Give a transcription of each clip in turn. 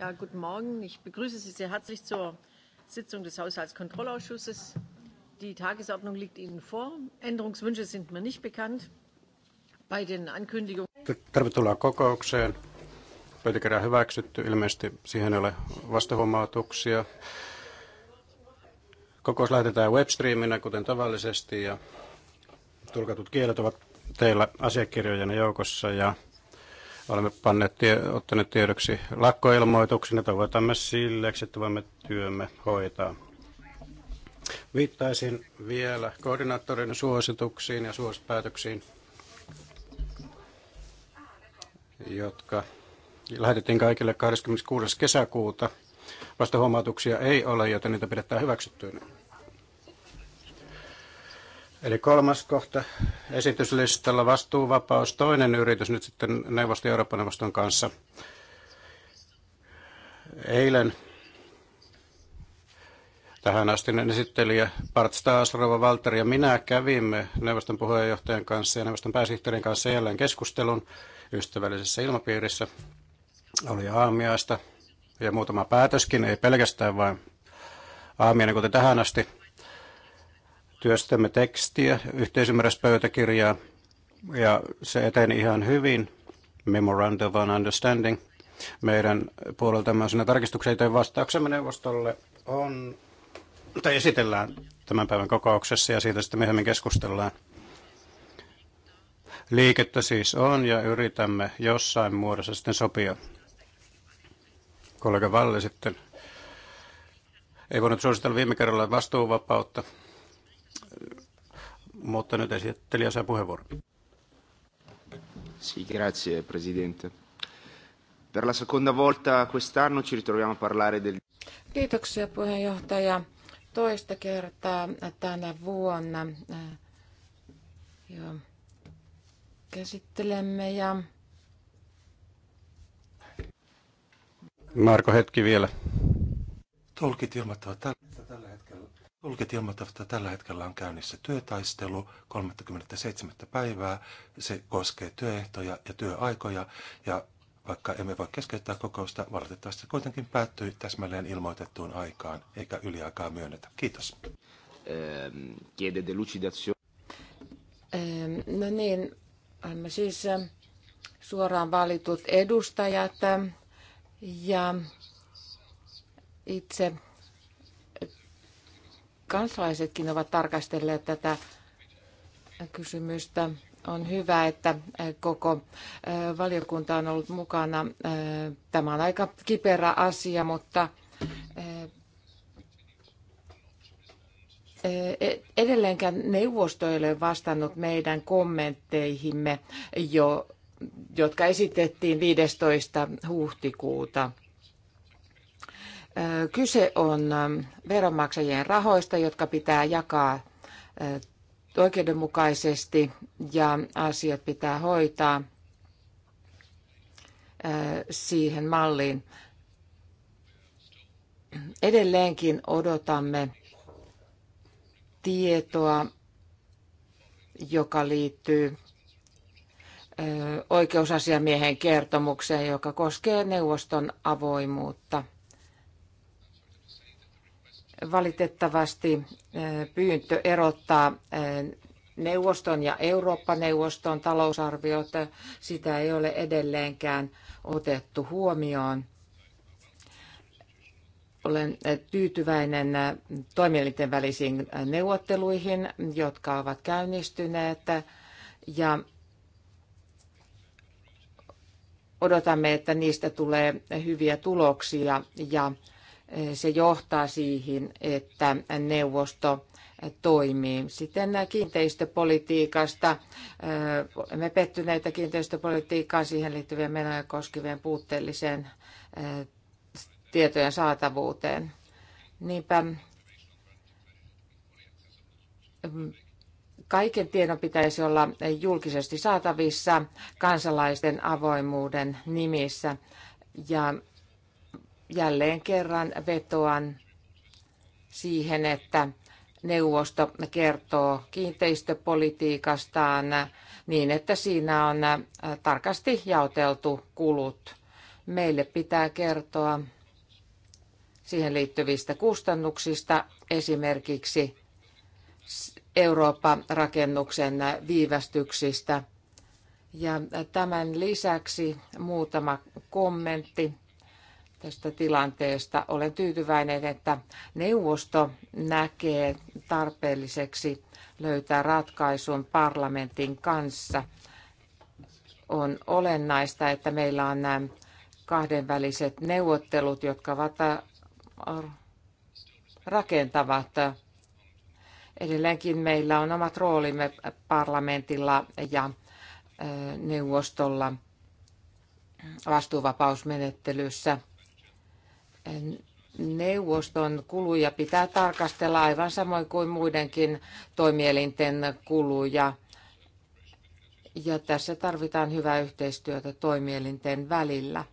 Ja, guten Morgen. Ich begrüße Sie sehr herzlich zur Sitzung des Haushaltskontrollausschusses. Die Tagesordnung liegt Ihnen vor. Änderungswünsche sind mir nicht bekannt. Bei den Ankündigungen... Tervetuloa kokoukseen. Pöytäkirja hyväksytty. Ilmeisesti siihen ei ole vastahuomautuksia. Kokous lähetetään webstreaminä, kuten tavallisesti, ja tulkatut kielet ovat teillä asiakirjojen joukossa. Ja Olemme panneet, ottaneet tiedoksi lakkoilmoituksen ja toivotamme silleksi, että voimme työmme hoitaa. Viittaisin vielä koordinaattorin suosituksiin ja suosipäätöksiin, jotka lähetettiin kaikille 26. kesäkuuta. Vasta huomautuksia ei ole, joten niitä pidetään hyväksyttyinä. Eli kolmas kohta esityslistalla vastuuvapaus, toinen yritys nyt sitten neuvosto Euroopan neuvoston kanssa. Eilen tähän astinen niin esittelijä Bart Staasrova, Walter ja minä kävimme neuvoston puheenjohtajan kanssa ja neuvoston pääsihteerin kanssa jälleen keskustelun ystävällisessä ilmapiirissä. Oli aamiaista ja muutama päätöskin, ei pelkästään vain aamia niin kuten tähän asti Työstämme tekstiä, yhteisymmärryspöytäkirjaa, ja se eteni ihan hyvin. Memorandum of Understanding. Meidän puolelta on siinä tarkistuksia, joten vastauksemme neuvostolle on, tai esitellään tämän päivän kokouksessa ja siitä sitten myöhemmin keskustellaan. Liikettä siis on ja yritämme jossain muodossa sitten sopia. Kollega Valle sitten ei voinut suositella viime kerralla vastuuvapautta mutta nyt esittelijä saa puheenvuoron. Sì, grazie Presidente. Per la seconda volta quest'anno ci ritroviamo a parlare del... Kiitoksia puheenjohtaja. Toista kertaa tänä vuonna eh, jo käsittelemme ja... Marko, hetki vielä. Tolkit ilmoittavat tällä. Tulkit ilmoittavat, että tällä hetkellä on käynnissä työtaistelu 37. päivää. Se koskee työehtoja ja työaikoja ja vaikka emme voi keskeyttää kokousta, valitettavasti se kuitenkin päättyy täsmälleen ilmoitettuun aikaan, eikä yliaikaa myönnetä. Kiitos. Ehm, ehm, no niin, olemme siis eh, suoraan valitut edustajat eh, ja itse kansalaisetkin ovat tarkastelleet tätä kysymystä. On hyvä, että koko valiokunta on ollut mukana. Tämä on aika kiperä asia, mutta e, edelleenkään neuvosto ei ole vastannut meidän kommentteihimme, jo, jotka esitettiin 15. huhtikuuta. Kyse on veronmaksajien rahoista, jotka pitää jakaa oikeudenmukaisesti ja asiat pitää hoitaa siihen malliin. Edelleenkin odotamme tietoa, joka liittyy oikeusasiamiehen kertomukseen, joka koskee neuvoston avoimuutta – Valitettavasti eh, pyyntö erottaa eh, neuvoston ja Eurooppa-neuvoston talousarviot, sitä ei ole edelleenkään otettu huomioon. Olen eh, tyytyväinen toimielinten välisiin neuvotteluihin, jotka ovat käynnistyneet ja odotamme, että niistä tulee hyviä tuloksia ja se johtaa siihen, että neuvosto toimii. Sitten kiinteistöpolitiikasta, me pettyneitä kiinteistöpolitiikkaan siihen liittyvien menoja koskevien puutteelliseen tietojen saatavuuteen. Niinpä kaiken tiedon pitäisi olla julkisesti saatavissa kansalaisten avoimuuden nimissä ja jälleen kerran vetoan siihen, että neuvosto kertoo kiinteistöpolitiikastaan niin, että siinä on äh, tarkasti jaoteltu kulut. Meille pitää kertoa siihen liittyvistä kustannuksista, esimerkiksi Eurooppa-rakennuksen viivästyksistä. Ja tämän lisäksi muutama kommentti tästä tilanteesta. Olen tyytyväinen, että neuvosto näkee tarpeelliseksi löytää ratkaisun parlamentin kanssa. On olennaista, että meillä on nämä kahdenväliset neuvottelut, jotka ovat äh, rakentavat. Edelleenkin meillä on omat roolimme parlamentilla ja äh, neuvostolla vastuuvapausmenettelyssä neuvoston kuluja pitää tarkastella aivan samoin kuin muidenkin toimielinten kuluja. Ja tässä tarvitaan hyvää yhteistyötä toimielinten välillä.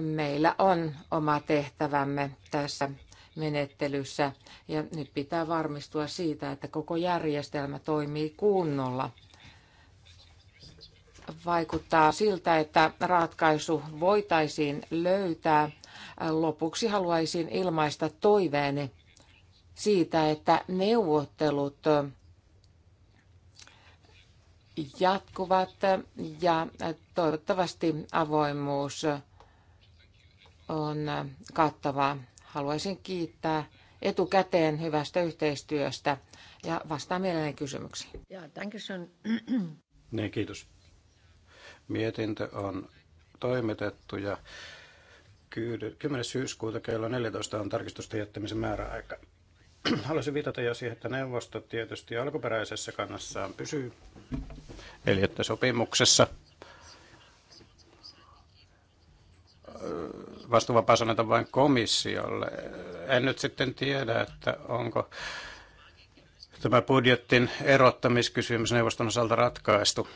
Meillä on oma tehtävämme tässä menettelyssä ja nyt pitää varmistua siitä, että koko järjestelmä toimii kunnolla. Vaikuttaa siltä, että ratkaisu voitaisiin löytää – Lopuksi haluaisin ilmaista toiveeni siitä, että neuvottelut jatkuvat ja toivottavasti avoimuus on kattavaa. Haluaisin kiittää etukäteen hyvästä yhteistyöstä ja vastaan mielelläni kysymyksiin. Ja, niin, kiitos. Mietintö on toimitettu ja 10. syyskuuta kello 14 on tarkistusten jättämisen määräaika. Haluaisin viitata jo siihen, että neuvosto tietysti alkuperäisessä kannassaan pysyy, eli että sopimuksessa vastuuvapaa sanota vain komissiolle. En nyt sitten tiedä, että onko tämä budjettin erottamiskysymys neuvoston osalta ratkaistu.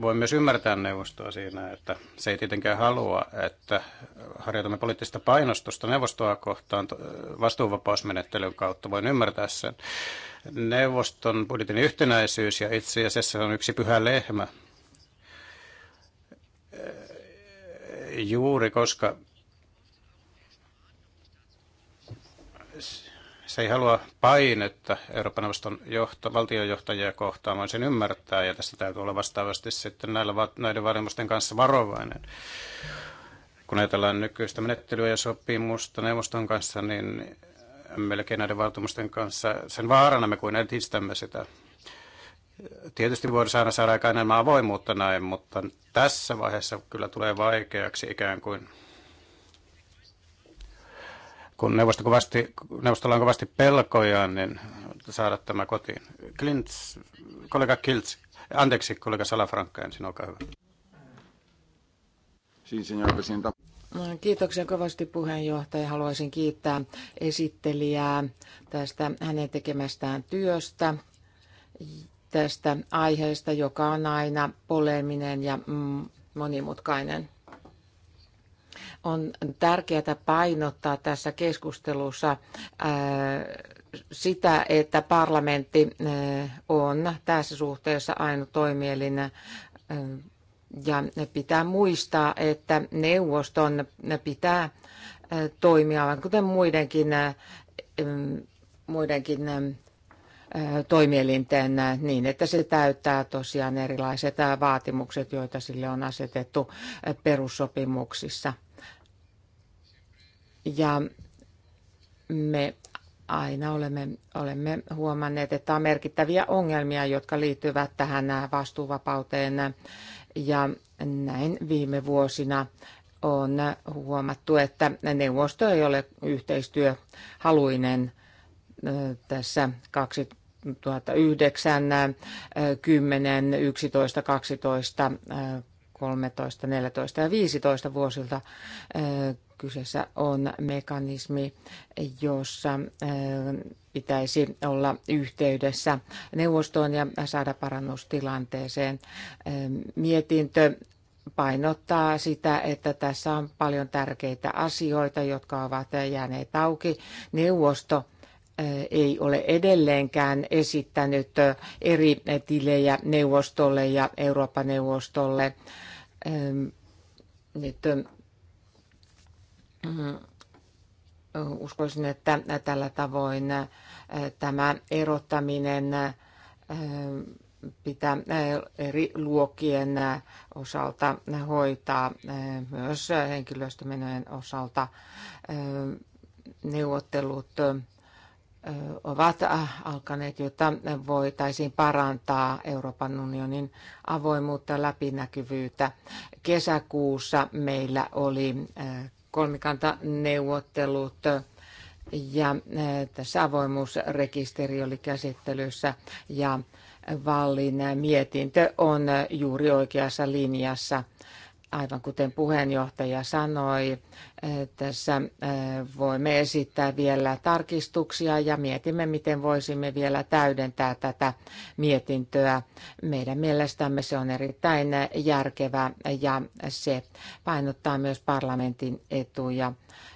Voin myös ymmärtää neuvostoa siinä, että se ei tietenkään halua, että harjoitamme poliittista painostusta neuvostoa kohtaan vastuuvapausmenettelyn kautta. Voin ymmärtää sen. Neuvoston budjetin yhtenäisyys ja itse asiassa se on yksi pyhä lehmä. Juuri koska Se ei halua painetta Euroopan neuvoston johto, valtionjohtajia kohtaan, vaan sen ymmärtää, ja tästä täytyy olla vastaavasti sitten näillä, näiden varmusten kanssa varovainen. Kun ajatellaan nykyistä menettelyä ja sopimusta neuvoston kanssa, niin melkein näiden vaatimusten kanssa sen me kuin edistämme sitä. Tietysti voidaan saada, saada aika enemmän avoimuutta näin, mutta tässä vaiheessa kyllä tulee vaikeaksi ikään kuin kun neuvosto kovasti, neuvostolla on kovasti pelkoja, niin saada tämä kotiin. Klints, kollega Kiltz, anteeksi, kollega Salafrankka ensin, olkaa hyvä. No, kiitoksia kovasti puheenjohtaja. Haluaisin kiittää esittelijää tästä hänen tekemästään työstä, tästä aiheesta, joka on aina poleminen ja mm, monimutkainen. On tärkeää painottaa tässä keskustelussa äh, sitä, että parlamentti äh, on tässä suhteessa ainut toimielin äh, ja pitää muistaa, että neuvoston pitää toimia, aivan kuten muidenkin, mm, muidenkin toimielinten niin, että se täyttää tosiaan erilaiset vaatimukset, joita sille on asetettu perussopimuksissa – ja me aina olemme, olemme huomanneet, että on merkittäviä ongelmia, jotka liittyvät tähän vastuuvapauteen. Ja näin viime vuosina on huomattu, että neuvosto ei ole yhteistyöhaluinen tässä 2009, 10, 11, 12, 13, 14 ja 15 vuosilta Kyseessä on mekanismi, jossa eh, pitäisi olla yhteydessä neuvostoon ja saada parannustilanteeseen. Eh, mietintö painottaa sitä, että tässä on paljon tärkeitä asioita, jotka ovat jääneet auki. Neuvosto eh, ei ole edelleenkään esittänyt eri tilejä neuvostolle ja Euroopan neuvostolle. Nyt Mm-hmm. Uskoisin, että tällä tavoin äh, tämä erottaminen äh, pitää äh, eri luokkien osalta hoitaa myös henkilöstömenojen osalta neuvottelut ovat alkaneet, jotta voitaisiin parantaa Euroopan unionin avoimuutta ja läpinäkyvyyttä. Kesäkuussa meillä oli kolmikantaneuvottelut ja eh, tässä avoimuusrekisteri oli käsittelyssä ja Vallin mietintö on eh, juuri oikeassa linjassa Aivan kuten puheenjohtaja sanoi, eh, tässä eh, voimme esittää vielä tarkistuksia ja mietimme, miten voisimme vielä täydentää tätä mietintöä. Meidän mielestämme se on erittäin järkevä ja se painottaa myös parlamentin etuja.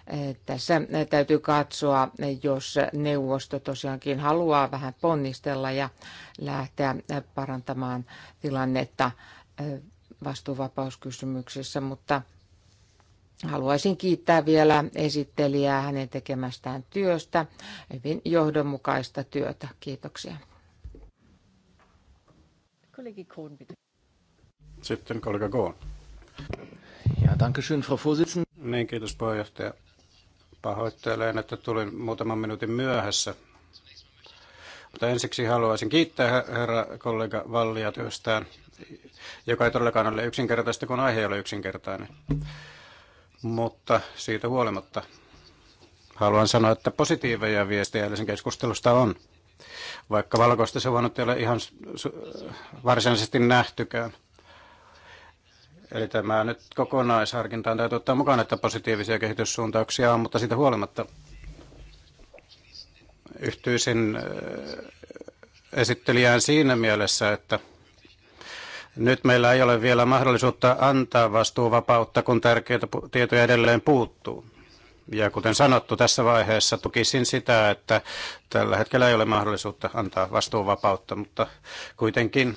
Eh, tässä täytyy katsoa, jos neuvosto tosiaankin haluaa vähän ponnistella ja lähteä parantamaan tilannetta vastuuvapauskysymyksessä, mutta haluaisin kiittää vielä esittelijää hänen tekemästään työstä, hyvin johdonmukaista työtä. Kiitoksia. Sitten kollega Goon. Ja, danke schön, Frau Vorsitzende. Niin, kiitos puheenjohtaja. Pahoittelen, että tulin muutaman minuutin myöhässä. Mutta ensiksi haluaisin kiittää herra kollega Vallia työstään joka ei todellakaan ole yksinkertaista, kun aihe ei ole yksinkertainen. Mutta siitä huolimatta haluan sanoa, että positiiveja viestejä sen keskustelusta on, vaikka valkoista se voinut ei ole ihan varsinaisesti nähtykään. Eli tämä nyt kokonaisharkintaan täytyy ottaa mukaan, että positiivisia kehityssuuntauksia on, mutta siitä huolimatta yhtyisin äh, esittelijään siinä mielessä, että – nyt meillä ei ole vielä mahdollisuutta antaa vastuuvapautta, kun tärkeitä tietoja edelleen puuttuu. Ja kuten sanottu, tässä vaiheessa tukisin sitä, että tällä hetkellä ei ole mahdollisuutta antaa vastuuvapautta, mutta kuitenkin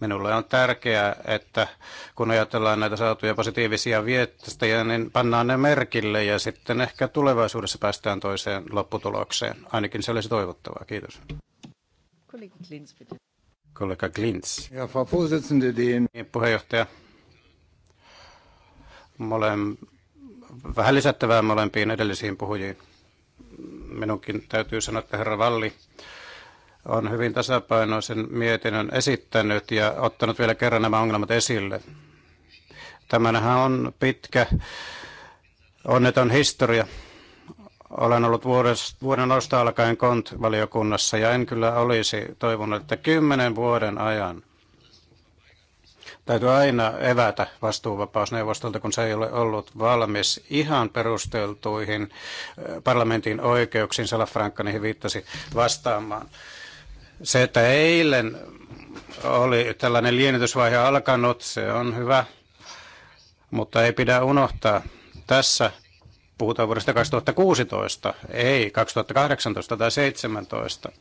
minulle on tärkeää, että kun ajatellaan näitä saatuja positiivisia viestejä, niin pannaan ne merkille ja sitten ehkä tulevaisuudessa päästään toiseen lopputulokseen. Ainakin se olisi toivottavaa. Kiitos. Kollega Klins, bitte. Kollega Glintz. Ja, Frau Vorsitzende, den... Niin, puheenjohtaja. Molem... Vähän lisättävää molempiin edellisiin puhujiin. Minunkin täytyy sanoa, että herra Valli on hyvin tasapainoisen mietinnön esittänyt ja ottanut vielä kerran nämä ongelmat esille. Tämähän on pitkä, onneton historia olen ollut vuodesta, vuoden alusta alkaen KONT-valiokunnassa ja en kyllä olisi toivonut, että kymmenen vuoden ajan täytyy aina evätä vastuuvapausneuvostolta, kun se ei ole ollut valmis ihan perusteltuihin parlamentin oikeuksiin, Salafrankka niihin viittasi vastaamaan. Se, että eilen oli tällainen lienitysvaihe alkanut, se on hyvä, mutta ei pidä unohtaa tässä Puhutaan vuodesta 2016, ei 2018 tai 2017.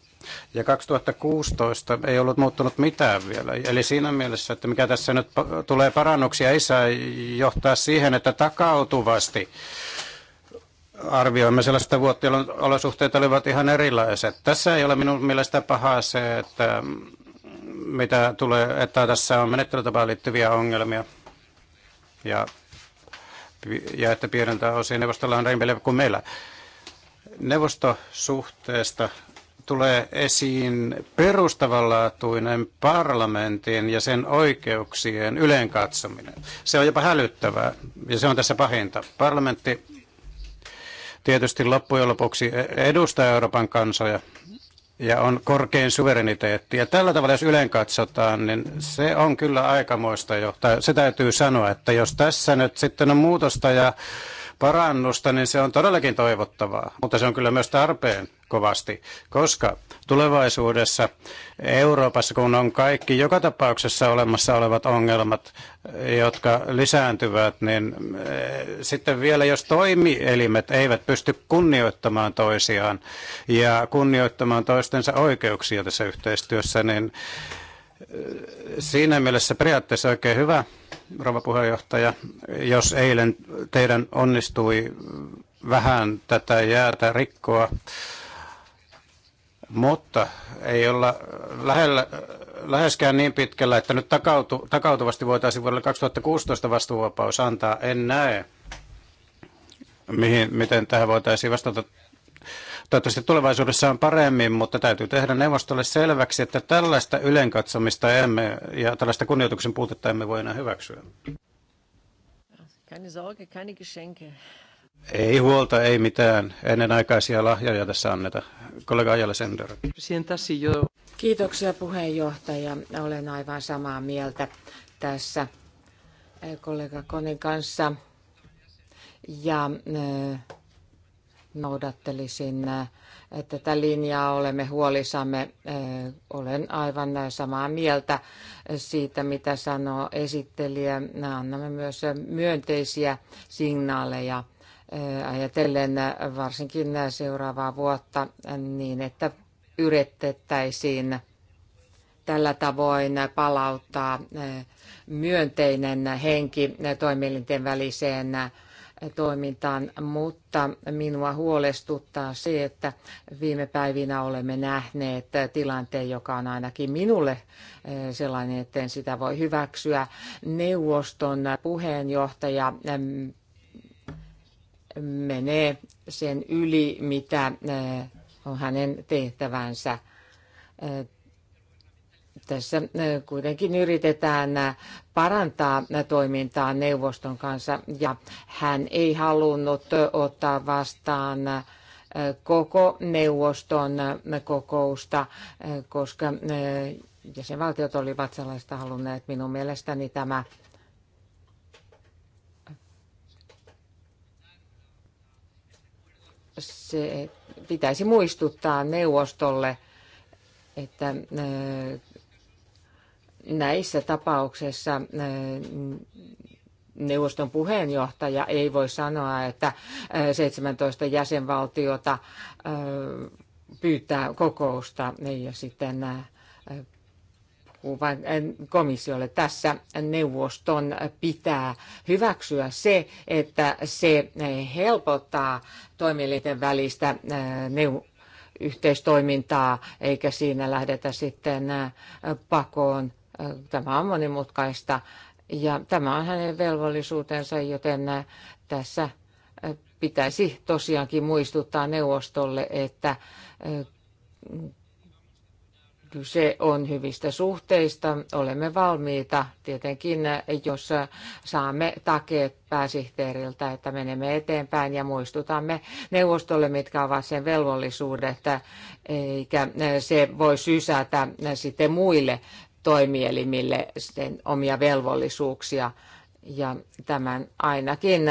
Ja 2016 ei ollut muuttunut mitään vielä. Eli siinä mielessä, että mikä tässä nyt tulee parannuksia, ei saa johtaa siihen, että takautuvasti arvioimme sellaista vuotta, jolloin olosuhteet olivat ihan erilaiset. Tässä ei ole minun mielestä pahaa se, että mitä tulee, että tässä on menettelytapaan liittyviä ongelmia. Ja ja että pienentää osin neuvostolla on reimpele kuin meillä. Neuvostosuhteesta tulee esiin perustavanlaatuinen parlamentin ja sen oikeuksien yleenkatsominen Se on jopa hälyttävää ja se on tässä pahinta. Parlamentti tietysti loppujen lopuksi e- edustaa Euroopan kansoja ja on korkein suvereniteetti. Ja tällä tavalla, jos ylen katsotaan, niin se on kyllä aikamoista jo. Tai se täytyy sanoa, että jos tässä nyt sitten on muutosta ja parannusta, niin se on todellakin toivottavaa, mutta se on kyllä myös tarpeen kovasti, koska tulevaisuudessa Euroopassa, kun on kaikki joka tapauksessa olemassa olevat ongelmat, jotka lisääntyvät, niin eh, sitten vielä jos toimielimet eivät pysty kunnioittamaan toisiaan ja kunnioittamaan toistensa oikeuksia tässä yhteistyössä, niin eh, siinä mielessä periaatteessa oikein hyvä rouva puheenjohtaja. Jos eilen teidän onnistui vähän tätä jäätä rikkoa, mutta ei olla lähellä, läheskään niin pitkällä, että nyt takautu, takautuvasti voitaisiin vuodelle 2016 vastuuvapaus antaa. En näe, mihin, miten tähän voitaisiin vastata Toivottavasti tulevaisuudessa on paremmin, mutta täytyy tehdä neuvostolle selväksi, että tällaista ylenkatsomista emme ja tällaista kunnioituksen puutetta emme voi enää hyväksyä. Keine Sorge, keine Geschenke. Ei huolta, ei mitään. aikaisia lahjoja tässä anneta. Kollega Ajala Sender. Kiitoksia puheenjohtaja. Olen aivan samaa mieltä tässä eh, kollega Konin kanssa. Ja äh, noudattelisin äh, tätä linjaa. Olemme huolissamme. Äh, olen aivan samaa mieltä siitä, mitä sanoo esittelijä. Annamme myös myönteisiä signaaleja äh, ajatellen varsinkin seuraavaa vuotta niin, että yritettäisiin tällä tavoin palauttaa myönteinen henki toimielinten väliseen toimintaan, mutta minua huolestuttaa se, että viime päivinä olemme nähneet tilanteen, joka on ainakin minulle eh, sellainen, että en sitä voi hyväksyä. Neuvoston puheenjohtaja mm, menee sen yli, mitä eh, on hänen tehtävänsä eh, tässä äh, kuitenkin yritetään äh, parantaa äh, toimintaa neuvoston kanssa ja hän ei halunnut ottaa vastaan koko neuvoston kokousta, koska jäsenvaltiot olivat sellaista halunneet. Minun mielestäni tämä se pitäisi muistuttaa neuvostolle, että näissä tapauksissa äh, neuvoston puheenjohtaja ei voi sanoa, että 17 äh, jäsenvaltiota äh, pyytää kokousta ja sitten vaan komissiolle. Tässä neuvoston pitää hyväksyä se, että se helpottaa toimielinten välistä neu- yhteistoimintaa, eikä siinä lähdetä sitten pakoon Tämä on monimutkaista ja tämä on hänen velvollisuutensa, joten tässä pitäisi tosiaankin muistuttaa neuvostolle, että äh, kyse on hyvistä suhteista. Olemme valmiita tietenkin, jos saamme takeet pääsihteeriltä, että menemme eteenpäin ja muistutamme neuvostolle, mitkä ovat sen velvollisuudet, eikä se voi sysätä sitten muille toimielimille sitten omia velvollisuuksia ja tämän ainakin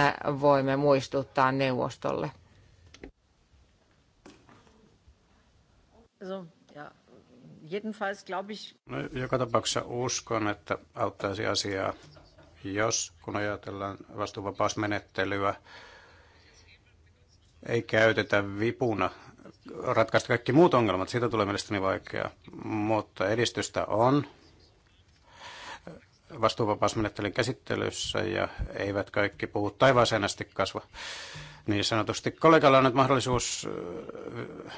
voimme muistuttaa neuvostolle. No, joka tapauksessa uskon, että auttaisi asiaa, jos kun ajatellaan vastuuvapausmenettelyä, ei käytetä vipuna ratkaista kaikki muut ongelmat. Siitä tulee mielestäni vaikeaa, mutta edistystä on vastuuvapausmenettelyn käsittelyssä ja eivät kaikki puhu taivaaseen asti kasva. Niin sanotusti kollegalla on nyt mahdollisuus äh,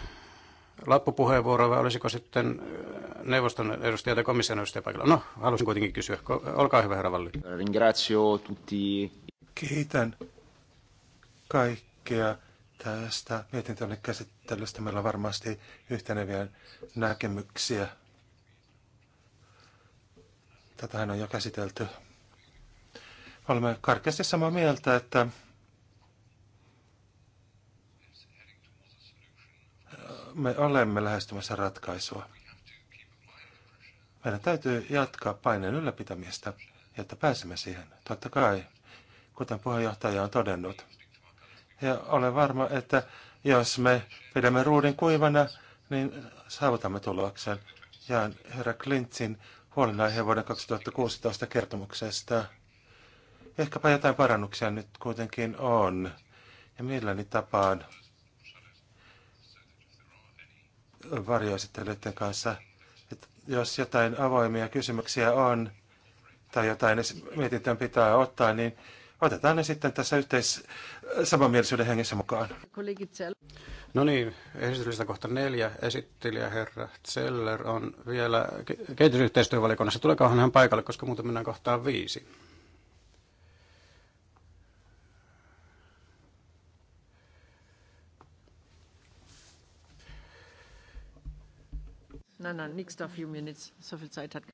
loppupuheenvuoro vai olisiko sitten äh, neuvoston edustaja tai komission edustaja paikalla? No, halusin kuitenkin kysyä. Olkaa hyvä, herra Valli. Ringrazio tutti. Kiitän kaikkea tästä mietintöön käsittelystä. Meillä on varmasti yhteneviä näkemyksiä Tätähän on jo käsitelty. Olemme karkeasti samaa mieltä, että äh, me olemme lähestymässä ratkaisua. Meidän täytyy jatkaa paineen ylläpitämistä, jotta pääsemme siihen. Totta kai, kuten puheenjohtaja on todennut. Ja olen varma, että jos me pidämme ruudin kuivana, niin saavutamme tuloksen. ja herra Klintsin huolenaihe vuoden 2016 kertomuksesta. Ehkäpä jotain parannuksia nyt kuitenkin on. Ja mielelläni tapaan varjoesittelyiden kanssa, että jos jotain avoimia kysymyksiä on tai jotain mietintöön pitää ottaa, niin Otetaan ne sitten tässä yhteis samanmielisyyden hengessä mukaan. No niin, esityslista kohta neljä. Esittelijä herra Zeller on vielä kehitysyhteistyövalikonnassa. Tulekaahan hän paikalle, koska muuten mennään kohtaan viisi. Nein, nein, nichts da few minutes. So viel Zeit hat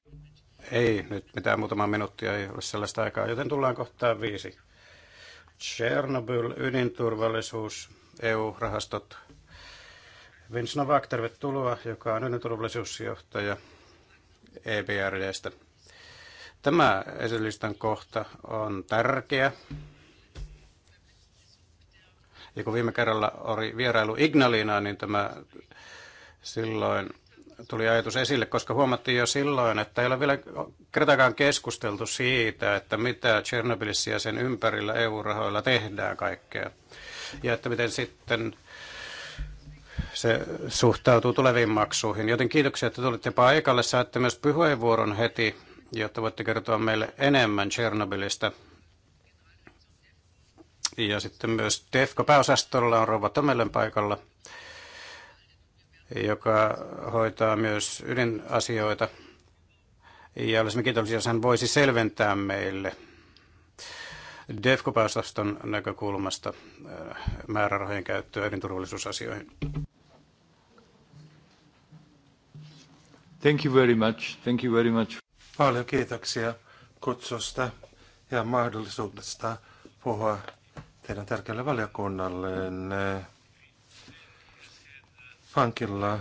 ei nyt mitään muutama minuuttia, ei ole sellaista aikaa, joten tullaan kohtaan viisi. Chernobyl, ydinturvallisuus, EU-rahastot. Vince Novak, tervetuloa, joka on ydinturvallisuusjohtaja EBRDstä. Tämä esilistan kohta on tärkeä. Ja kun viime kerralla oli vierailu Ignalinaan, niin tämä silloin tuli ajatus esille, koska huomattiin jo silloin, että ei ole vielä kertaakaan keskusteltu siitä, että mitä Tchernobylissä ja sen ympärillä EU-rahoilla tehdään kaikkea. Ja että miten sitten se suhtautuu tuleviin maksuihin. Joten kiitoksia, että tulitte paikalle. Saatte myös puheenvuoron heti, jotta voitte kertoa meille enemmän Tchernobylistä. Ja sitten myös TEFCO-pääosastolla on Rova Tomellen paikalla joka hoitaa myös ydinasioita. Ja olisimme kiitollisia, jos hän voisi selventää meille defco näkökulmasta äh, määrärahojen käyttöä ydinturvallisuusasioihin. Thank you very much. Thank you very much. Paljon kiitoksia kutsusta ja mahdollisuudesta puhua teidän tärkeälle valiokunnallenne. Pankilla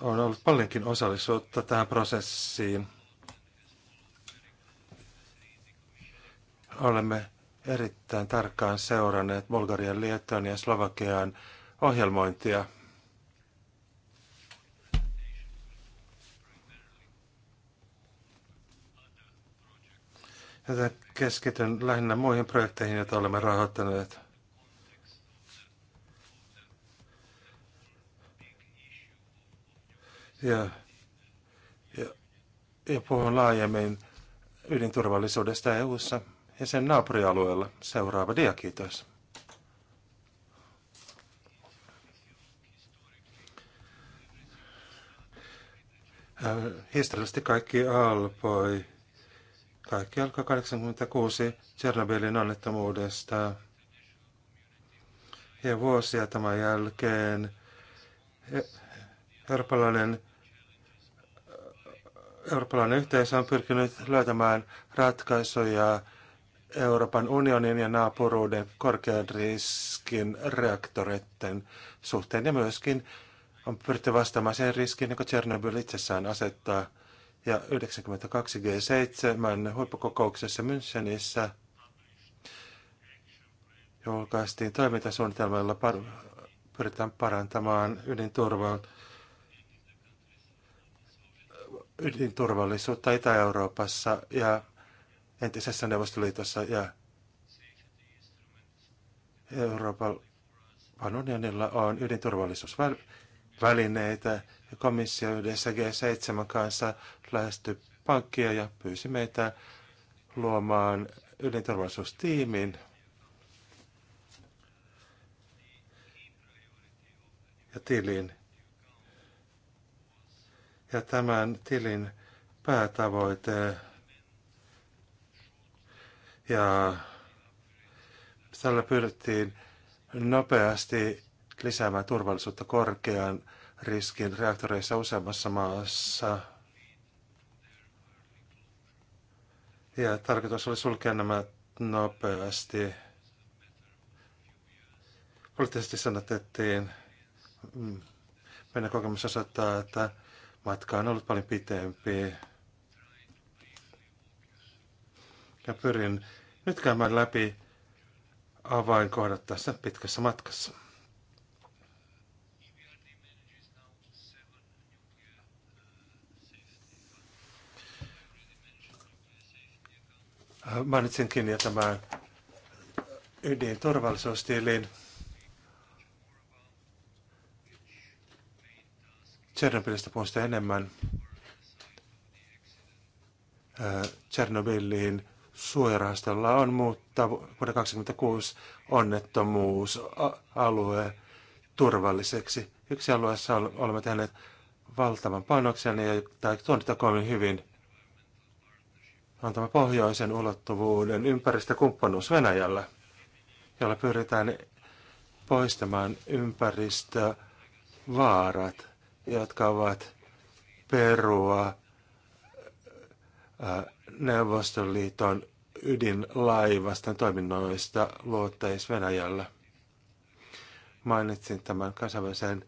on ollut paljonkin osallisuutta tähän prosessiin. Olemme erittäin tarkkaan seuranneet Bulgarian, Liettuan ja Slovakian ohjelmointia. Joten keskityn lähinnä muihin projekteihin, joita olemme rahoittaneet. ja, ja, ja puhun laajemmin ydinturvallisuudesta EU:ssa ja sen naapurialueella. Seuraava dia, kiitos. Äh, historiallisesti kaikki alpoi. Kaikki alkoi 86 Tjernobylin onnettomuudesta. Ja vuosia tämän jälkeen e- eurooppalainen Eurooppalainen yhteisö on pyrkinyt löytämään ratkaisuja Euroopan unionin ja naapuruuden korkean riskin reaktoreiden suhteen ja myöskin on pyritty vastaamaan siihen riskiin, joka Tchernobyl itsessään asettaa. Ja 92 G7 huippukokouksessa Münchenissä julkaistiin toimintasuunnitelma, jolla pyritään parantamaan ydinturvallisuutta ydinturvallisuutta Itä-Euroopassa ja entisessä Neuvostoliitossa ja Euroopan unionilla on ydinturvallisuusvälineitä ja komissio yhdessä G7 kanssa lähestyi pankkia ja pyysi meitä luomaan ydinturvallisuustiimin. Ja tilin ja tämän tilin päätavoite ja tällä pyrittiin nopeasti lisäämään turvallisuutta korkean riskin reaktoreissa useammassa maassa. Ja tarkoitus oli sulkea nämä nopeasti. Poliittisesti sanotettiin, mm, meidän kokemus osoittaa, että Matka on ollut paljon pitempi. Ja pyrin nyt käymään läpi avainkohdat tässä pitkässä matkassa. Mainitsinkin jo tämän ydinturvallisuustiilin. Tsernobylista puhun sitä enemmän. Äh, Tsernobyliin suojarahastolla on, mutta vuoden 2026 onnettomuusalue turvalliseksi. Yksi alueessa olemme tehneet valtavan panoksen ja tai kovin hyvin On tämä pohjoisen ulottuvuuden ympäristökumppanuus Venäjällä, jolla pyritään poistamaan ympäristövaarat jotka ovat perua äh, Neuvostoliiton ydinlaivaston toiminnoista luottaisi Venäjällä. Mainitsin tämän kansainvälisen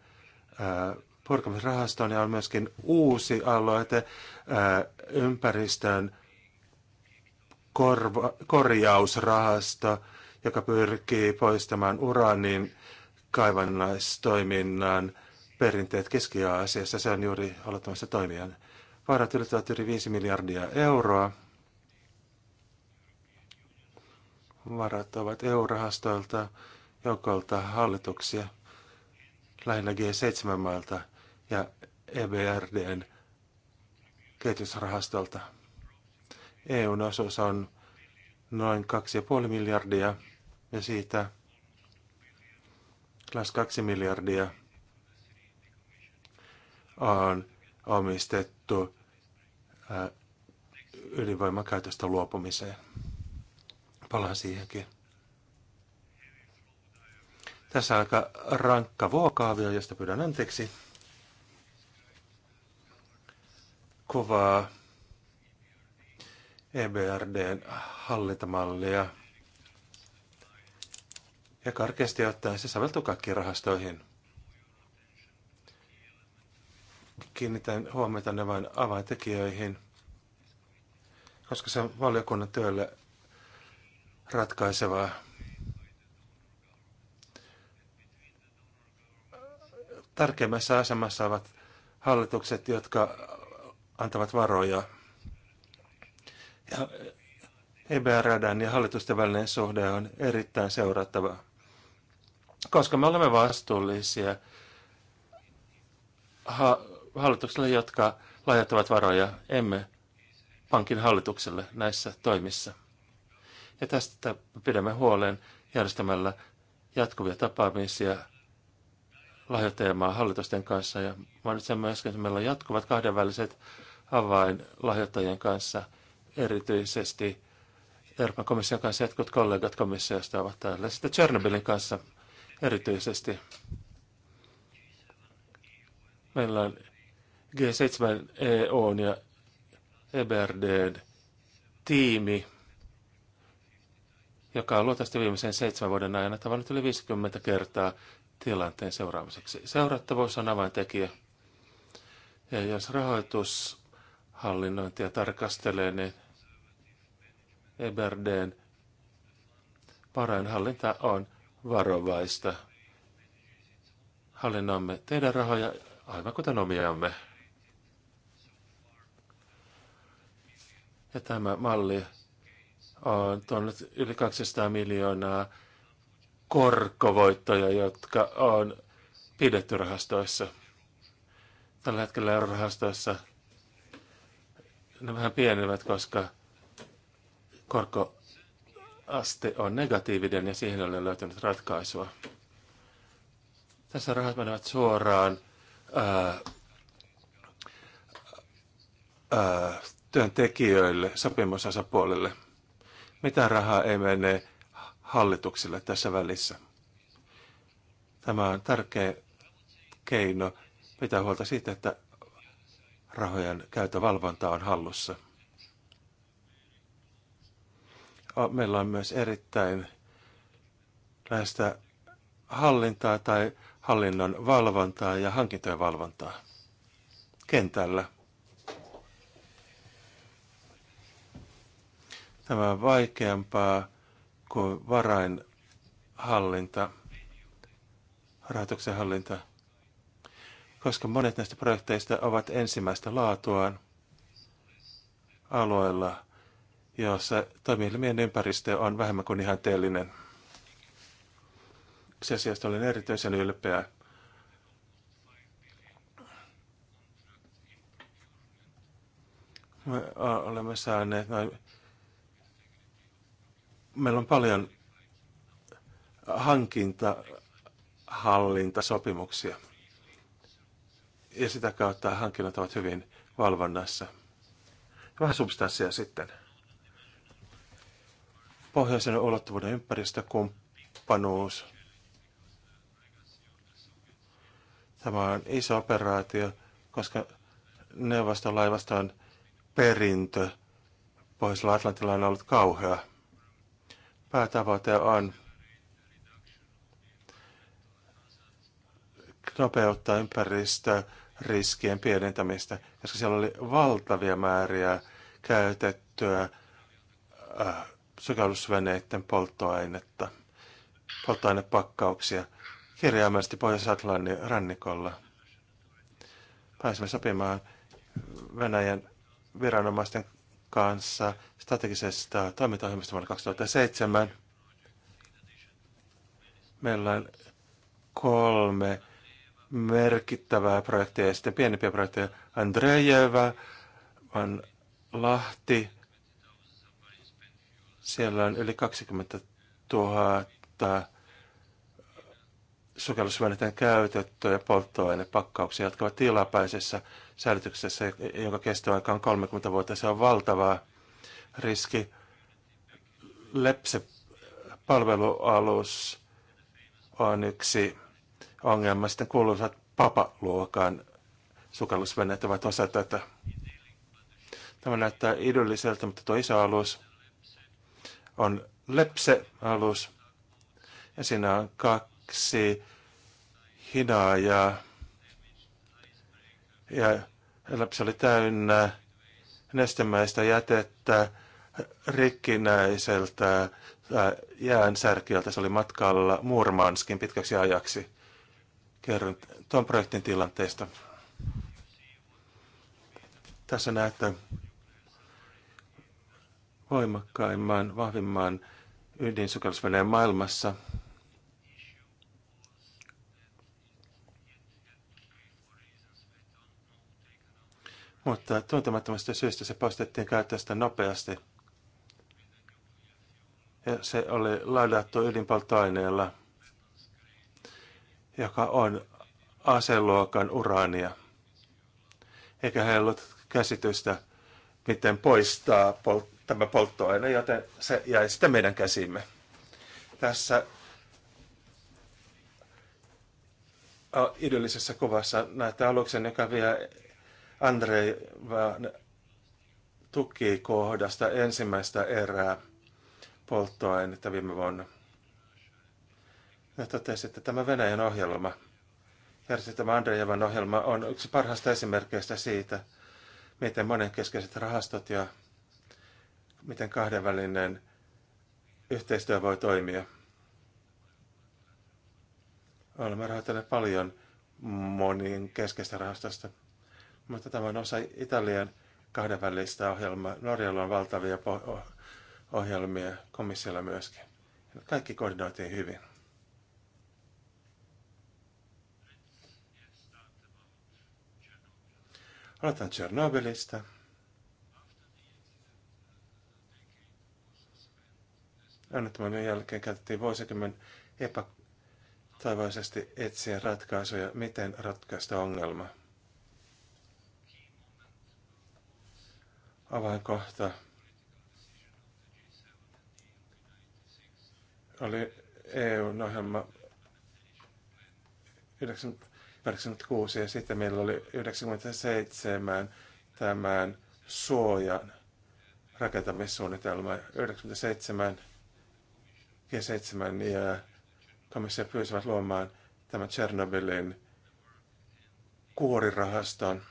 äh, purkamisrahaston ja on myöskin uusi aloite äh, ympäristön korva, korjausrahasto, joka pyrkii poistamaan uraanin kaivannaistoiminnan – perinteet Keski-Aasiassa. Se on juuri aloittamassa toimia. Varat ylittävät yli 5 miljardia euroa. Varat ovat EU-rahastoilta, joukolta hallituksia, lähinnä g 7 mailta ja EBRDn kehitysrahastolta. EUn osuus on noin 2,5 miljardia ja siitä lähes 2 miljardia – on omistettu äh, ydinvoiman käytöstä luopumiseen. Palaan siihenkin. Tässä aika rankka vuokaavio, josta pyydän anteeksi. Kuvaa EBRDn hallintamallia. Ja karkeasti ottaen se saveltuu kaikkiin rahastoihin – kiinnitän huomiota ne vain avaintekijöihin, koska se on valiokunnan työlle ratkaisevaa. Tärkeimmässä asemassa ovat hallitukset, jotka antavat varoja. Ja EBRDn ja hallitusten välinen suhde on erittäin seurattava, koska me olemme vastuullisia ha- hallitukselle, jotka lahjoittavat varoja, emme pankin hallitukselle näissä toimissa. Ja tästä pidämme huolen järjestämällä jatkuvia tapaamisia lahjoittajamaan hallitusten kanssa. Ja mainitsen myöskin, että meillä on jatkuvat kahdenväliset avain lahjoittajien kanssa, erityisesti Euroopan komission kanssa jotkut kollegat komissiosta ovat täällä. Sitten Chernobylin kanssa erityisesti. Meillä on G7 EUn ja EBRDn tiimi, joka on luultavasti viimeisen seitsemän vuoden ajan tavannut yli 50 kertaa tilanteen seuraamiseksi. Seurattavuus on avaintekijä. Ja jos rahoitushallinnointia tarkastelee, niin Eberdeen varainhallinta on varovaista. Hallinnoimme teidän rahoja aivan kuten omiamme. Ja tämä malli on tuonut yli 200 miljoonaa korkovoittoja, jotka on pidetty rahastoissa. Tällä hetkellä rahastoissa ne vähän pienevät, koska korkoaste on negatiivinen ja siihen on löytynyt ratkaisua. Tässä rahat menevät suoraan ää, ää, työntekijöille, sopimusosapuolille. Mitä rahaa ei mene hallitukselle tässä välissä. Tämä on tärkeä keino pitää huolta siitä, että rahojen käytövalvonta on hallussa. Meillä on myös erittäin näistä hallintaa tai hallinnon valvontaa ja hankintojen valvontaa kentällä – Tämä on vaikeampaa kuin varainhallinta, rahoituksen hallinta, koska monet näistä projekteista ovat ensimmäistä laatuaan alueella, jossa toimielimien ympäristö on vähemmän kuin teellinen. Se sijasta olen erityisen ylpeä Me olemme saaneet noin meillä on paljon hankinta, hallinta, sopimuksia. Ja sitä kautta hankinnat ovat hyvin valvonnassa. Vähän substanssia sitten. Pohjoisen ulottuvuuden ympäristökumppanuus. Tämä on iso operaatio, koska neuvostolaivaston perintö Pohjoisella Atlantilla on ollut kauhea päätavoite on nopeuttaa ympäristöriskien pienentämistä, koska siellä oli valtavia määriä käytettyä äh, sukellusveneiden polttoainetta, polttoainepakkauksia kirjaimellisesti pohjois Atlannin rannikolla. Pääsimme sopimaan Venäjän viranomaisten kanssa strategisesta toimintaohjelmasta vuonna 2007. Meillä on kolme merkittävää projektia ja sitten pienempiä projekteja. Andrejeva on Lahti. Siellä on yli 20 000 sukellusvälineiden käytettyjä polttoainepakkauksia, jotka ovat tilapäisessä säilytyksessä, jonka kestoaika on 30 vuotta. Se on valtava riski. Lepse-palvelualus on yksi ongelma. Sitten kuuluisat papaluokan sukellusveneet ovat osa tätä. Tämä näyttää idylliseltä, mutta tuo iso alus on Lepse-alus. Ja siinä on kaksi ja ja lapsi oli täynnä nestemäistä jätettä rikkinäiseltä äh, jäänsärkiöltä. Se oli matkalla Murmanskin pitkäksi ajaksi. Kerron tuon projektin tilanteesta. Tässä näette voimakkaimman, vahvimman ydinsukellusveneen maailmassa – mutta tuntemattomasta syystä se poistettiin käytöstä nopeasti. Ja se oli ladattu ydinpolttoaineella, joka on aseluokan uraania. Eikä heillä ollut käsitystä, miten poistaa pol- tämä polttoaine, joten se jäi sitä meidän käsimme. Tässä idyllisessä kuvassa näitä aluksen, joka vie Andrei tuki kohdasta ensimmäistä erää polttoainetta viime vuonna. Ja totesi, että tämä Venäjän ohjelma, järjestelmä Andrejevan ohjelma, on yksi parhaista esimerkkeistä siitä, miten monenkeskeiset rahastot ja miten kahdenvälinen yhteistyö voi toimia. Olemme rahoittaneet paljon monin keskeistä rahastosta. Mutta tämä on osa Italian kahdenvälistä ohjelmaa. Norjalla on valtavia ohjelmia, komissiolla myöskin. Kaikki koordinoitiin hyvin. Aloitan Tchernobylista. Onnettomuuden jälkeen käytettiin vuosikymmen epätoivoisesti etsiä ratkaisuja, miten ratkaista ongelma. avainkohta oli EUn ohjelma 1986 ja sitten meillä oli 1997 tämän suojan rakentamissuunnitelma 97 ja 7 ja komissio pyysivät luomaan tämän Tchernobylin kuorirahaston.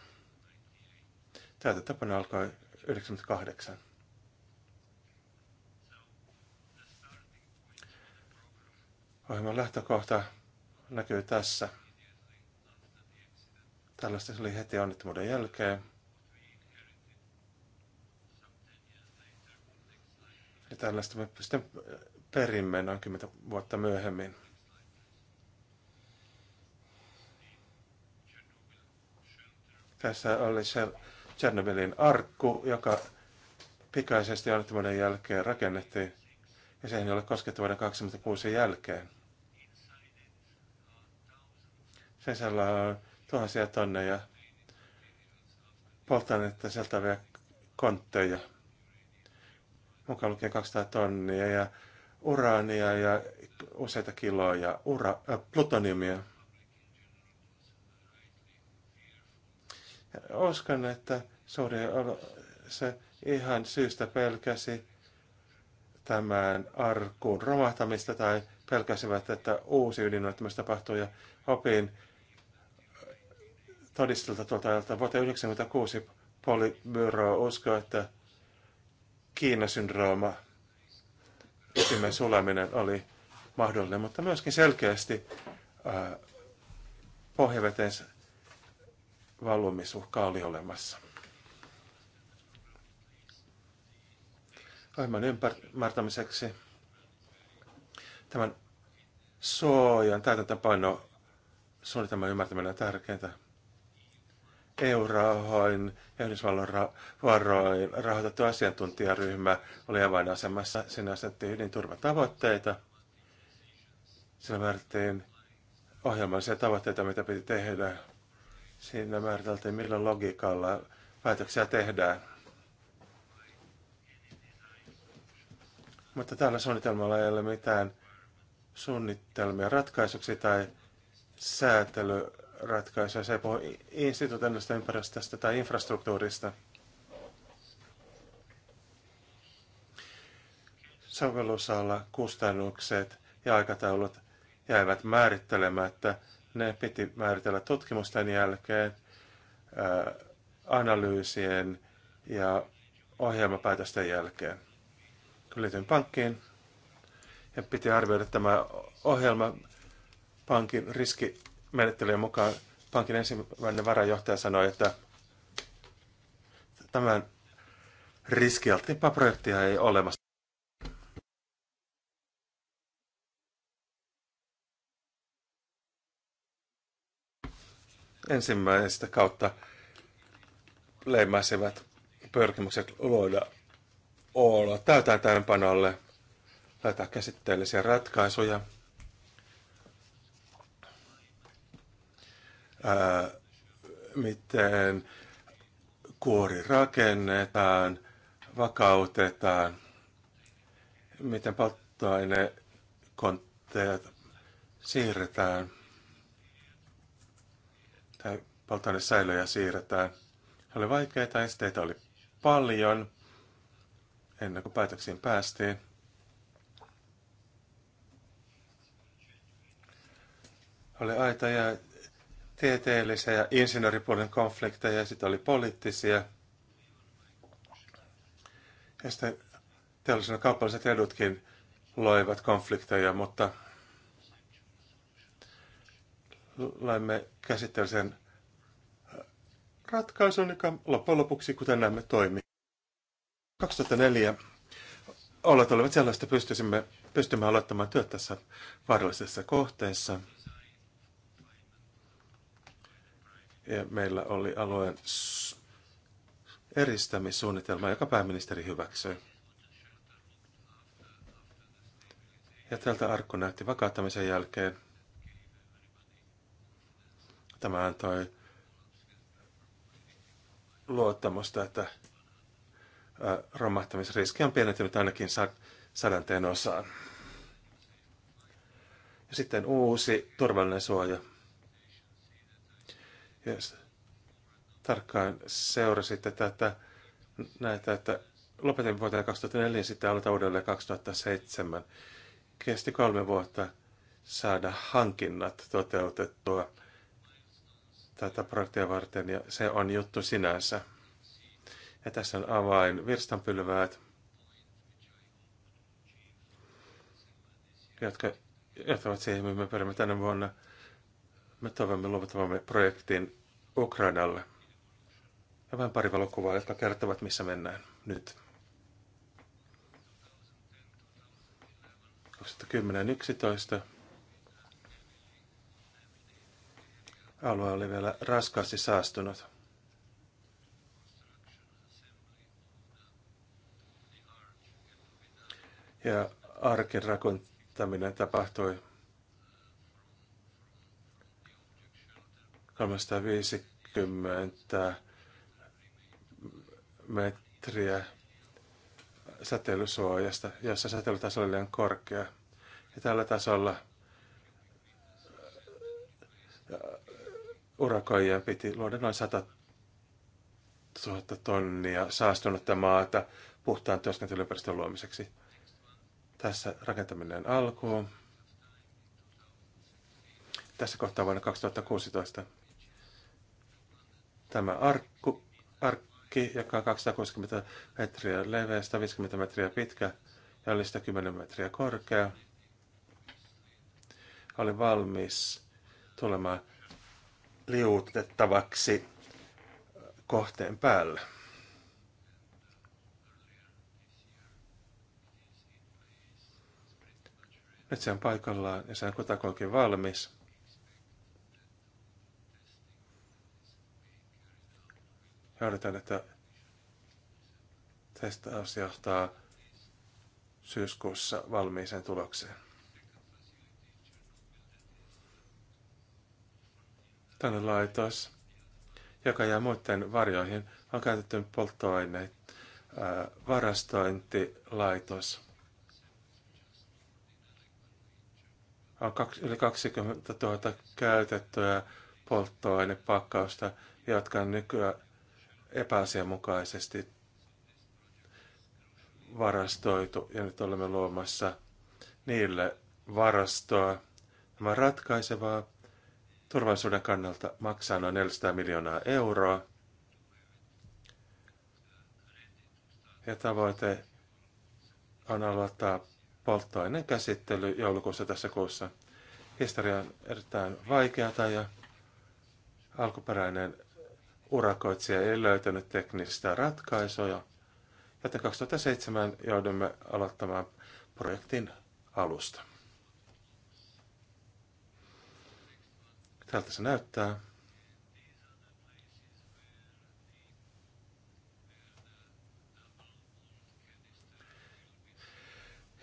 tapana alkoi 98. Ohjelman lähtökohta näkyy tässä. Tällaista se oli heti onnettomuuden jälkeen. Ja tällaista me sitten perimme noin 10 vuotta myöhemmin. Tässä oli se Tjernobylin arkku, joka pikaisesti onnettomuuden jälkeen rakennettiin, ja sehän ei ole koskettu vuoden 1986 jälkeen. Sen siellä on tuhansia tonneja polttoainetta sieltäviä kontteja, mukaan lukien 200 tonnia ja uraania ja useita kiloja ura, äh, plutoniumia. Uskon, että suuri se ihan syystä pelkäsi tämän arkkuun romahtamista tai pelkäsivät, että uusi ydinonnettomuus tapahtuu ja opin todistelta tuolta ajalta vuoteen 1996 Politbyro uskoo, että Kiinasyndrooma, ytimen sulaminen oli mahdollinen, mutta myöskin selkeästi äh, pohjaveteen valvomisuhka oli olemassa. Aivan ymmärtämiseksi tämän suojan täytäntöpano suunnitelman ymmärtäminen on tärkeintä. EU-rahoin ja Yhdysvallan ra- varoin rahoitettu asiantuntijaryhmä oli avainasemassa. Siinä asettiin hyvin turvatavoitteita. Sillä määrittiin ohjelmallisia tavoitteita, mitä piti tehdä Siinä määriteltiin, millä logiikalla päätöksiä tehdään. Mutta tällä suunnitelmalla ei ole mitään suunnitelmia ratkaisuksi tai säätelyratkaisuja. Se ei puhu instituutioista ympäristöstä tai infrastruktuurista. Sovellusalla kustannukset ja aikataulut jäivät määrittelemättä ne piti määritellä tutkimusten jälkeen, analyysien ja ohjelmapäätösten jälkeen. Kun liityin pankkiin ja piti arvioida tämä ohjelma pankin riskimenettelyjen mukaan, pankin ensimmäinen varajohtaja sanoi, että tämän riskialttiimpaa projektia ei ole olemassa. ensimmäistä kautta leimäsivät pyrkimykset luoda olla panolle, laittaa käsitteellisiä ratkaisuja. Ää, miten kuori rakennetaan, vakautetaan, miten polttoainekontteja siirretään – tai polttoainesäilöjä siirretään. Se oli vaikeaa, esteitä oli paljon ennen kuin päätöksiin päästiin. Oli aitoja tieteellisiä ja insinööripuolen konflikteja ja sitten oli poliittisia. Ja sitten teollisuuden kaupalliset edutkin loivat konflikteja, mutta laimme sen äh, ratkaisun, joka loppujen lopuksi, kuten näemme, toimii. 2004 olet olivat sellaista, että pystymme aloittamaan työt tässä vaarallisessa kohteessa. Ja meillä oli alueen eristämissuunnitelma, joka pääministeri hyväksyi. Ja tältä arkku näytti vakauttamisen jälkeen Tämä antoi luottamusta, että romahtamisriski on pienentynyt ainakin sadanteen osaan. Ja sitten uusi turvallinen suoja. Jos tarkkaan seurasitte tätä, näitä, että lopetin vuoteen 2004 ja sitten aloitan uudelleen 2007. Kesti kolme vuotta saada hankinnat toteutettua tätä projektia varten ja se on juttu sinänsä. Ja tässä on avain virstanpylväät, jotka johtavat siihen, mihin me pyrimme tänä vuonna. Me toivomme luovuttavamme projektin Ukrainalle. Ja vain pari valokuvaa, jotka kertovat, missä mennään nyt. 2010-2011 Alue oli vielä raskaasti saastunut. Ja arkin rakentaminen tapahtui 350 metriä säteilysuojasta, jossa säteilytaso oli liian korkea. Ja tällä tasolla urakoijia piti luoda noin 100 000 tonnia saastunutta maata puhtaan työskentelyympäristön luomiseksi. Tässä rakentaminen alkuu. Tässä kohtaa vuonna 2016 tämä arkku, arkki, joka on 260 metriä leveä, 150 metriä pitkä ja oli 110 metriä korkea, oli valmis tulemaan liuutettavaksi kohteen päälle. Nyt se on paikallaan ja se on kutakuinkin valmis. odotan, että testaus johtaa syyskuussa valmiiseen tulokseen. tänne laitos, joka jää muiden varjoihin, on käytetty polttoaineet varastointilaitos. On yli 20 000 käytettyä polttoainepakkausta, jotka on nykyään epäasianmukaisesti varastoitu ja nyt olemme luomassa niille varastoa. Tämä on ratkaisevaa turvallisuuden kannalta maksaa noin 400 miljoonaa euroa. Ja tavoite on aloittaa polttoaineen käsittely joulukuussa tässä kuussa. Historia on erittäin vaikeata ja alkuperäinen urakoitsija ei löytänyt teknistä ratkaisuja, joten 2007 joudumme aloittamaan projektin alusta. Tältä se näyttää.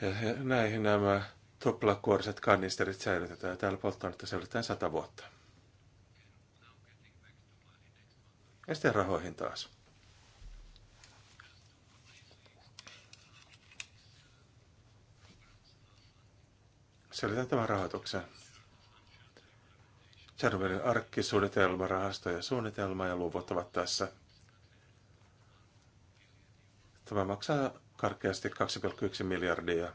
Ja näihin nämä tuplakuoriset kanisterit säilytetään. Täällä polttoainetta säilytetään sata vuotta. Ja sitten rahoihin taas. Selitän tämän rahoituksen. Serverin arkkisuunnitelma, rahasto ja suunnitelma ja luvut ovat tässä. Tämä maksaa karkeasti 2,1 miljardia.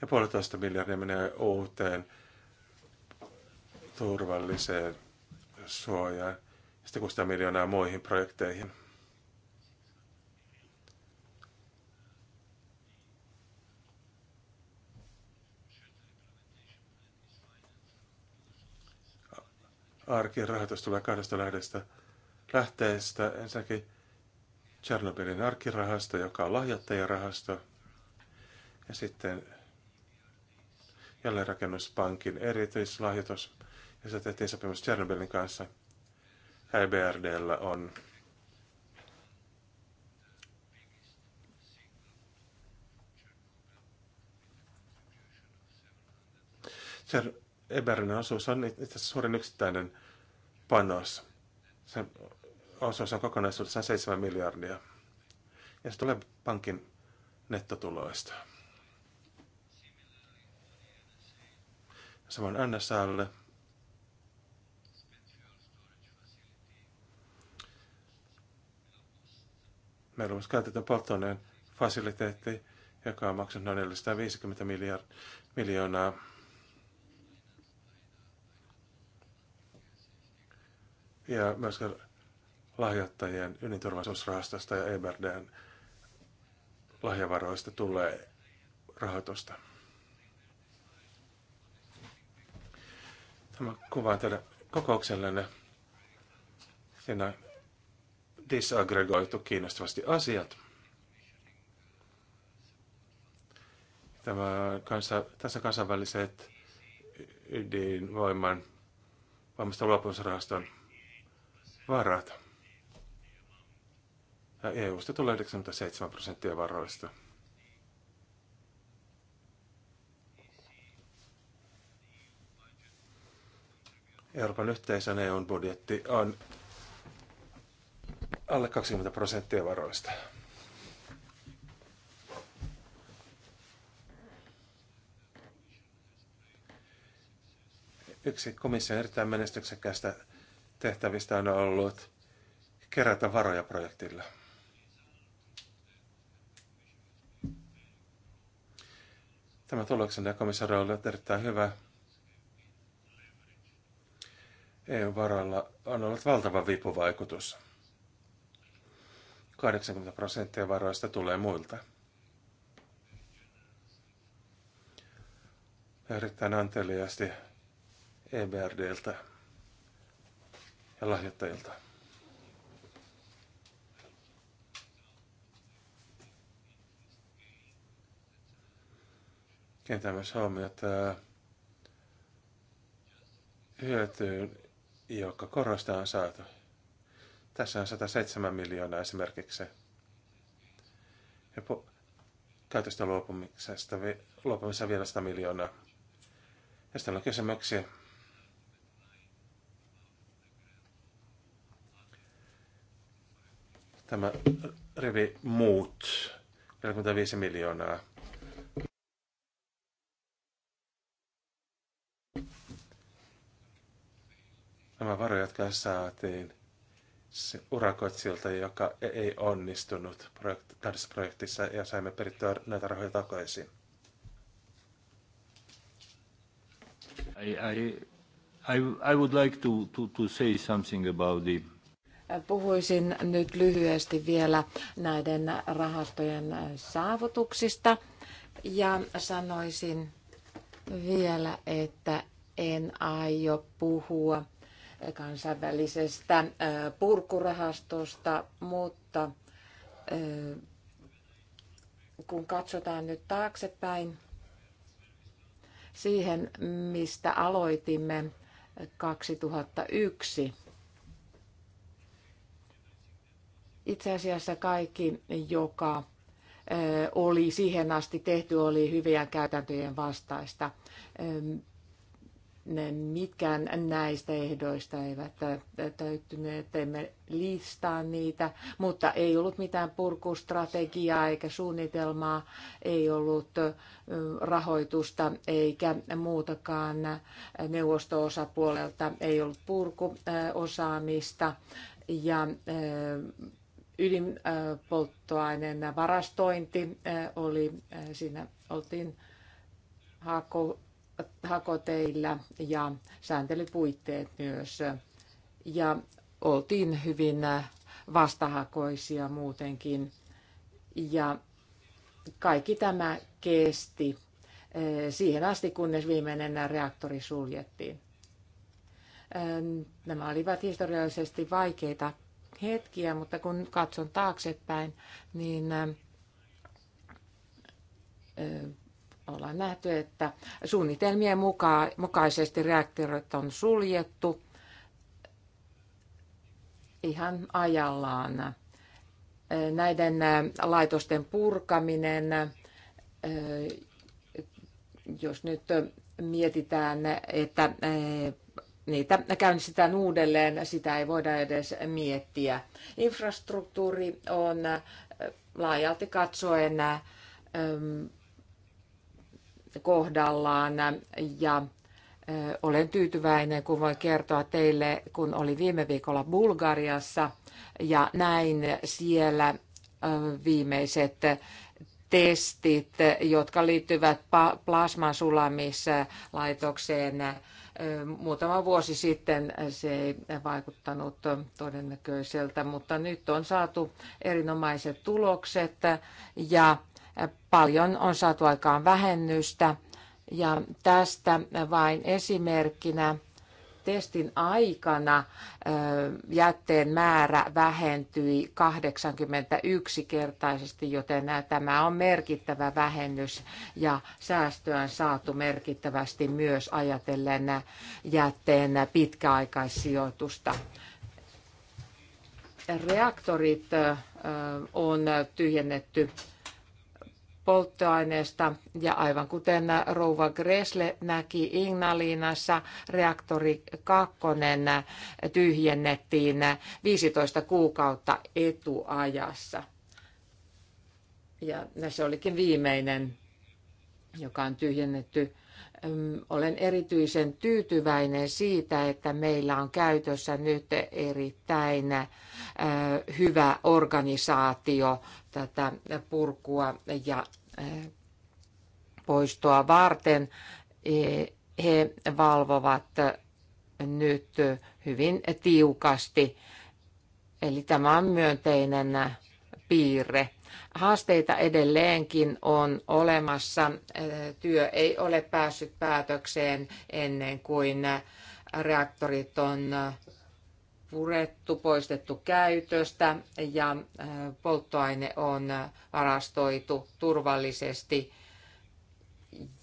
Ja puolitoista miljardia menee uuteen turvalliseen suojaan ja sitten 600 miljoonaa muihin projekteihin. arkien rahoitus tulee kahdesta lähdestä. lähteestä. Ensinnäkin Chernobylin arkirahasto, joka on lahjoittajarahasto, ja sitten jälleenrakennuspankin erityislahjoitus, ja se tehtiin sopimus Chernobylin kanssa. EBRDllä on Cher- Eberlin osuus on itse asiassa suurin yksittäinen panos. se osuus on kokonaisuudessaan 7 miljardia. Ja se tulee pankin nettotuloista. Samoin NSL. Meillä on myös käytetty polttoaineen fasiliteetti, joka on maksanut noin 450 miljoonaa ja myöskin lahjoittajien yliturvallisuusrahastosta ja EBRDn lahjavaroista tulee rahoitusta. Tämä kuvaa teidän kokouksellenne. Siinä disaggregoitu kiinnostavasti asiat. Tämä kansa, tässä kansainväliset ydinvoiman voimasta luopumisrahaston varat. Ja EUsta tulee 97 prosenttia varoista. Euroopan yhteisön EUn budjetti on alle 20 prosenttia varoista. Yksi komission erittäin menestyksekkäästä tehtävistä on ollut kerätä varoja projektille. Tämä tuloksena komissaari on erittäin hyvä. EU-varoilla on ollut valtava vipuvaikutus. 80 prosenttia varoista tulee muilta. Erittäin anteliaasti EBRDltä ja lahjoittajilta. Kiinnitän myös huomiota äh, hyötyyn, joka korosta on saatu. Tässä on 107 miljoonaa esimerkiksi. Ja po- käytöstä luopumisesta, luopumisesta vielä 100 miljoonaa. Ja sitten on kysymyksiä. Tämä rivi muut, 45 miljoonaa. Nämä varoja, jotka saatiin se urakoitsijalta, joka e- ei onnistunut projekt, tässä projektissa ja saimme perittyä näitä rahoja takaisin. I, I, I, I would like to, to, to say something about the Puhuisin nyt lyhyesti vielä näiden rahastojen saavutuksista ja sanoisin vielä, että en aio puhua kansainvälisestä purkurahastosta, mutta kun katsotaan nyt taaksepäin siihen, mistä aloitimme 2001, Itse asiassa kaikki, joka oli siihen asti tehty, oli hyviä käytäntöjen vastaista. Mitkään näistä ehdoista eivät täyttyneet, emme listaa niitä, mutta ei ollut mitään purkustrategiaa eikä suunnitelmaa, ei ollut rahoitusta eikä muutakaan neuvosto-osapuolelta, ei ollut purkuosaamista ja ydinpolttoaineen varastointi eh, oli, eh, siinä oltiin hako, hakoteillä ja sääntelypuitteet myös. Ja oltiin hyvin eh, vastahakoisia muutenkin. Ja kaikki tämä kesti siihen asti, kunnes viimeinen reaktori suljettiin. Nämä olivat historiallisesti vaikeita hetkiä, mutta kun katson taaksepäin, niin äh, äh, ollaan nähty, että suunnitelmien mukaan, mukaisesti reaktorit on suljettu ihan ajallaan. Äh, näiden laitosten purkaminen, jos nyt mietitään, että niitä käynnistetään uudelleen, sitä ei voida edes miettiä. Infrastruktuuri on laajalti katsoen kohdallaan ja olen tyytyväinen, kun voin kertoa teille, kun oli viime viikolla Bulgariassa ja näin siellä viimeiset testit, jotka liittyvät plasmasulamislaitokseen. laitokseen Muutama vuosi sitten se ei vaikuttanut todennäköiseltä, mutta nyt on saatu erinomaiset tulokset ja paljon on saatu aikaan vähennystä. Ja tästä vain esimerkkinä testin aikana jätteen määrä vähentyi 81-kertaisesti, joten tämä on merkittävä vähennys ja säästöä on saatu merkittävästi myös ajatellen jätteen pitkäaikaissijoitusta. Reaktorit on tyhjennetty polttoaineesta. Ja aivan kuten rouva Gresle näki Ignaliinassa, reaktori 2 tyhjennettiin 15 kuukautta etuajassa. Ja se olikin viimeinen, joka on tyhjennetty olen erityisen tyytyväinen siitä, että meillä on käytössä nyt erittäin hyvä organisaatio tätä purkua ja poistoa varten. E, he valvovat nyt hyvin tiukasti. Eli tämä on myönteinen piirre. Haasteita edelleenkin on olemassa. Työ ei ole päässyt päätökseen ennen kuin reaktorit on purettu, poistettu käytöstä ja polttoaine on varastoitu turvallisesti.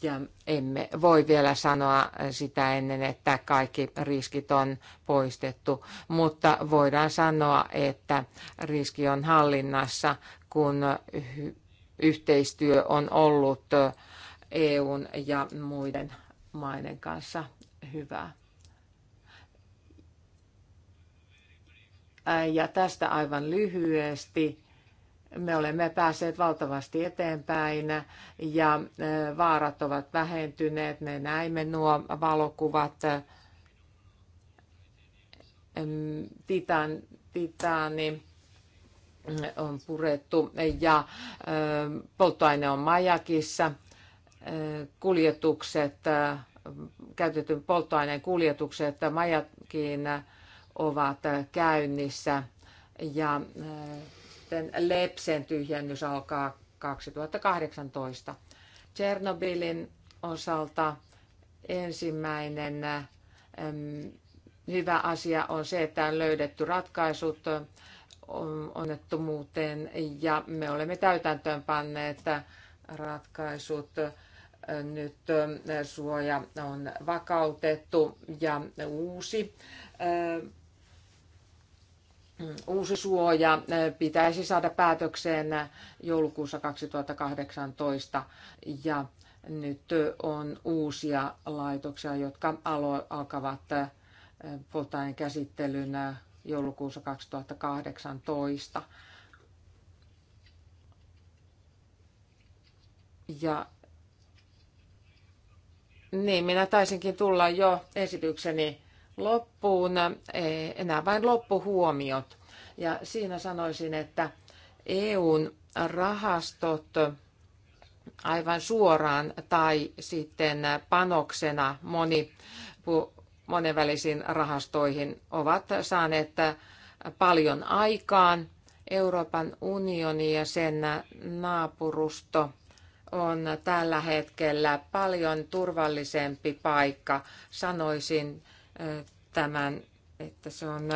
Ja emme voi vielä sanoa sitä ennen, että kaikki riskit on poistettu, mutta voidaan sanoa, että riski on hallinnassa, kun yhteistyö on ollut EUn ja muiden maiden kanssa hyvää. Ja tästä aivan lyhyesti. Me olemme päässeet valtavasti eteenpäin ja e, vaarat ovat vähentyneet. Me näimme nuo valokuvat. Titan, Titani on purettu ja polttoaine on majakissa. Kuljetukset, käytetyn polttoaineen kuljetukset majakiin ovat käynnissä ja Lepsen tyhjennys alkaa 2018. Tchernobylin osalta ensimmäinen hyvä asia on se, että on löydetty ratkaisut onnettomuuteen ja me olemme täytäntöön panneet ratkaisut. Äh, nyt äh, suoja on vakautettu ja uusi, äh, uusi suoja pitäisi saada päätökseen joulukuussa 2018 ja nyt on uusia laitoksia, jotka alkavat polttoaineen käsittelyn joulukuussa 2018. Ja niin, minä taisinkin tulla jo esitykseni loppuun, e, enää vain loppuhuomiot. Ja siinä sanoisin, että EUn rahastot aivan suoraan tai sitten panoksena moni monenvälisiin rahastoihin ovat saaneet paljon aikaan. Euroopan unioni ja sen naapurusto on tällä hetkellä paljon turvallisempi paikka. Sanoisin tämän, että se on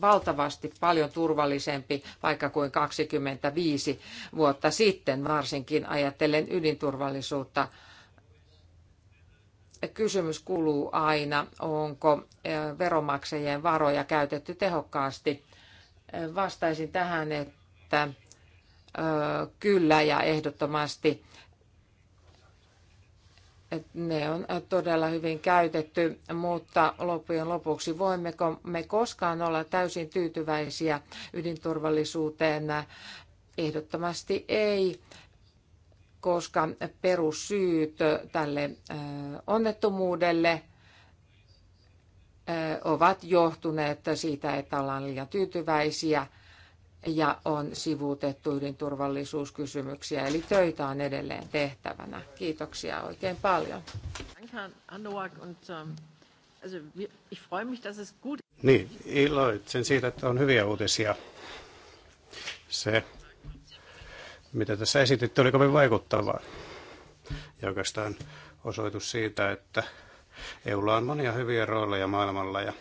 valtavasti paljon turvallisempi paikka kuin 25 vuotta sitten, varsinkin ajatellen ydinturvallisuutta kysymys kuuluu aina, onko eh, veromaksajien varoja käytetty tehokkaasti. Eh, vastaisin tähän, että eh, kyllä ja ehdottomasti ne on todella hyvin käytetty, mutta loppujen lopuksi voimmeko me koskaan olla täysin tyytyväisiä ydinturvallisuuteen? Ehdottomasti ei koska perussyyt tälle onnettomuudelle ovat johtuneet siitä, että ollaan liian tyytyväisiä ja on sivuutettu ydinturvallisuuskysymyksiä, eli töitä on edelleen tehtävänä. Kiitoksia oikein paljon. Niin, iloitsen siitä, että on hyviä uutisia. Se mitä tässä esititte, oli kovin vaikuttavaa. Ja oikeastaan osoitus siitä, että EUlla on monia hyviä rooleja maailmalla ja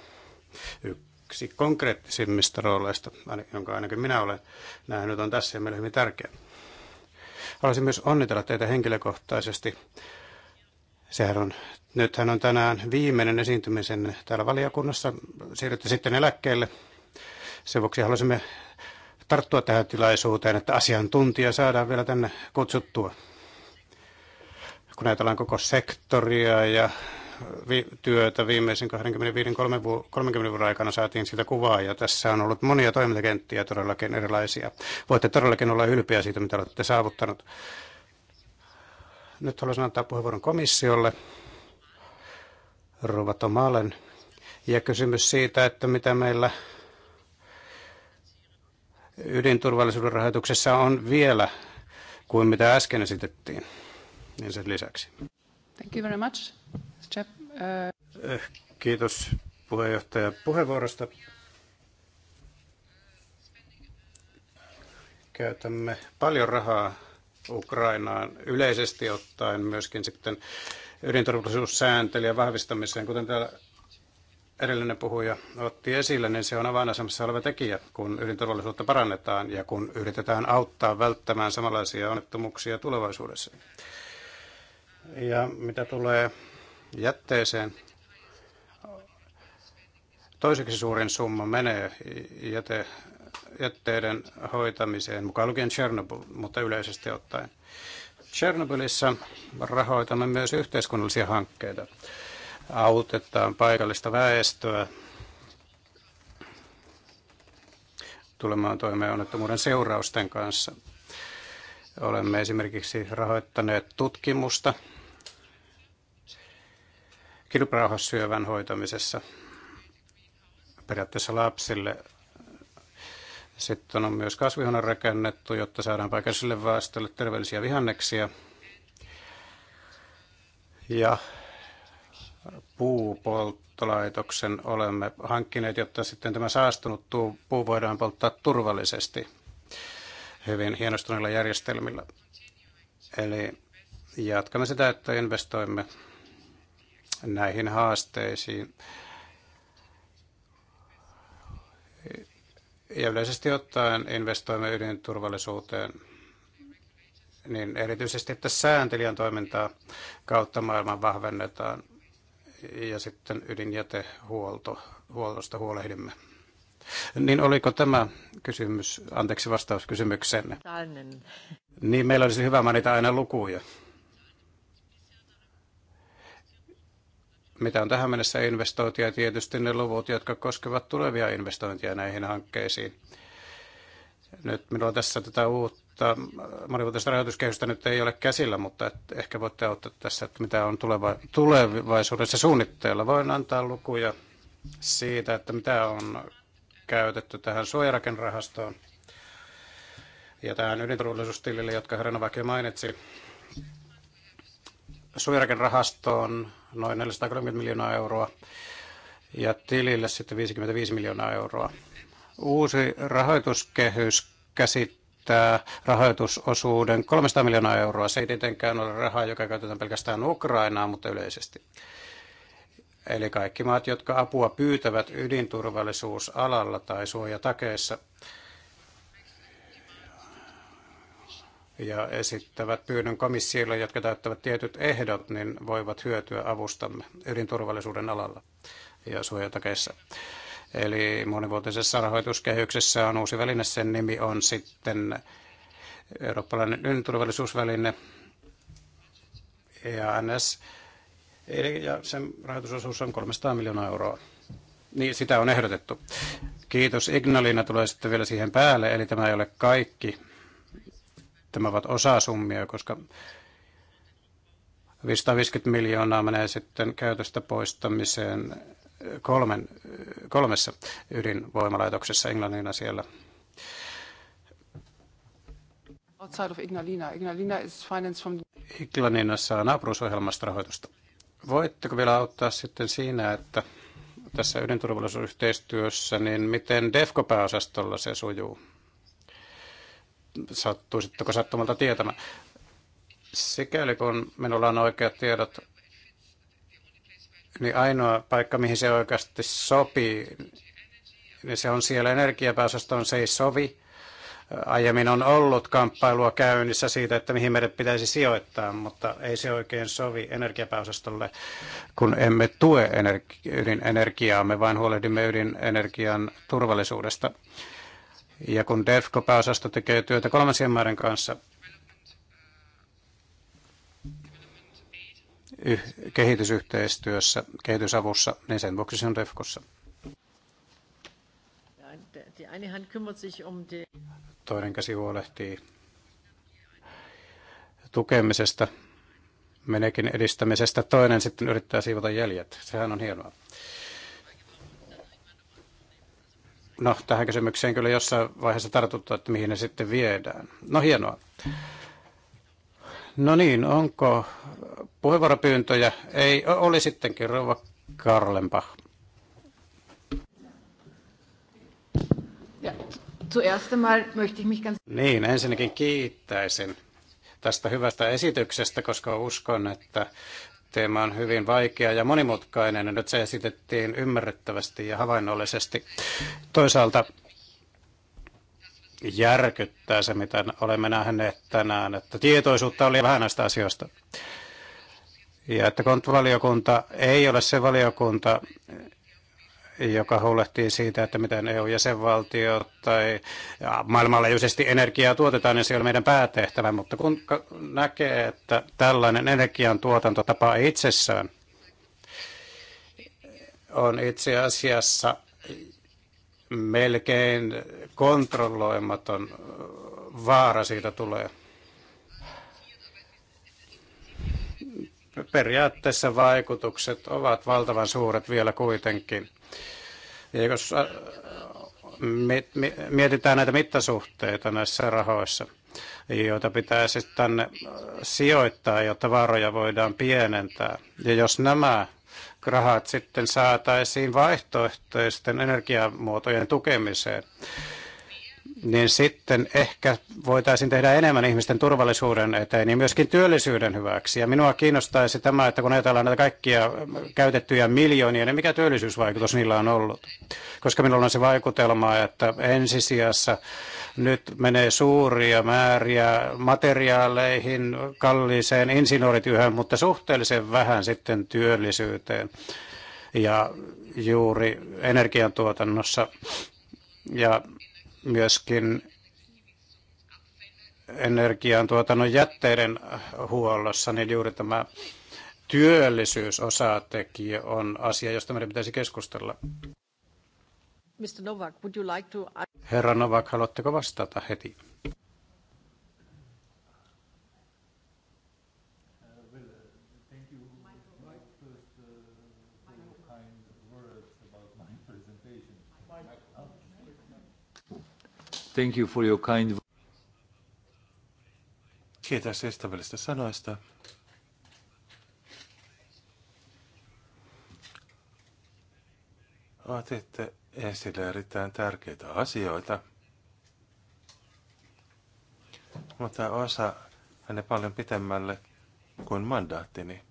yksi konkreettisimmista rooleista, jonka ainakin minä olen nähnyt, on tässä ja meille hyvin tärkeä. Haluaisin myös onnitella teitä henkilökohtaisesti. Sehän on, nythän on tänään viimeinen esiintymisen täällä valiokunnassa. Siirrytte sitten eläkkeelle. Sen vuoksi haluaisimme tarttua tähän tilaisuuteen, että asiantuntija saadaan vielä tänne kutsuttua. Kun ajatellaan koko sektoria ja vi- työtä viimeisen 25-30 vu- vuoden aikana saatiin siitä kuvaa, ja tässä on ollut monia toimintakenttiä todellakin erilaisia. Voitte todellakin olla ylpeä siitä, mitä olette saavuttanut. Nyt haluaisin antaa puheenvuoron komissiolle. Ruva Tomalen. Ja kysymys siitä, että mitä meillä ydinturvallisuuden rahoituksessa on vielä kuin mitä äsken esitettiin, niin sen lisäksi. Thank you very much. Jeff, uh... Eh, kiitos puheenjohtaja puheenvuorosta. Käytämme paljon rahaa Ukrainaan yleisesti ottaen myöskin sitten ydinturvallisuussääntelijän vahvistamiseen, kuten täällä edellinen puhuja otti esille, niin se on avainasemassa oleva tekijä, kun ydinturvallisuutta parannetaan ja kun yritetään auttaa välttämään samanlaisia onnettomuuksia tulevaisuudessa. Ja mitä tulee jätteeseen, toiseksi suurin summa menee jäte, jätteiden hoitamiseen, mukaan lukien Chernobyl, mutta yleisesti ottaen. Chernobylissa rahoitamme myös yhteiskunnallisia hankkeita autetaan paikallista väestöä tulemaan toimeen onnettomuuden seurausten kanssa. Olemme esimerkiksi rahoittaneet tutkimusta kilpirauhassyövän hoitamisessa periaatteessa lapsille. Sitten on myös kasvihuone rakennettu, jotta saadaan paikalliselle väestölle terveellisiä vihanneksia. Ja puupolttolaitoksen olemme hankkineet, jotta sitten tämä saastunut puu voidaan polttaa turvallisesti hyvin hienostuneilla järjestelmillä. Eli jatkamme sitä, että investoimme näihin haasteisiin. Ja yleisesti ottaen investoimme ydinturvallisuuteen niin erityisesti, että sääntelijän toimintaa kautta maailman vahvennetaan ja sitten ydinjätehuollosta huolehdimme. Niin oliko tämä kysymys, anteeksi vastaus kysymyksenne? Niin meillä olisi hyvä mainita aina lukuja. Mitä on tähän mennessä investointia, tietysti ne luvut, jotka koskevat tulevia investointeja näihin hankkeisiin. Nyt minulla on tässä tätä uutta mutta monivuotista rahoituskehystä nyt ei ole käsillä, mutta et ehkä voitte auttaa tässä, että mitä on tuleva, tulevaisuudessa suunnitteilla. Voin antaa lukuja siitä, että mitä on käytetty tähän suojarakenrahastoon ja tähän ydinturvallisuustilille, jotka herran jo mainitsi. Suojarakenrahastoon noin 430 miljoonaa euroa ja tilille sitten 55 miljoonaa euroa. Uusi rahoituskehys käsittää esittää rahoitusosuuden 300 miljoonaa euroa. Se ei tietenkään ole rahaa, joka käytetään pelkästään Ukrainaan, mutta yleisesti. Eli kaikki maat, jotka apua pyytävät ydinturvallisuusalalla tai suojatakeessa ja esittävät pyynnön komissiolle, jotka täyttävät tietyt ehdot, niin voivat hyötyä avustamme ydinturvallisuuden alalla ja suojatakeessa. Eli monivuotisessa rahoituskehyksessä on uusi väline, sen nimi on sitten eurooppalainen ydinturvallisuusväline, EANS, ja sen rahoitusosuus on 300 miljoonaa euroa. Niin, sitä on ehdotettu. Kiitos. Ignalina tulee sitten vielä siihen päälle, eli tämä ei ole kaikki. Tämä ovat osasummia, koska 550 miljoonaa menee sitten käytöstä poistamiseen kolmen, kolmessa ydinvoimalaitoksessa Englannina siellä. Outside of Ignalina. Ignalina is financed from... naapuruusohjelmasta rahoitusta. Voitteko vielä auttaa sitten siinä, että tässä ydinturvallisuusyhteistyössä, niin miten DEFCO-pääosastolla se sujuu? Sattuisitteko sattumalta tietämään? Sikäli kun minulla on oikeat tiedot, niin ainoa paikka, mihin se oikeasti sopii, niin se on siellä energiapääosastoon, se ei sovi. Aiemmin on ollut kamppailua käynnissä siitä, että mihin meidät pitäisi sijoittaa, mutta ei se oikein sovi energiapääosastolle, kun emme tue energi- ydinenergiaa, me vain huolehdimme ydinenergian turvallisuudesta. Ja kun DEFCO-pääosasto tekee työtä kolmansien maiden kanssa, kehitysyhteistyössä, kehitysavussa, niin sen vuoksi se on DEFKossa. Um Toinen käsi huolehtii tukemisesta, menekin edistämisestä. Toinen sitten yrittää siivota jäljet. Sehän on hienoa. No, tähän kysymykseen kyllä jossain vaiheessa tartuttaa, että mihin ne sitten viedään. No hienoa. No niin, onko puheenvuoropyyntöjä? Ei, oli sittenkin rouva Karlenbach. Ja, zuerst einmal möchte ich mich ganz... Niin, ensinnäkin kiittäisin tästä hyvästä esityksestä, koska uskon, että teema on hyvin vaikea ja monimutkainen, ja nyt se esitettiin ymmärrettävästi ja havainnollisesti. Toisaalta järkyttää se, mitä olemme nähneet tänään, että tietoisuutta oli vähän näistä asioista. Ja että kontvaliokunta ei ole se valiokunta, joka huolehtii siitä, että miten eu jäsenvaltio tai maailmanlaajuisesti energiaa tuotetaan, niin se on meidän päätehtävä. Mutta kun näkee, että tällainen energiantuotantotapa itsessään on itse asiassa melkein kontrolloimaton vaara siitä tulee. Periaatteessa vaikutukset ovat valtavan suuret vielä kuitenkin. Ja jos äh, mietitään näitä mittasuhteita näissä rahoissa, joita pitää sitten siis tänne sijoittaa, jotta varoja voidaan pienentää. Ja jos nämä rahat sitten saataisiin vaihtoehtoisten energiamuotojen tukemiseen niin sitten ehkä voitaisiin tehdä enemmän ihmisten turvallisuuden eteen ja myöskin työllisyyden hyväksi. Ja minua kiinnostaisi tämä, että kun ajatellaan näitä kaikkia käytettyjä miljoonia, niin mikä työllisyysvaikutus niillä on ollut? Koska minulla on se vaikutelma, että ensisijassa nyt menee suuria määriä materiaaleihin, kalliiseen insinöörityöhön, mutta suhteellisen vähän sitten työllisyyteen ja juuri energiantuotannossa. Ja myöskin energiantuotannon jätteiden huollossa, niin juuri tämä työllisyysosatekijä on asia, josta meidän pitäisi keskustella. Mr. Novak, would you like to... Herra Novak, haluatteko vastata heti? Thank you for your kind... Kiitos ystävällisistä sanoista. Otitte esille erittäin tärkeitä asioita, mutta osa menee paljon pitemmälle kuin mandaattini.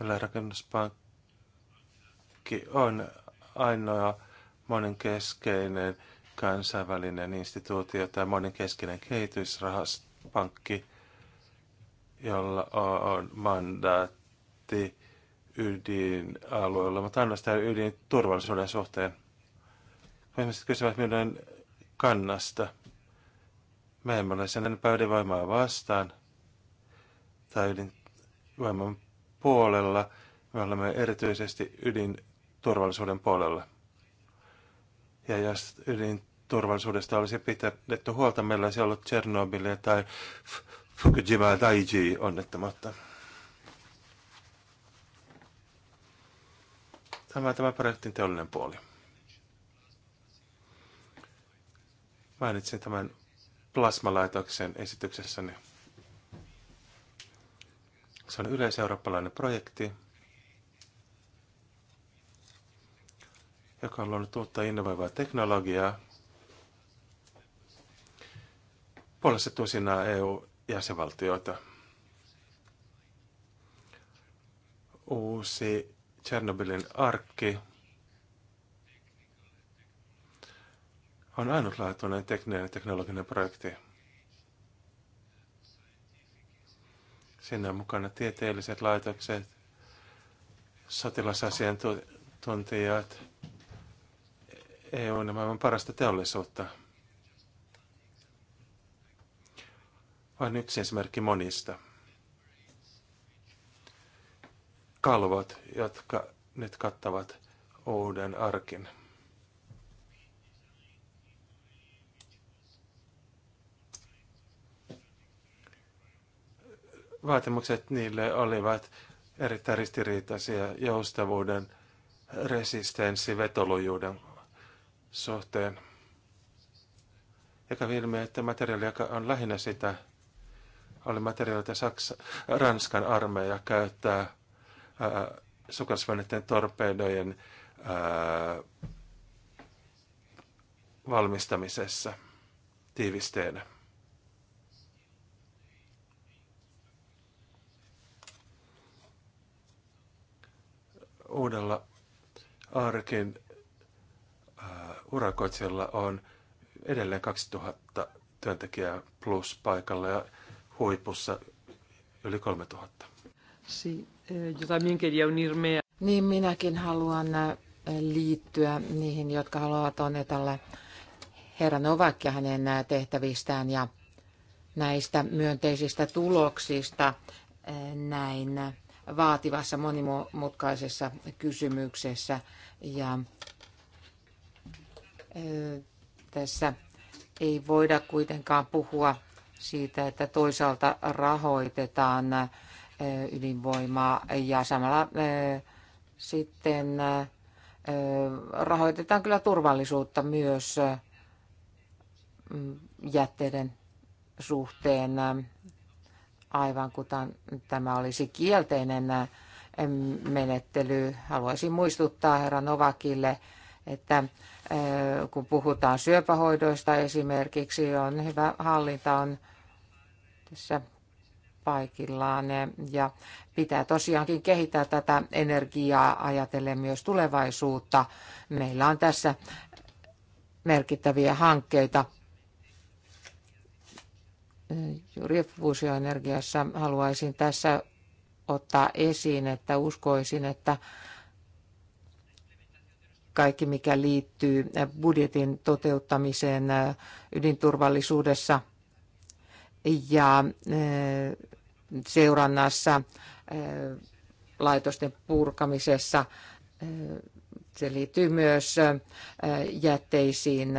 Eläinrakennuspankki on ainoa monenkeskeinen keskeinen kansainvälinen instituutio tai monenkeskinen kehitysrahaspankki, jolla on mandaatti ydinalueella, mutta ainoastaan ydin turvallisuuden suhteen. Ihmiset kysyvät minun kannasta. Me emme ole sen enempää ydinvoimaa vastaan tai ydinvoiman puolella. Me olemme erityisesti ydinturvallisuuden puolella. Ja jos ydinturvallisuudesta olisi pitänyt huolta, meillä olisi ollut Tsernobylia tai Fukushima IG onnettomuutta. Tämä tämä projektin teollinen puoli. Mainitsin tämän plasmalaitoksen esityksessäni. Se on yleiseurooppalainen projekti, joka on luonut uutta innovoivaa teknologiaa. Puolessa tusinaa EU-jäsenvaltioita. Uusi Tchernobylin arkki on ainutlaatuinen tekninen ja teknologinen projekti. Siinä on mukana tieteelliset laitokset, sotilasasiantuntijat, EU on maailman parasta teollisuutta. Vain yksi esimerkki monista. Kalvot, jotka nyt kattavat uuden arkin. Vaatimukset niille olivat erittäin ristiriitaisia joustavuuden, resistenssi, vetolujuuden suhteen. Ja kävi ilmi, että materiaali, joka on lähinnä sitä, oli materiaali, jota Saksa, Ranskan armeija käyttää sukellusveneiden torpedojen ää, valmistamisessa tiivisteenä. Uudella arkin urakoitsijalla on edelleen 2000 työntekijää plus paikalla ja huipussa yli 3000. Si, eh, yo también quería unirme. Niin minäkin haluan eh, liittyä niihin, jotka haluavat onnetella herra Novak ja hänen eh, tehtävistään ja näistä myönteisistä tuloksista näin vaativassa monimutkaisessa kysymyksessä. Ja tässä ei voida kuitenkaan puhua siitä, että toisaalta rahoitetaan ydinvoimaa ja samalla sitten rahoitetaan kyllä turvallisuutta myös mm, jätteiden suhteen, aivan kuten tämä olisi kielteinen menettely. Haluaisin muistuttaa herra Novakille että kun puhutaan syöpähoidoista esimerkiksi, on hyvä hallinta on tässä paikillaan ja pitää tosiaankin kehittää tätä energiaa ajatellen myös tulevaisuutta. Meillä on tässä merkittäviä hankkeita. Juuri fuusioenergiassa haluaisin tässä ottaa esiin, että uskoisin, että kaikki, mikä liittyy budjetin toteuttamiseen ydinturvallisuudessa ja seurannassa, laitosten purkamisessa. Se liittyy myös jätteisiin,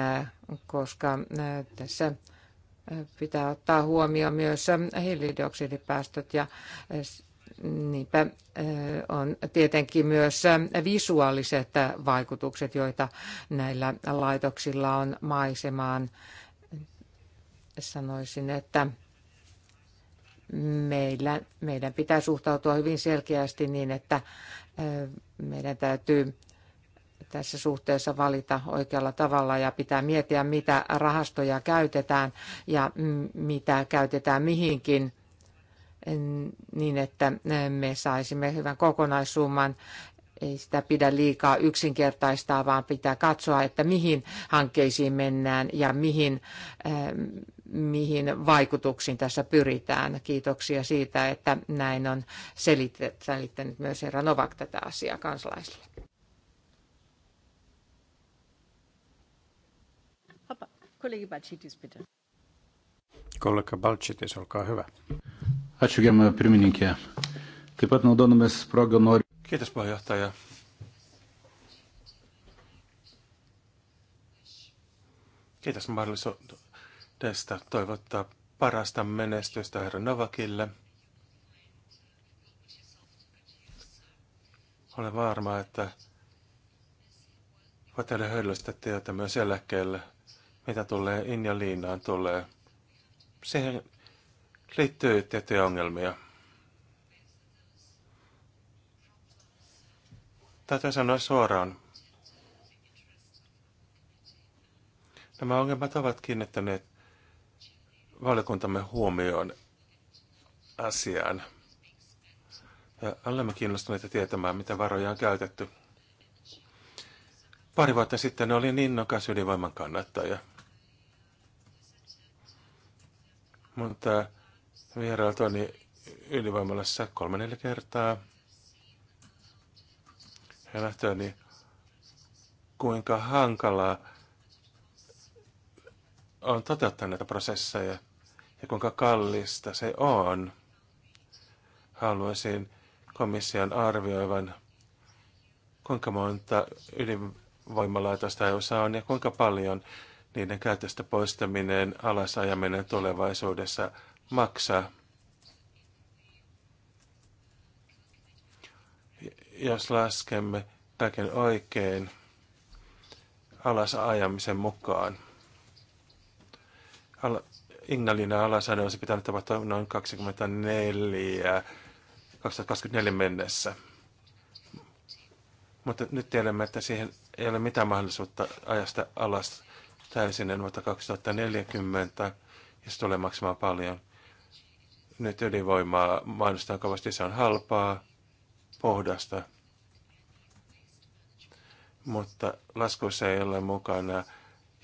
koska tässä pitää ottaa huomioon myös hiilidioksidipäästöt ja Niinpä on tietenkin myös visuaaliset vaikutukset, joita näillä laitoksilla on maisemaan. Sanoisin, että meillä, meidän pitää suhtautua hyvin selkeästi niin, että meidän täytyy tässä suhteessa valita oikealla tavalla ja pitää miettiä, mitä rahastoja käytetään ja mitä käytetään mihinkin – niin, että me saisimme hyvän kokonaissumman. Ei sitä pidä liikaa yksinkertaistaa, vaan pitää katsoa, että mihin hankkeisiin mennään ja mihin, ähm, mihin vaikutuksiin tässä pyritään. Kiitoksia siitä, että näin on selittänyt myös herra Novak tätä asiaa kansalaisille. Kollega Balcitis, Kollega Balcitis, olkaa hyvä. Ačiū, gerbiamą pirmininkę. Taip pat naudodamas progą noriu. Kiitos puheenjohtaja. Kiitos mahdollisuudesta toivottaa parasta menestystä herra Novakille. Olen varma, että voit tehdä hyödyllistä työtä myös eläkkeelle, mitä tulee Inja Liinaan tulee. Siihen liittyy tiettyjä ongelmia. Täytyy sanoa suoraan. Nämä ongelmat ovat kiinnittäneet valiokuntamme huomioon asiaan. Ja olemme kiinnostuneita tietämään, mitä varoja on käytetty. Pari vuotta sitten olin innokas ydinvoiman kannattaja. Mutta vierailtuani ydinvoimalassa kolme neljä kertaa. Ja nähtyäni, kuinka hankalaa on toteuttaa näitä prosesseja ja kuinka kallista se on. Haluaisin komission arvioivan, kuinka monta ydinvoimalaitosta EUssa on ja kuinka paljon niiden käytöstä poistaminen, alasajaminen tulevaisuudessa maksaa. Jos laskemme kaiken oikein alas ajamisen mukaan. Ingalina Ignalina alasajo olisi pitänyt tapahtua noin 24, 2024 mennessä. Mutta nyt tiedämme, että siihen ei ole mitään mahdollisuutta ajasta alas täysin vuotta 2040 ja se tulee maksamaan paljon. Nyt ydinvoimaa mainostaa kovasti, se on halpaa, pohdasta, mutta laskuissa ei ole mukana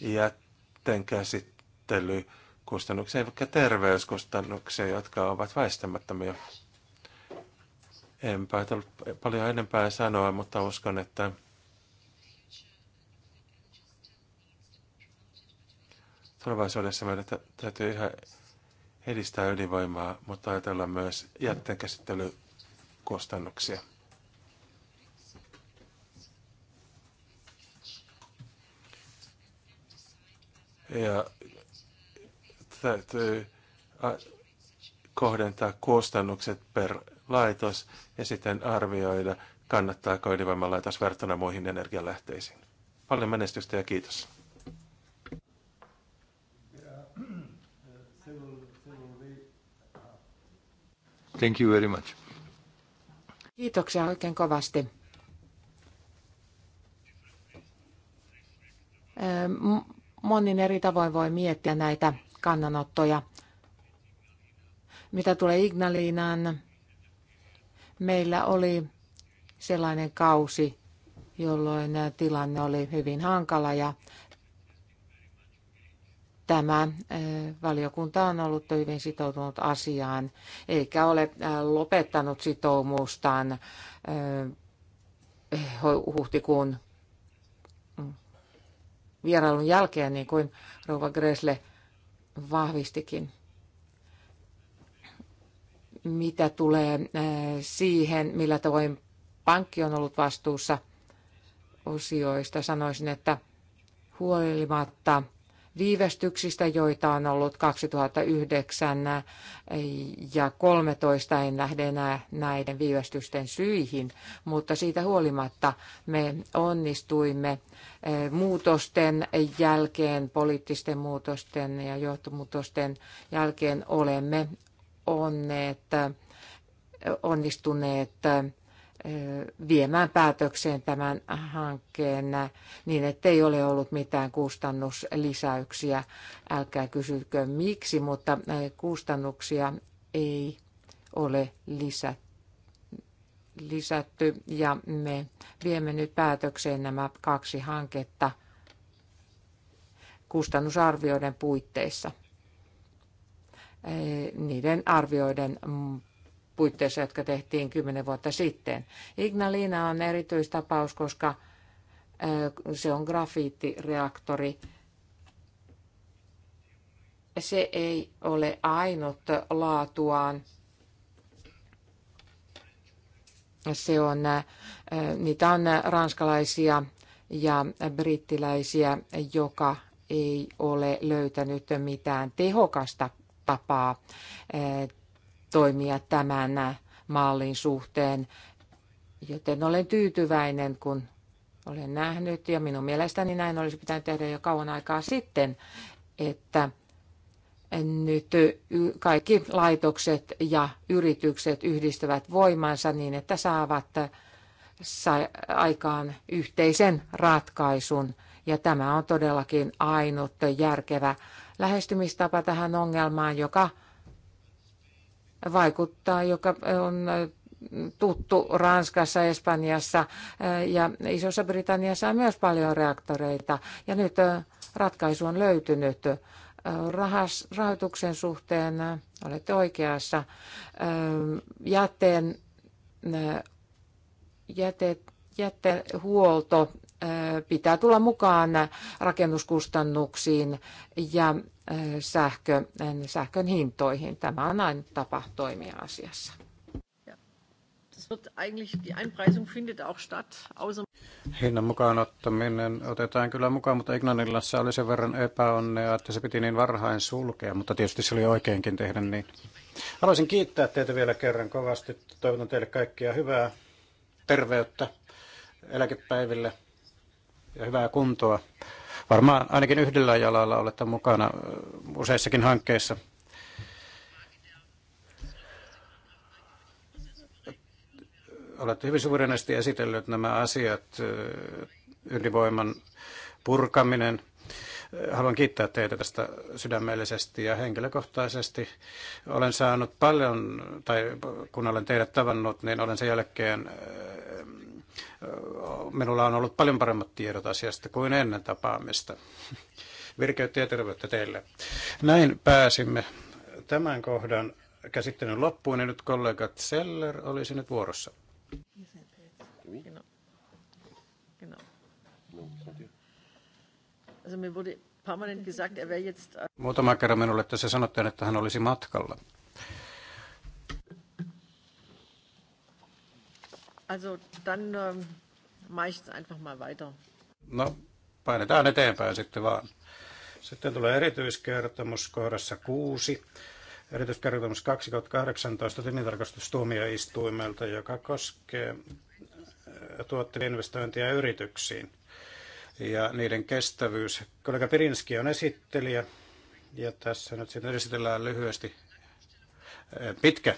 jätten käsittelykustannuksia, vaikka terveyskustannuksia, jotka ovat väistämättömiä. Enpä paljon enempää sanoa, mutta uskon, että tulevaisuudessa meidän täytyy ihan edistää ydinvoimaa, mutta ajatellaan myös jätteenkäsittelykustannuksia. Ja täytyy kohdentaa kustannukset per laitos ja sitten arvioida, kannattaako ydinvoimalaitos vertona muihin energialähteisiin. Paljon menestystä ja kiitos. Thank you very much. Kiitoksia oikein kovasti. Monin eri tavoin voi miettiä näitä kannanottoja. Mitä tulee Ignalinaan, meillä oli sellainen kausi, jolloin tilanne oli hyvin hankala ja Tämä äh, valiokunta on ollut hyvin sitoutunut asiaan, eikä ole äh, lopettanut sitoumustaan äh, huhtikuun mm, vierailun jälkeen, niin kuin Rouva Gresle vahvistikin. Mitä tulee siihen, millä tavoin pankki on ollut vastuussa osioista, sanoisin, että huolimatta viivästyksistä, joita on ollut 2009 ja 2013. En lähde enää näiden viivästysten syihin, mutta siitä huolimatta me onnistuimme eh, muutosten jälkeen, poliittisten muutosten ja johtomuutosten jälkeen olemme onneet, onnistuneet eh, viemään päätökseen tämän hankkeen niin, ettei ole ollut mitään kustannuslisäyksiä. Älkää kysykö miksi, mutta kustannuksia ei ole lisätty. Ja me viemme nyt päätökseen nämä kaksi hanketta kustannusarvioiden puitteissa. Niiden arvioiden puitteissa, jotka tehtiin kymmenen vuotta sitten. Ignalina on erityistapaus, koska se on grafiittireaktori. Se ei ole ainut laatuaan. Se on, niitä on ranskalaisia ja brittiläisiä, joka ei ole löytänyt mitään tehokasta tapaa toimia tämän mallin suhteen. Joten olen tyytyväinen, kun olen nähnyt, ja minun mielestäni näin olisi pitänyt tehdä jo kauan aikaa sitten, että nyt kaikki laitokset ja yritykset yhdistävät voimansa niin, että saavat aikaan yhteisen ratkaisun. Ja tämä on todellakin ainut järkevä lähestymistapa tähän ongelmaan, joka vaikuttaa, joka on tuttu Ranskassa, Espanjassa eh, ja Isossa Britanniassa on myös paljon reaktoreita. Ja nyt eh, ratkaisu on löytynyt eh, rahas, rahoituksen suhteen, olette oikeassa, jätteen, jäte, jätteen huolto pitää tulla mukaan rakennuskustannuksiin ja sähkö, sähkön hintoihin. Tämä on aina tapa toimia asiassa. Hinnan mukaan ottaminen otetaan kyllä mukaan, mutta Ignanillassa oli sen verran epäonnea, että se piti niin varhain sulkea, mutta tietysti se oli oikeinkin tehdä niin. Haluaisin kiittää teitä vielä kerran kovasti. Toivotan teille kaikkia hyvää terveyttä eläkepäiville ja hyvää kuntoa varmaan ainakin yhdellä jalalla olette mukana useissakin hankkeissa. Olette hyvin suurenesti esitellyt nämä asiat, ydinvoiman purkaminen. Haluan kiittää teitä tästä sydämellisesti ja henkilökohtaisesti. Olen saanut paljon, tai kun olen teidät tavannut, niin olen sen jälkeen minulla on ollut paljon paremmat tiedot asiasta kuin ennen tapaamista. Virkeyttä ja terveyttä teille. Näin pääsimme tämän kohdan käsittelyn loppuun ja nyt kollegat Seller olisi nyt vuorossa. Er Muutama kerran minulle tässä sanottiin, että hän olisi matkalla. Also dann ähm, mache ich einfach mal weiter. No, painetaan eteenpäin sitten vaan. Sitten tulee erityiskertomus kohdassa 6. Erityiskertomus 2018 tilintarkastustuomioistuimelta, joka koskee äh, tuottavia investointeja yrityksiin ja niiden kestävyys. Kollega Pirinski on esittelijä ja tässä nyt sitten esitellään lyhyesti äh, pitkä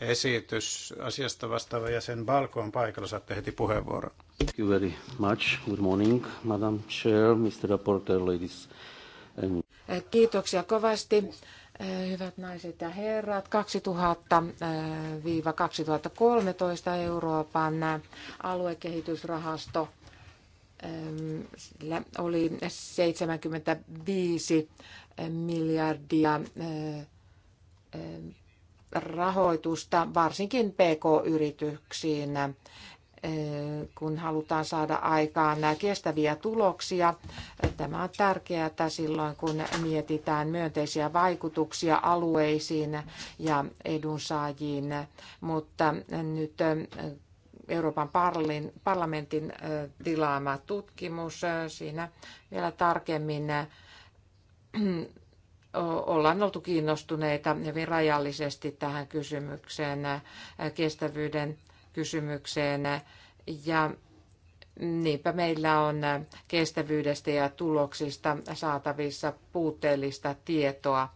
esitys. Asiasta vastaava jäsen Balko on paikalla, saatte heti puheenvuoron. Thank you very much. Good morning, Madam Chair, Mr. Reporter, ladies and... Kiitoksia kovasti. Hyvät naiset ja herrat, 2000-2013 eh, Euroopan eh, aluekehitysrahasto eh, sillä oli 75 miljardia rahoitusta varsinkin PK-yrityksiin, eh, kun halutaan saada aikaan kestäviä tuloksia. Tämä on tärkeää silloin, kun mietitään myönteisiä vaikutuksia alueisiin ja edunsaajiin, mutta nyt eh, Euroopan parlamentin eh, tilaama tutkimus, siinä vielä tarkemmin ollaan oltu kiinnostuneita hyvin rajallisesti tähän kysymykseen, kestävyyden kysymykseen. Ja niinpä meillä on kestävyydestä ja tuloksista saatavissa puutteellista tietoa.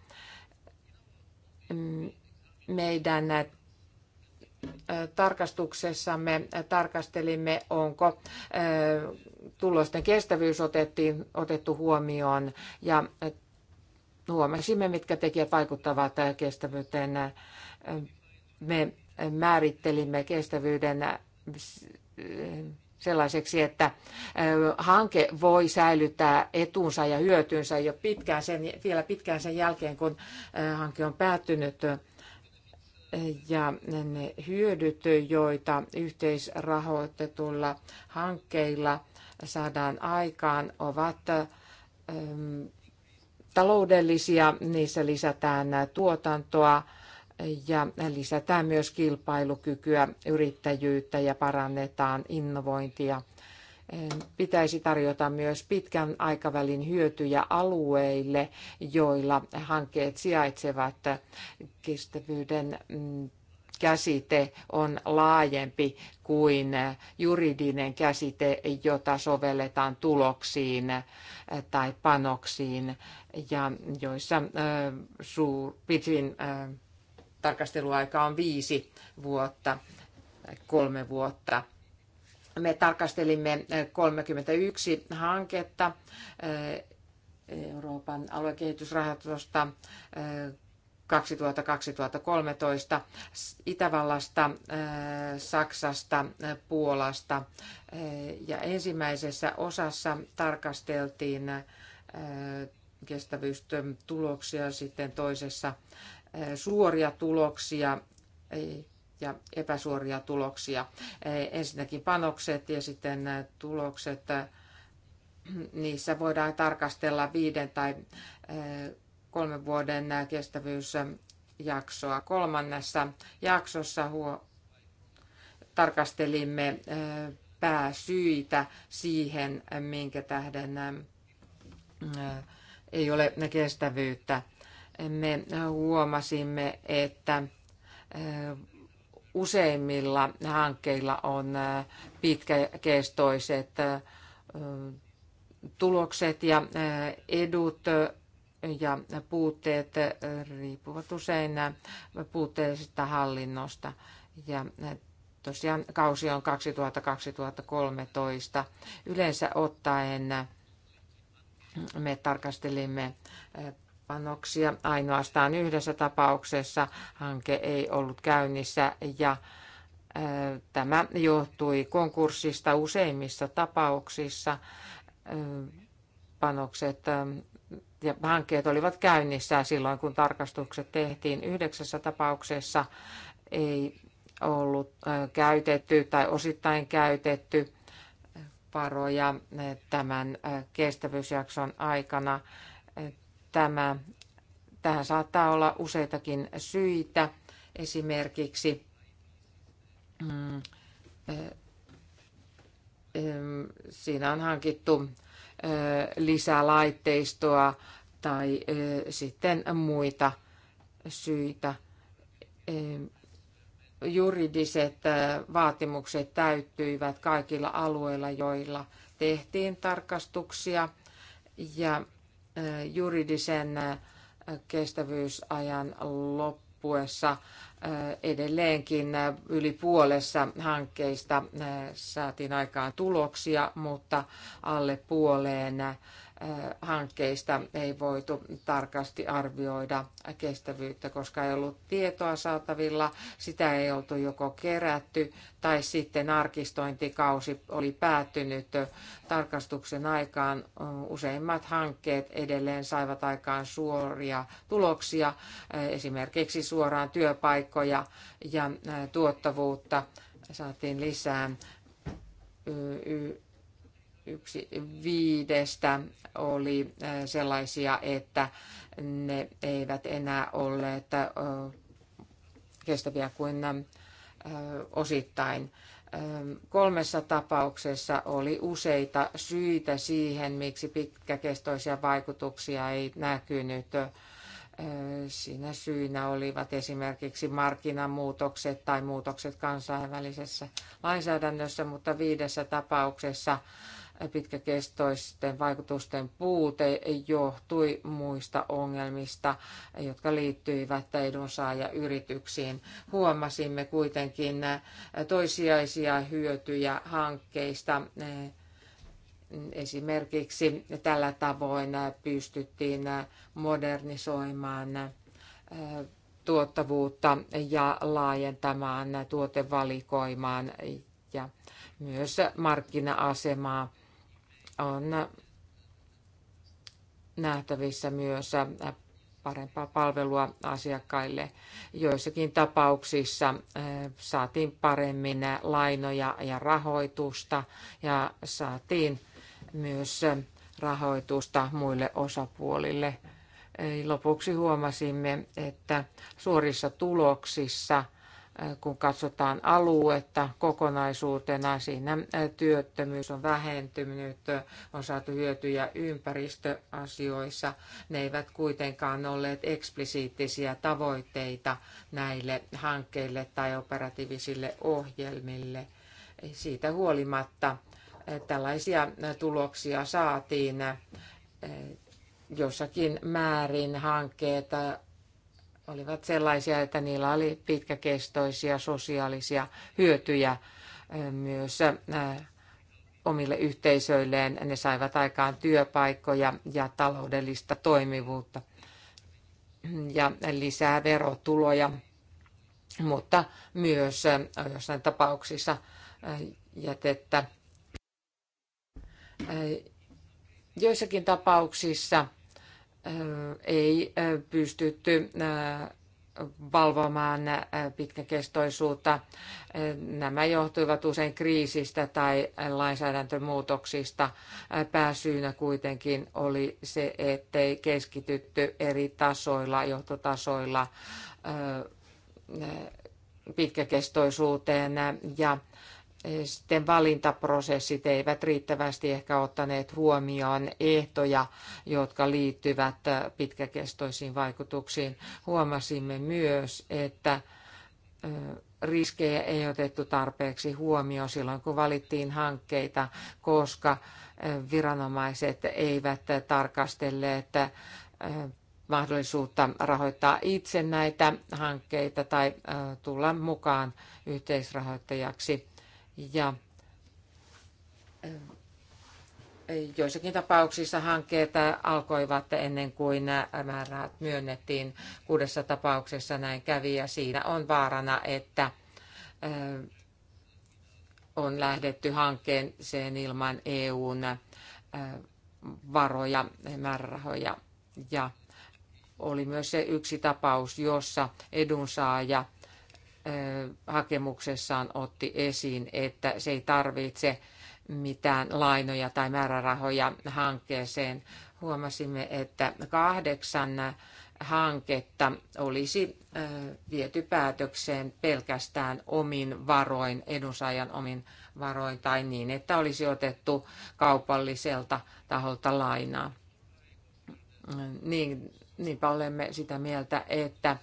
Mm, meidän tarkastuksessamme tarkastelimme, onko tulosten kestävyys otettu huomioon ja huomasimme, mitkä tekijät vaikuttavat kestävyyteen. Me määrittelimme kestävyyden sellaiseksi, että hanke voi säilyttää etunsa ja hyötynsä jo pitkään sen, vielä pitkään sen jälkeen, kun hanke on päättynyt. Ja ne hyödyt, joita yhteisrahoitetulla hankkeilla saadaan aikaan, ovat taloudellisia, niissä lisätään tuotantoa ja lisätään myös kilpailukykyä, yrittäjyyttä ja parannetaan innovointia. Pitäisi tarjota myös pitkän aikavälin hyötyjä alueille, joilla hankkeet sijaitsevat kestävyyden mm, käsite on laajempi kuin juridinen käsite, jota sovelletaan tuloksiin tai panoksiin ja joissa suur, pitkin tarkasteluaika on viisi vuotta, kolme vuotta. Me tarkastelimme 31 hanketta Euroopan aluekehitysrahastosta 2000-2013 Itävallasta, äh, Saksasta, äh, Puolasta. Äh, ja ensimmäisessä osassa tarkasteltiin kestävyystuloksia, sitten toisessa suoria tuloksia ja epäsuoria tuloksia. Ensinnäkin panokset ja sitten tulokset. Niissä voidaan tarkastella viiden tai kolmen vuoden kestävyysjaksoa. Kolmannessa jaksossa huo, tarkastelimme pääsyitä siihen, minkä tähden ei ole kestävyyttä. Me huomasimme, että useimmilla hankkeilla on pitkäkestoiset tulokset ja edut ja puutteet riippuvat usein puutteellisesta hallinnosta. Ja tosiaan kausi on 2000-2013. Yleensä ottaen me tarkastelimme panoksia ainoastaan yhdessä tapauksessa. Hanke ei ollut käynnissä ja tämä johtui konkurssista useimmissa tapauksissa. Panokset ja hankkeet olivat käynnissä silloin, kun tarkastukset tehtiin. Yhdeksässä tapauksessa ei ollut käytetty tai osittain käytetty varoja tämän kestävyysjakson aikana. Tämä, tähän saattaa olla useitakin syitä. Esimerkiksi mm, siinä on hankittu lisää laitteistoa tai sitten muita syitä. Juridiset vaatimukset täyttyivät kaikilla alueilla, joilla tehtiin tarkastuksia ja juridisen kestävyysajan loppuessa edelleenkin yli puolessa hankkeista saatiin aikaan tuloksia, mutta alle puoleen hankkeista ei voitu tarkasti arvioida kestävyyttä, koska ei ollut tietoa saatavilla. Sitä ei oltu joko kerätty tai sitten arkistointikausi oli päättynyt tarkastuksen aikaan. Useimmat hankkeet edelleen saivat aikaan suoria tuloksia, esimerkiksi suoraan työpaikkoja ja tuottavuutta saatiin lisää yksi viidestä oli äh, sellaisia, että ne eivät enää olleet äh, kestäviä kuin äh, osittain. Ähm, kolmessa tapauksessa oli useita syitä siihen, miksi pitkäkestoisia vaikutuksia ei näkynyt. Siinä syynä olivat esimerkiksi markkinamuutokset tai muutokset kansainvälisessä lainsäädännössä, mutta viidessä tapauksessa pitkäkestoisten vaikutusten puute johtui muista ongelmista, jotka liittyivät edunsaajayrityksiin. Huomasimme kuitenkin toisiaisia hyötyjä hankkeista. Esimerkiksi tällä tavoin pystyttiin modernisoimaan tuottavuutta ja laajentamaan tuotevalikoimaan ja myös markkina-asemaa on nähtävissä myös parempaa palvelua asiakkaille. Joissakin tapauksissa eh, saatiin paremmin lainoja ja rahoitusta ja saatiin myös rahoitusta muille osapuolille. Lopuksi huomasimme, että suorissa tuloksissa – Äh, kun katsotaan aluetta kokonaisuutena, siinä äh, työttömyys on vähentynyt, äh, on saatu hyötyjä ympäristöasioissa. Ne eivät kuitenkaan olleet eksplisiittisiä tavoitteita näille hankkeille tai operatiivisille ohjelmille. Siitä huolimatta tällaisia tuloksia saatiin jossakin määrin hankkeet olivat sellaisia, että niillä oli pitkäkestoisia sosiaalisia hyötyjä myös omille yhteisöilleen. Ne saivat aikaan työpaikkoja ja taloudellista toimivuutta ja lisää verotuloja, mutta myös jossain tapauksissa jätettä. Joissakin tapauksissa – ei pystytty valvomaan pitkäkestoisuutta. Nämä johtuivat usein kriisistä tai lainsäädäntömuutoksista. Pääsyynä kuitenkin oli se, ettei keskitytty eri tasoilla, johtotasoilla pitkäkestoisuuteen ja Eh, sitten valintaprosessit eivät riittävästi ehkä ottaneet huomioon ehtoja, jotka liittyvät eh, pitkäkestoisiin vaikutuksiin. Huomasimme myös, että eh, riskejä ei otettu tarpeeksi huomioon silloin, kun valittiin hankkeita, koska viranomaiset eivät tarkastelleet mahdollisuutta rahoittaa itse näitä hankkeita tai tulla mukaan yhteisrahoittajaksi. Ja joissakin tapauksissa hankkeet alkoivat ennen kuin määrärahat myönnettiin. Kuudessa tapauksessa näin kävi ja siinä on vaarana, että on lähdetty hankkeeseen ilman EUn varoja, määrärahoja. Ja oli myös se yksi tapaus, jossa edunsaaja – hakemuksessaan otti esiin, että se ei tarvitse mitään lainoja tai määrärahoja hankkeeseen. Huomasimme, että kahdeksan hanketta olisi viety päätökseen pelkästään omin varoin, edunsaajan omin varoin tai niin, että olisi otettu kaupalliselta taholta lainaa. Niin, niinpä olemme sitä mieltä, että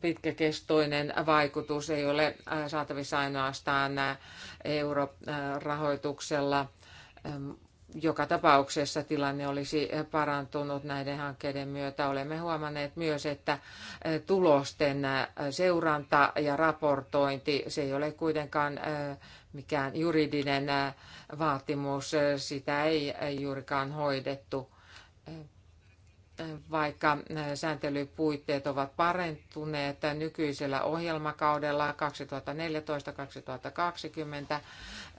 pitkäkestoinen vaikutus ei ole äh, saatavissa ainoastaan äh, eurorahoituksella. Ähm, joka tapauksessa tilanne olisi äh, parantunut näiden hankkeiden myötä. Olemme huomanneet myös, että tulosten seuranta ja raportointi, se ei ole kuitenkaan mikään juridinen vaatimus, sitä ei juurikaan hoidettu vaikka sääntelypuitteet ovat parentuneet nykyisellä ohjelmakaudella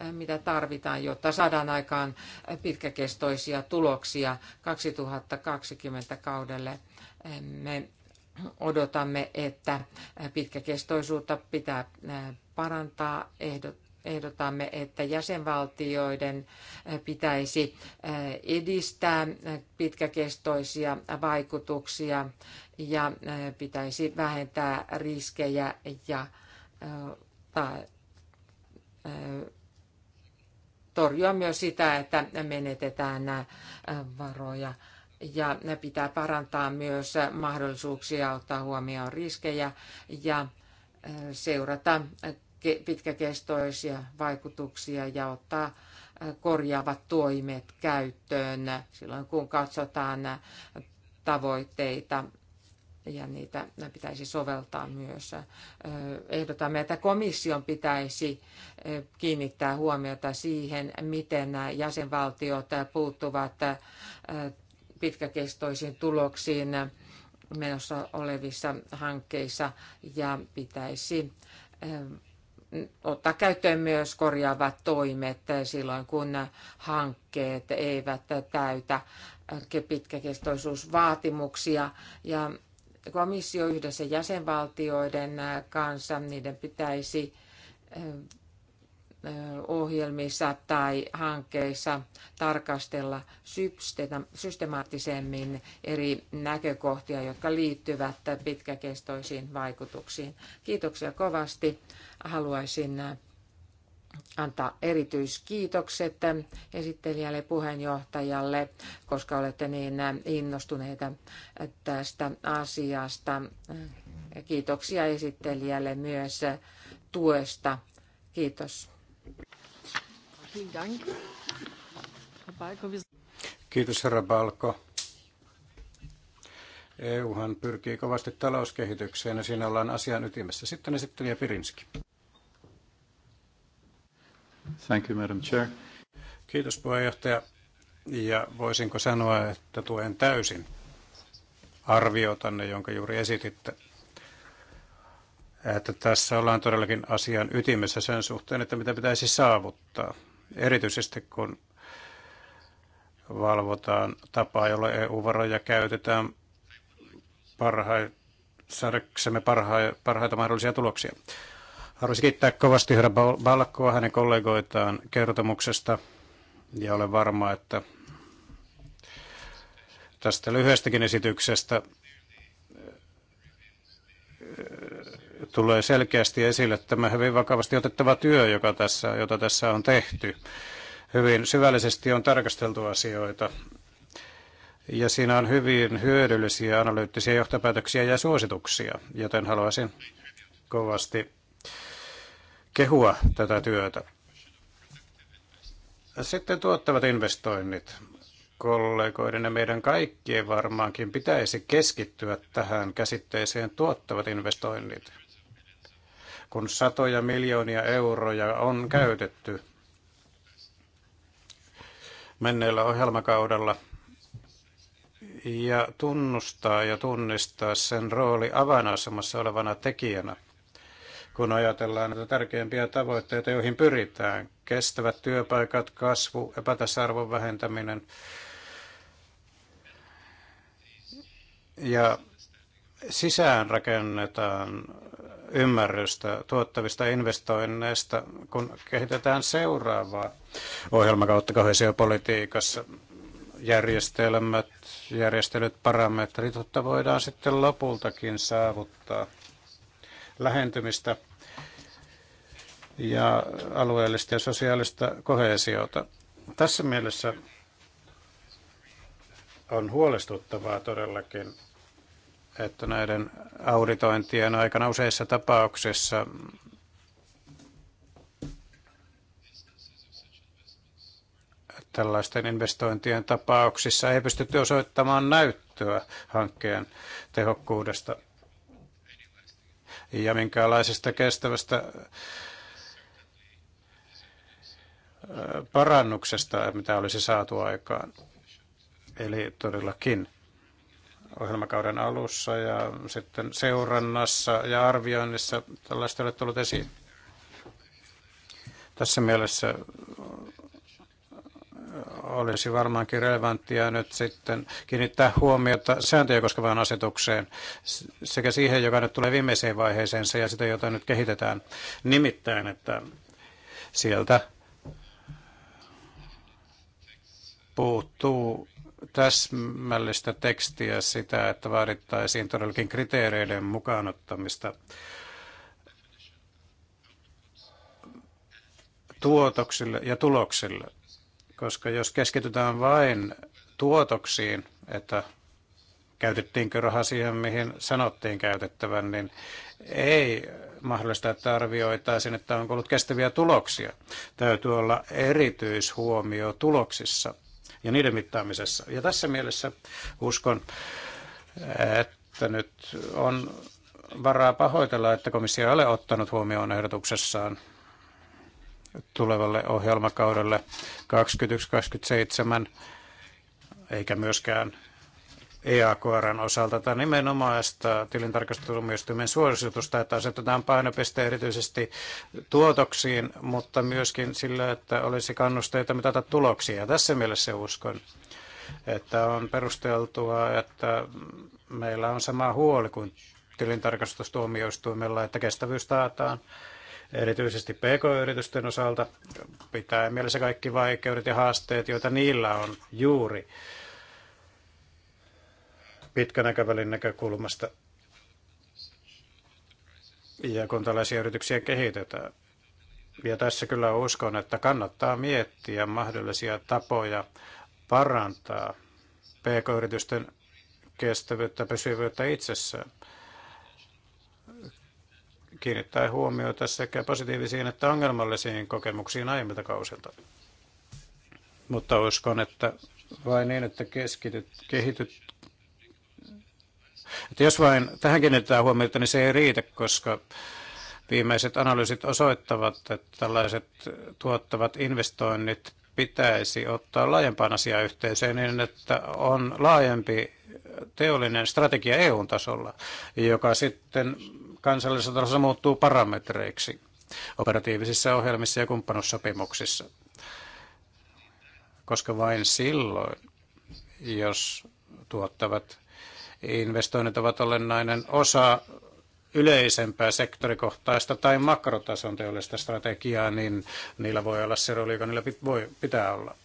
2014-2020, mitä tarvitaan, jotta saadaan aikaan pitkäkestoisia tuloksia 2020 kaudelle. Me odotamme, että pitkäkestoisuutta pitää parantaa ehdot ehdotamme, että jäsenvaltioiden eh, pitäisi eh, edistää eh, pitkäkestoisia vaikutuksia ja pitäisi vähentää riskejä ja torjua myös sitä, että menetetään nämä varoja ja pitää parantaa myös mahdollisuuksia ottaa huomioon riskejä ja seurata pitkäkestoisia vaikutuksia ja ottaa äh, korjaavat toimet käyttöön silloin, kun katsotaan äh, tavoitteita ja niitä pitäisi soveltaa myös. Äh, ehdotamme, että komission pitäisi kiinnittää huomiota siihen, miten jäsenvaltiot puuttuvat pitkäkestoisiin tuloksiin menossa olevissa hankkeissa ja pitäisi ottaa käyttöön myös korjaavat toimet silloin, kun hankkeet eivät täytä pitkäkestoisuusvaatimuksia. Ja komissio yhdessä jäsenvaltioiden kanssa, niiden pitäisi ohjelmissa tai hankkeissa tarkastella systemaattisemmin eri näkökohtia, jotka liittyvät pitkäkestoisiin vaikutuksiin. Kiitoksia kovasti. Haluaisin antaa erityiskiitokset esittelijälle puheenjohtajalle, koska olette niin innostuneita tästä asiasta. Kiitoksia esittelijälle myös tuesta. Kiitos. Kiitos herra Balko. EUhan pyrkii kovasti talouskehitykseen ja siinä ollaan asian ytimessä. Sitten esittelijä Pirinski. Thank you, Madam Chair. Kiitos puheenjohtaja. Ja voisinko sanoa, että tuen täysin arviotanne, jonka juuri esititte että tässä ollaan todellakin asian ytimessä sen suhteen, että mitä pitäisi saavuttaa. Erityisesti kun valvotaan tapaa, jolla EU-varoja käytetään parha- saadaksemme parhaita mahdollisia tuloksia. Haluaisin kiittää kovasti herra Balkkoa hänen kollegoitaan kertomuksesta ja olen varma, että tästä lyhyestäkin esityksestä tulee selkeästi esille tämä hyvin vakavasti otettava työ, joka tässä, jota tässä on tehty. Hyvin syvällisesti on tarkasteltu asioita ja siinä on hyvin hyödyllisiä analyyttisiä johtopäätöksiä ja suosituksia, joten haluaisin kovasti kehua tätä työtä. Sitten tuottavat investoinnit. Kollegoiden ja meidän kaikkien varmaankin pitäisi keskittyä tähän käsitteeseen tuottavat investoinnit kun satoja miljoonia euroja on käytetty menneellä ohjelmakaudella ja tunnustaa ja tunnistaa sen rooli avainasemassa olevana tekijänä, kun ajatellaan näitä tärkeimpiä tavoitteita, joihin pyritään. Kestävät työpaikat, kasvu, epätasarvon vähentäminen ja sisään rakennetaan ymmärrystä tuottavista investoinneista, kun kehitetään seuraavaa ohjelmakautta kohesiopolitiikassa. Järjestelmät, järjestelyt, parametrit, jotta voidaan sitten lopultakin saavuttaa lähentymistä ja alueellista ja sosiaalista kohesiota. Tässä mielessä on huolestuttavaa todellakin että näiden auditointien aikana useissa tapauksissa tällaisten investointien tapauksissa ei pystytty osoittamaan näyttöä hankkeen tehokkuudesta ja minkäänlaisesta kestävästä parannuksesta, mitä olisi saatu aikaan. Eli todellakin ohjelmakauden alussa ja sitten seurannassa ja arvioinnissa tällaista ei ole tullut esiin. Tässä mielessä olisi varmaankin relevanttia nyt sitten kiinnittää huomiota sääntöjä koskevaan asetukseen sekä siihen, joka nyt tulee viimeiseen vaiheeseen, ja sitä, jota nyt kehitetään. Nimittäin, että sieltä puuttuu täsmällistä tekstiä sitä, että vaadittaisiin todellakin kriteereiden mukaanottamista tuotoksille ja tuloksille. Koska jos keskitytään vain tuotoksiin, että käytettiinkö raha siihen, mihin sanottiin käytettävän, niin ei mahdollista, että arvioitaisiin, että on ollut kestäviä tuloksia. Täytyy olla erityishuomio tuloksissa ja niiden mittaamisessa. Ja tässä mielessä uskon, että nyt on varaa pahoitella, että komissio ei ole ottanut huomioon ehdotuksessaan tulevalle ohjelmakaudelle 2021-2027, eikä myöskään EAKRn osalta tai nimenomaista tilintarkastustuomioistuimen suositusta, että asetetaan painopiste erityisesti tuotoksiin, mutta myöskin sillä, että olisi kannusteita mitata tuloksia. Tässä mielessä uskon, että on perusteltua, että meillä on sama huoli kuin tilintarkastustuomioistuimella, että kestävyys taataan erityisesti PK-yritysten osalta, pitää mielessä kaikki vaikeudet ja haasteet, joita niillä on juuri pitkän aikavälin näkökulmasta ja kun tällaisia yrityksiä kehitetään. Ja tässä kyllä uskon, että kannattaa miettiä mahdollisia tapoja parantaa pk-yritysten kestävyyttä, pysyvyyttä itsessään. Kiinnittää huomiota sekä positiivisiin että ongelmallisiin kokemuksiin aiemmilta kausilta. Mutta uskon, että vain niin, että keskityt, kehityt, että jos vain tähän kiinnitetään huomiota, niin se ei riitä, koska viimeiset analyysit osoittavat, että tällaiset tuottavat investoinnit pitäisi ottaa laajempaan asiayhteisöön niin, että on laajempi teollinen strategia eu tasolla, joka sitten kansallisella tasolla muuttuu parametreiksi operatiivisissa ohjelmissa ja kumppanussopimuksissa. Koska vain silloin, jos tuottavat Investoinnit ovat olennainen osa yleisempää sektorikohtaista tai makrotason teollista strategiaa, niin niillä voi olla se rooli, joka niillä voi, pitää olla.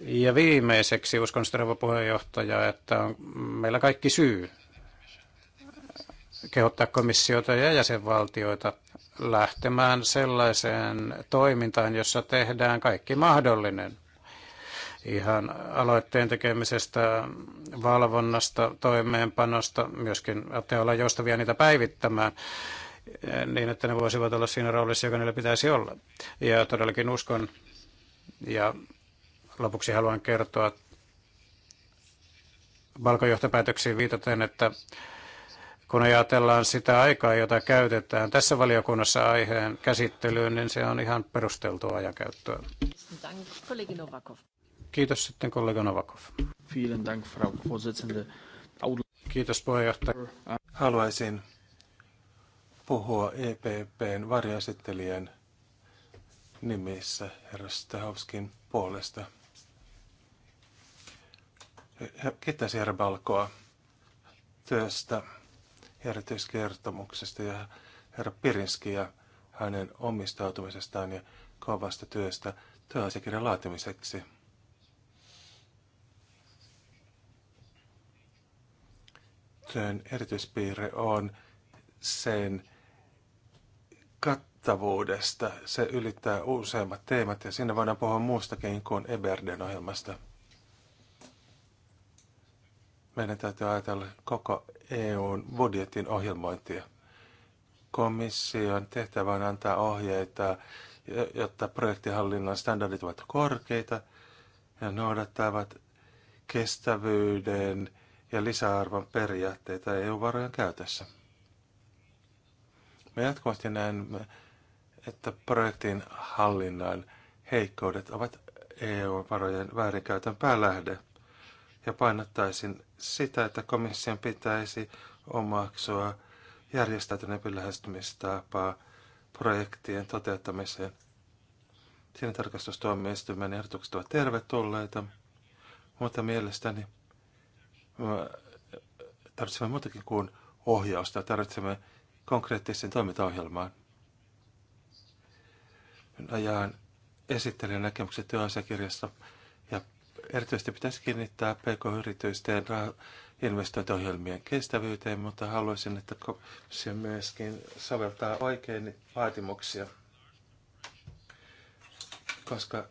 Ja viimeiseksi uskon sitten puheenjohtaja, että on meillä kaikki syy kehottaa komissiota ja jäsenvaltioita lähtemään sellaiseen toimintaan, jossa tehdään kaikki mahdollinen ihan aloitteen tekemisestä, valvonnasta, toimeenpanosta, myöskin te olla joustavia niitä päivittämään eh, niin, että ne voisivat olla siinä roolissa, joka niillä pitäisi olla. Ja todellakin uskon, ja lopuksi haluan kertoa valkojohtopäätöksiin viitaten, että kun ajatellaan sitä aikaa, jota käytetään tässä valiokunnassa aiheen käsittelyyn, niin se on ihan perusteltua ajankäyttöä. Kiitos sitten kollega Novakov. Vielen Dank, Frau Vorsitzende. Kiitos puheenjohtaja. Haluaisin puhua EPPn varjaesittelijän nimissä herra Stahovskin puolesta. Kiitos herra Balkoa työstä ja erityiskertomuksesta ja herra Pirinskiä hänen omistautumisestaan ja kovasta työstä työasiakirjan laatimiseksi. työn erityispiirre on sen kattavuudesta. Se ylittää useimmat teemat ja siinä voidaan puhua muustakin kuin Eberden ohjelmasta. Meidän täytyy ajatella koko EUn budjetin ohjelmointia. Komission tehtävä on antaa ohjeita, jotta projektihallinnan standardit ovat korkeita ja noudattavat kestävyyden ja lisäarvon periaatteita EU-varojen käytössä. Me jatkuvasti näemme, että projektin hallinnan heikkoudet ovat EU-varojen väärinkäytön päälähde, ja painottaisin sitä, että komission pitäisi omaksua järjestäytyneempi lähestymistapaa projektien toteuttamiseen. Siinä tarkastustuomioistuimen ehdotukset ovat tervetulleita, mutta mielestäni tarvitsemme muutakin kuin ohjausta, tarvitsemme konkreettisen toimintaohjelman. Ajan esittelen näkemykset työasiakirjassa ja erityisesti pitäisi kiinnittää pk-yritysten investointiohjelmien kestävyyteen, mutta haluaisin, että se myöskin soveltaa oikein vaatimuksia. Koska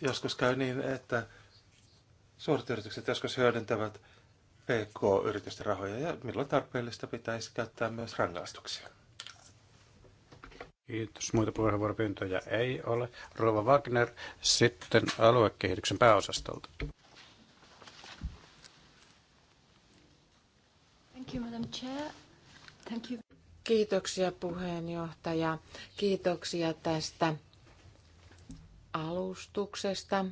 joskus käy niin, että suuret yritykset joskus hyödyntävät PK-yritysten rahoja ja milloin tarpeellista pitäisi käyttää myös rangaistuksia. Kiitos. Muita puheenvuoropyyntöjä ei ole. Rova Wagner sitten aluekehityksen pääosastolta. Thank you, Madam Chair. Thank you. Kiitoksia puheenjohtaja. Kiitoksia tästä alustuksesta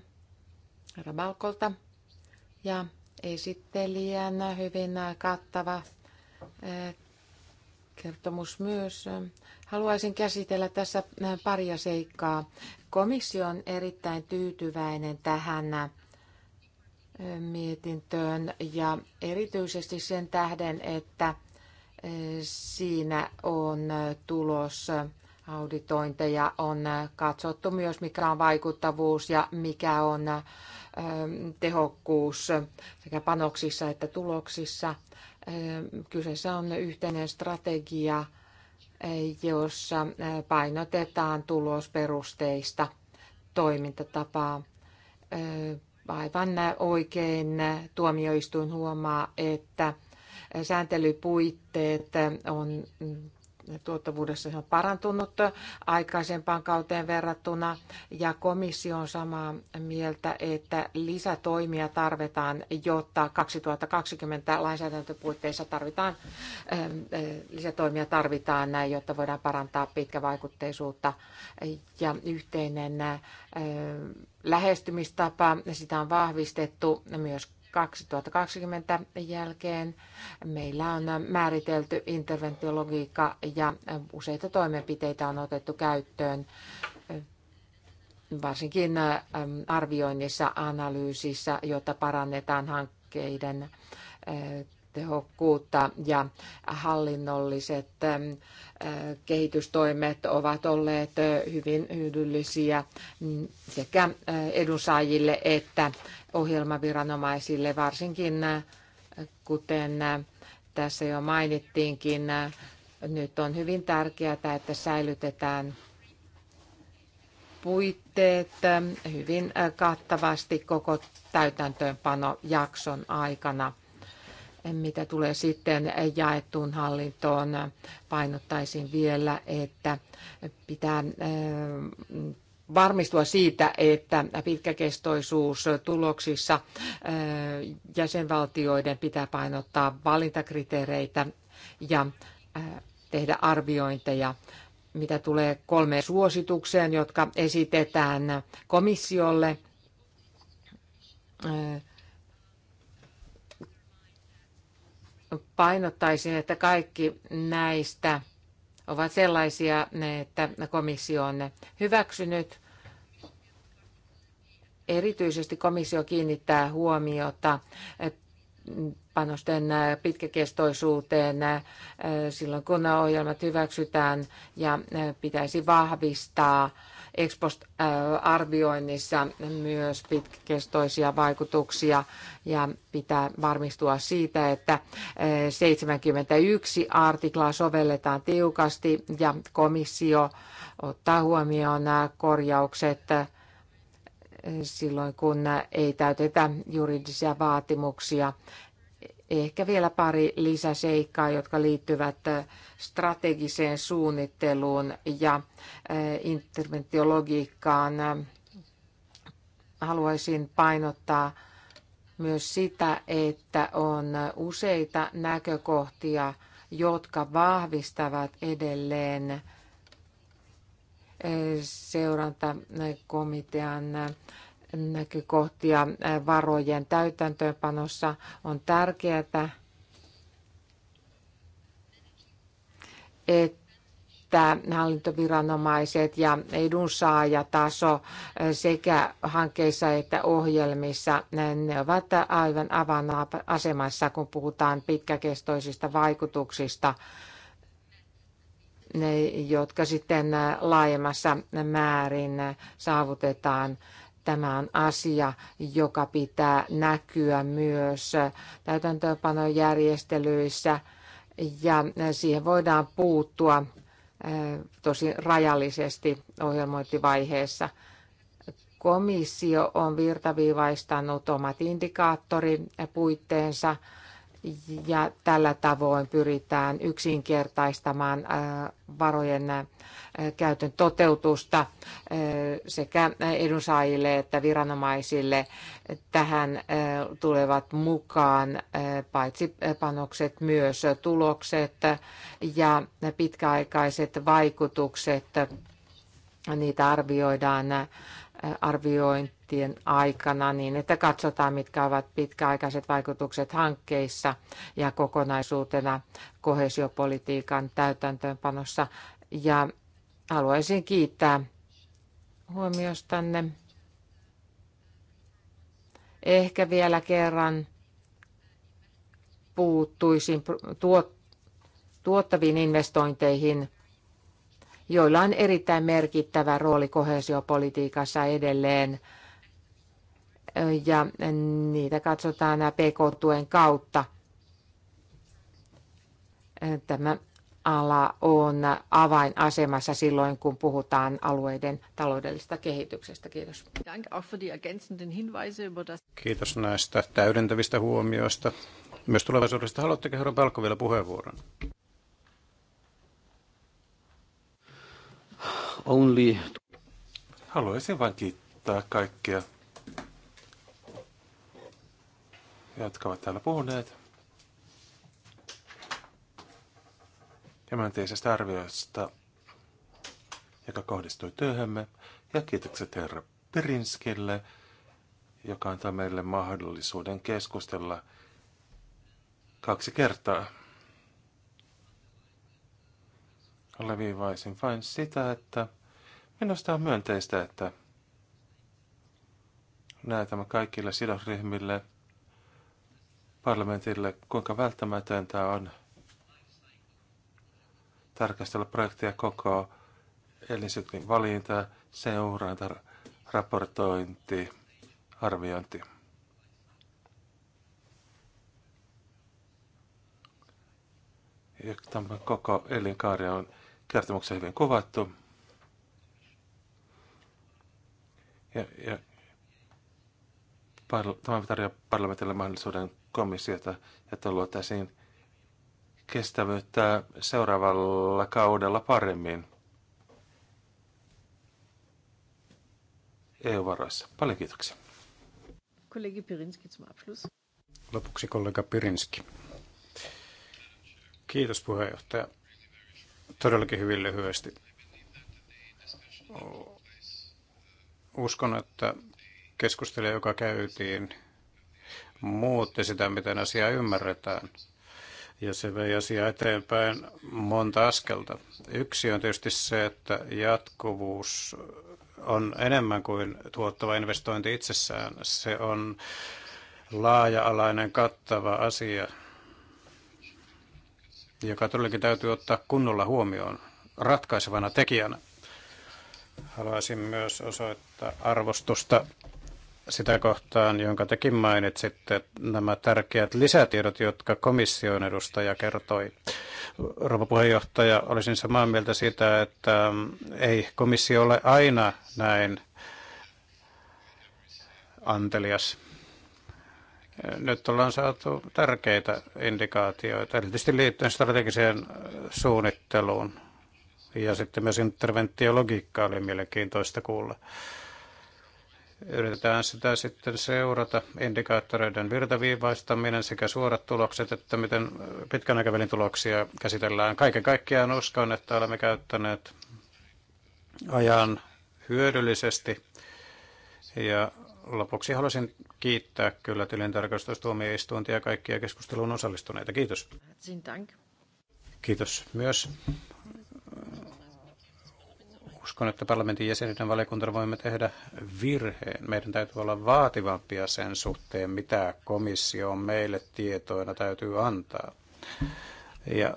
Rabalkolta. Ja esittelijän hyvin kattava eh, kertomus myös. Haluaisin käsitellä tässä eh, paria seikkaa. Komissio on erittäin tyytyväinen tähän eh, mietintöön ja erityisesti sen tähden, että siinä on tulos auditointeja, on katsottu myös mikä on vaikuttavuus ja mikä on Ähm, tehokkuus sekä panoksissa että tuloksissa. Ähm, kyseessä on yhteinen strategia, jossa äh, painotetaan tulosperusteista toimintatapaa. Äh, aivan oikein tuomioistuin huomaa, että sääntelypuitteet on tuottavuudessa se on parantunut aikaisempaan kauteen verrattuna ja komissio on samaa mieltä, että lisätoimia tarvitaan, jotta 2020 lainsäädäntöpuitteissa tarvitaan, ähm, äh, lisätoimia tarvitaan, näin, jotta voidaan parantaa pitkävaikutteisuutta ja yhteinen äh, lähestymistapa, sitä on vahvistettu myös 2020 jälkeen meillä on määritelty interventiologiikka ja useita toimenpiteitä on otettu käyttöön varsinkin ähm, arvioinnissa, analyysissä, jotta parannetaan hankkeiden äh, tehokkuutta ja hallinnolliset ähm, äh, kehitystoimet ovat olleet äh, hyvin hyödyllisiä sekä edunsaajille että ohjelmaviranomaisille, varsinkin kuten tässä jo mainittiinkin, nyt on hyvin tärkeää, että säilytetään puitteet hyvin kattavasti koko täytäntöönpanojakson aikana. Mitä tulee sitten jaettuun hallintoon, painottaisin vielä, että pitää varmistua siitä, että pitkäkestoisuus tuloksissa jäsenvaltioiden pitää painottaa valintakriteereitä ja tehdä arviointeja, mitä tulee kolmeen suositukseen, jotka esitetään komissiolle. Painottaisin, että kaikki näistä ovat sellaisia, että komissio on ne hyväksynyt. Erityisesti komissio kiinnittää huomiota eh, panosten eh, pitkäkestoisuuteen eh, silloin, kun ohjelmat hyväksytään ja pitäisi vahvistaa expost arvioinnissa myös pitkäkestoisia vaikutuksia ja pitää varmistua siitä, että 71 eh, artiklaa sovelletaan tiukasti ja komissio ottaa huomioon nämä korjaukset eh, silloin, kun ei täytetä juridisia vaatimuksia Ehkä vielä pari lisäseikkaa, jotka liittyvät äh, strategiseen suunnitteluun ja äh, interventiologiikkaan. Haluaisin painottaa myös sitä, että on useita näkökohtia, jotka vahvistavat edelleen äh, seurantakomitean näkökohtia varojen täytäntöönpanossa on tärkeää, että hallintoviranomaiset ja edunsaajataso sekä hankkeissa että ohjelmissa ne ovat aivan avainasemassa, kun puhutaan pitkäkestoisista vaikutuksista, jotka sitten laajemmassa määrin saavutetaan Tämä on asia, joka pitää näkyä myös täytäntöönpanojärjestelyissä ja siihen voidaan puuttua tosi rajallisesti ohjelmointivaiheessa. Komissio on virtaviivaistanut omat indikaattorin puitteensa ja tällä tavoin pyritään yksinkertaistamaan äh, varojen äh, käytön toteutusta äh, sekä edunsaajille että viranomaisille. Tähän tulevat mukaan paitsi panokset myös tulokset ja pitkäaikaiset vaikutukset. Niitä arvioidaan arviointien aikana niin, että katsotaan, mitkä ovat pitkäaikaiset vaikutukset hankkeissa ja kokonaisuutena kohesiopolitiikan täytäntöönpanossa. Ja haluaisin kiittää huomiostanne. Ehkä vielä kerran puuttuisin tuot, tuottaviin investointeihin joilla on erittäin merkittävä rooli kohesiopolitiikassa edelleen. Ja niitä katsotaan PK-tuen kautta. Tämä ala on avainasemassa silloin, kun puhutaan alueiden taloudellisesta kehityksestä. Kiitos. Kiitos näistä täydentävistä huomioista. Myös tulevaisuudesta. Haluatteko herra Palkko vielä puheenvuoron? only... Haluaisin vain kiittää kaikkia, jotka ovat täällä puhuneet. Tämänteisestä myönteisestä arvioista, joka kohdistui työhömme, ja kiitokset herra Pirinskille, joka antaa meille mahdollisuuden keskustella kaksi kertaa alleviivaisin vain sitä, että minusta on myönteistä, että näytämme kaikille sidosryhmille, parlamentille, kuinka välttämätöntä on tarkastella projektia koko elinsyklin valinta, seuranta, raportointi, arviointi. Ja tämä koko elinkaari on kertomuksen hyvin kuvattu. Ja, ja tämä tarjoaa parlamentille mahdollisuuden komissiota, että luotaisiin kestävyyttä seuraavalla kaudella paremmin EU-varoissa. Paljon kiitoksia. Kollegi Pirinski zum Abschluss. Lopuksi kollega Pirinski. Kiitos puheenjohtaja. Todellakin hyvin lyhyesti. Uskon, että keskustelija, joka käytiin, muutti sitä, miten asiaa ymmärretään. Ja se vei asiaa eteenpäin monta askelta. Yksi on tietysti se, että jatkuvuus on enemmän kuin tuottava investointi itsessään. Se on laaja-alainen kattava asia, joka todellakin täytyy ottaa kunnolla huomioon ratkaisevana tekijänä. Haluaisin myös osoittaa arvostusta sitä kohtaan, jonka tekin mainitsitte, nämä tärkeät lisätiedot, jotka komission edustaja kertoi. Rouva puheenjohtaja, olisin samaa mieltä siitä, että ei komissio ole aina näin antelias nyt ollaan saatu tärkeitä indikaatioita, erityisesti liittyen strategiseen suunnitteluun. Ja sitten myös interventiologiikka oli mielenkiintoista kuulla. Yritetään sitä sitten seurata, indikaattoreiden virtaviivaistaminen sekä suorat tulokset, että miten pitkän aikavälin tuloksia käsitellään. Kaiken kaikkiaan uskon, että olemme käyttäneet ajan hyödyllisesti ja lopuksi haluaisin kiittää kyllä tilintarkastustuomioistuinta ja kaikkia keskusteluun osallistuneita. Kiitos. Kiitos myös. Uskon, että parlamentin jäsenyyden valiokunta voimme tehdä virheen. Meidän täytyy olla vaativampia sen suhteen, mitä komissio on meille tietoina täytyy antaa. Ja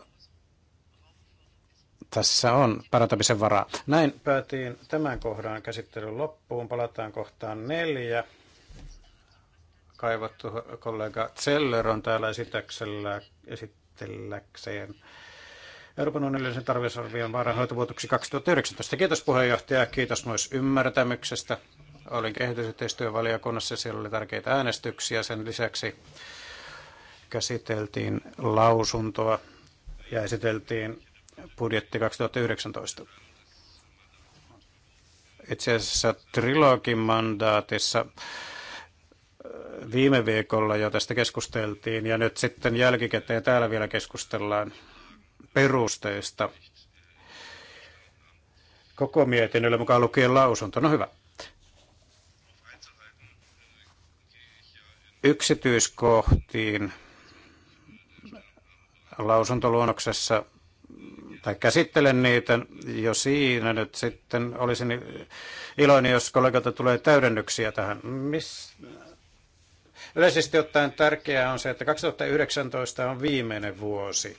tässä on parantamisen varaa. Näin päätiin tämän kohdan käsittelyn loppuun. Palataan kohtaan neljä. Kaivattu kollega Zeller on täällä esityksellä, esitelläkseen Euroopan unionin tarveusarvion vaaranhoitovuotoksi 2019. Kiitos puheenjohtaja, kiitos myös ymmärtämyksestä. Olin kehitysyhteistyövaliokunnassa, siellä oli tärkeitä äänestyksiä. Sen lisäksi käsiteltiin lausuntoa ja esiteltiin budjetti 2019. Itse asiassa trilogin mandaatissa äh, viime viikolla jo tästä keskusteltiin ja nyt sitten jälkikäteen täällä vielä keskustellaan perusteista koko mietinnölle mukaan lukien lausunto. No hyvä. Yksityiskohtiin lausuntoluonnoksessa tai käsittelen niitä jo siinä. Nyt sitten olisin iloinen, jos kollegalta tulee täydennyksiä tähän. Miss... Yleisesti ottaen tärkeää on se, että 2019 on viimeinen vuosi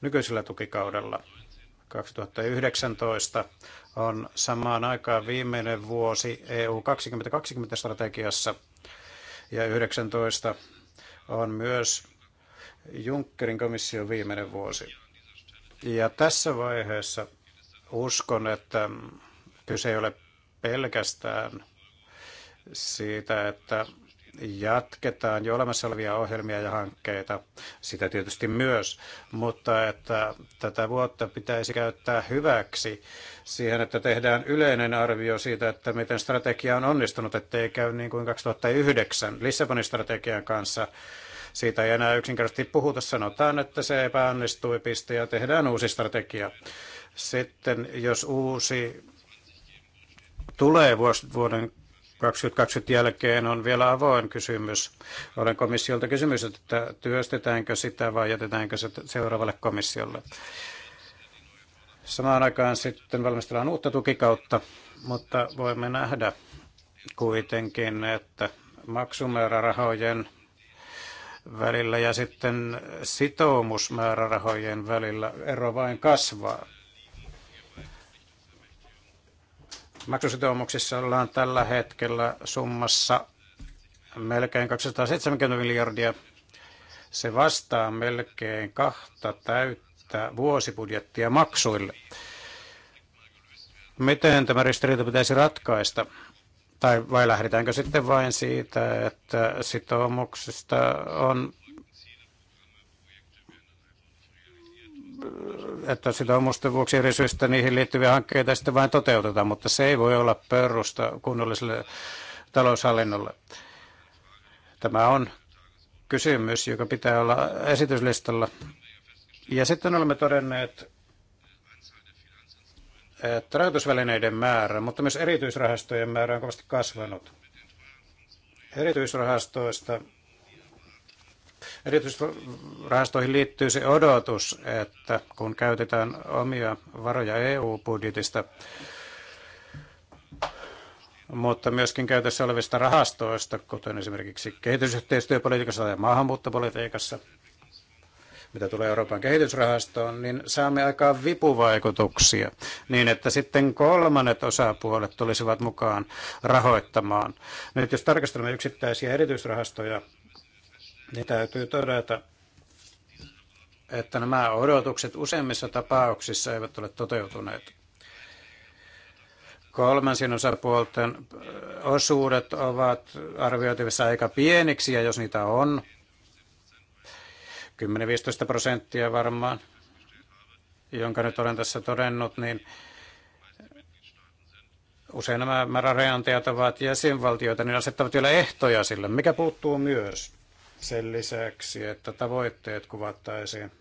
nykyisellä tukikaudella. 2019 on samaan aikaan viimeinen vuosi EU 2020-strategiassa ja 19 on myös Junckerin komission viimeinen vuosi. Ja tässä vaiheessa uskon, että kyse ei ole pelkästään siitä, että jatketaan jo olemassa olevia ohjelmia ja hankkeita, sitä tietysti myös, mutta että tätä vuotta pitäisi käyttää hyväksi siihen, että tehdään yleinen arvio siitä, että miten strategia on onnistunut, ettei käy niin kuin 2009 Lissabonin strategian kanssa, siitä ei enää yksinkertaisesti puhuta. Sanotaan, että se epäonnistui, piste, ja tehdään uusi strategia. Sitten jos uusi tulee vuoden 2020 jälkeen on vielä avoin kysymys. Olen komissiolta kysymys, että työstetäänkö sitä vai jätetäänkö se seuraavalle komissiolle. Samaan aikaan sitten valmistellaan uutta tukikautta, mutta voimme nähdä kuitenkin, että maksumäärärahojen välillä ja sitten sitoumusmäärärahojen välillä ero vain kasvaa. Maksusitoumuksissa ollaan tällä hetkellä summassa melkein 270 miljardia. Se vastaa melkein kahta täyttä vuosibudjettia maksuille. Miten tämä ristiriita pitäisi ratkaista? tai vai lähdetäänkö sitten vain siitä, että sitoumuksista on että sitoumusten vuoksi eri syistä niihin liittyviä hankkeita sitten vain toteutetaan, mutta se ei voi olla perusta kunnolliselle taloushallinnolle. Tämä on kysymys, joka pitää olla esityslistalla. Ja sitten olemme todenneet, että rahoitusvälineiden määrä, mutta myös erityisrahastojen määrä on kovasti kasvanut. Erityisrahastoista Erityisrahastoihin liittyy se odotus, että kun käytetään omia varoja EU-budjetista, mutta myöskin käytössä olevista rahastoista, kuten esimerkiksi kehitysyhteistyöpolitiikassa tai maahanmuuttopolitiikassa, mitä tulee Euroopan kehitysrahastoon, niin saamme aikaa vipuvaikutuksia niin, että sitten kolmannet osapuolet tulisivat mukaan rahoittamaan. Nyt jos tarkastelemme yksittäisiä erityisrahastoja, niin täytyy todeta, että nämä odotukset useimmissa tapauksissa eivät ole toteutuneet kolmansien osapuolten osuudet ovat arvioitavissa aika pieniksi, ja jos niitä on, 10-15 prosenttia varmaan, jonka nyt olen tässä todennut, niin usein nämä määräreantajat ovat jäsenvaltioita, niin asettavat vielä ehtoja sille, mikä puuttuu myös sen lisäksi, että tavoitteet kuvattaisiin,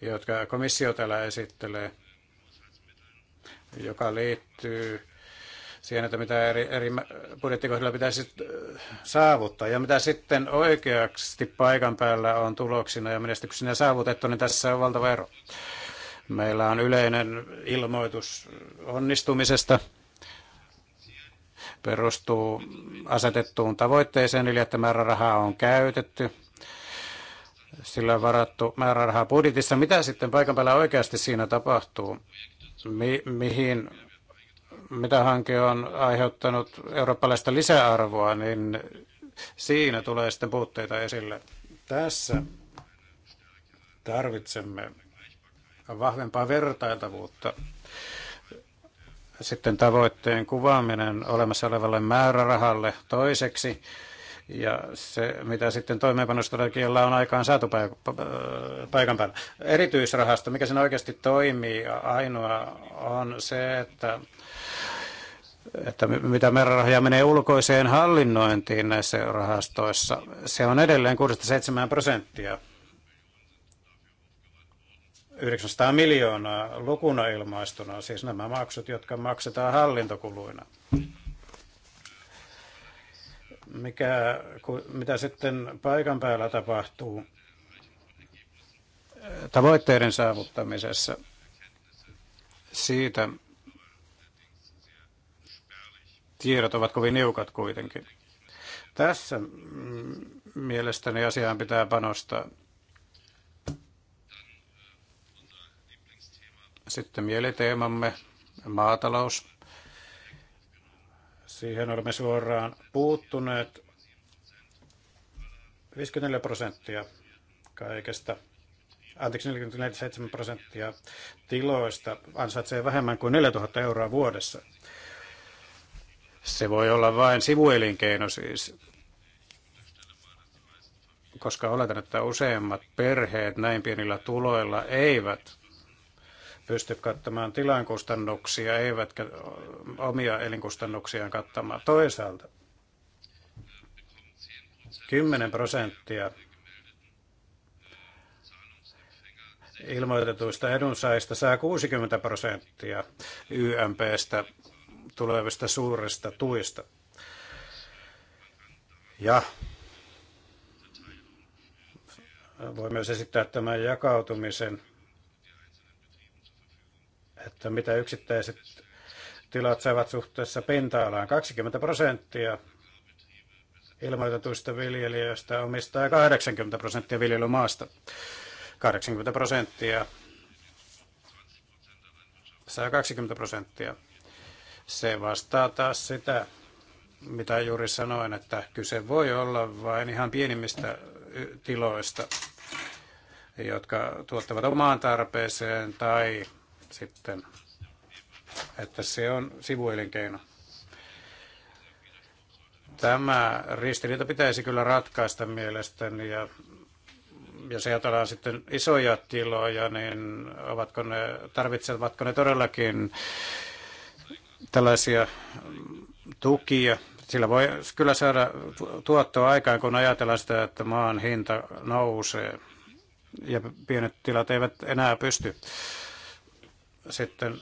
jotka komissio täällä esittelee, joka liittyy siihen, että mitä eri, eri budjettikohdilla pitäisi äh, saavuttaa ja mitä sitten oikeasti paikan päällä on tuloksina ja menestyksinä saavutettu, niin tässä on valtava ero. Meillä on yleinen ilmoitus onnistumisesta, perustuu asetettuun tavoitteeseen, eli että määrärahaa on käytetty, sillä on varattu määrärahaa budjetissa. Mitä sitten paikan päällä oikeasti siinä tapahtuu? Mi- mihin mitä hanke on aiheuttanut eurooppalaista lisäarvoa, niin siinä tulee sitten puutteita esille. Tässä tarvitsemme vahvempaa vertailtavuutta. Sitten tavoitteen kuvaaminen olemassa olevalle määrärahalle toiseksi ja se, mitä sitten toimeenpanostrategialla on aikaan saatu paikan päällä. Erityisrahasto, mikä sen oikeasti toimii, ainoa on se, että että mitä määrärahoja menee ulkoiseen hallinnointiin näissä rahastoissa, se on edelleen 67 prosenttia. 900 miljoonaa lukuna ilmaistuna, siis nämä maksut, jotka maksetaan hallintokuluina mikä, mitä sitten paikan päällä tapahtuu tavoitteiden saavuttamisessa siitä tiedot ovat kovin niukat kuitenkin. Tässä mm, mielestäni asiaan pitää panostaa. Sitten mieliteemamme, maatalous. Siihen olemme suoraan puuttuneet 54 prosenttia kaikesta, anteeksi 47 prosenttia tiloista ansaitsee vähemmän kuin 4000 euroa vuodessa. Se voi olla vain sivuelinkeino siis, koska oletan, että useimmat perheet näin pienillä tuloilla eivät pysty kattamaan tilankustannuksia, eivätkä omia elinkustannuksiaan kattamaan. Toisaalta 10 prosenttia ilmoitetuista edunsaajista saa 60 prosenttia YMPstä tulevista suurista tuista. Ja voi myös esittää tämän jakautumisen että mitä yksittäiset tilat saavat suhteessa pinta-alaan. 20 prosenttia ilmoitetuista viljelijöistä omistaa 80 prosenttia viljelymaasta. 80 prosenttia saa 20 prosenttia. Se vastaa taas sitä, mitä juuri sanoin, että kyse voi olla vain ihan pienimmistä tiloista, jotka tuottavat omaan tarpeeseen tai sitten, että se on sivuelinkeino. Tämä ristiriita pitäisi kyllä ratkaista mielestäni ja jos ajatellaan sitten isoja tiloja, niin ovatko ne, tarvitsevatko ne todellakin tällaisia tukia? Sillä voi kyllä saada tuottoa aikaan, kun ajatellaan sitä, että maan hinta nousee ja pienet tilat eivät enää pysty sitten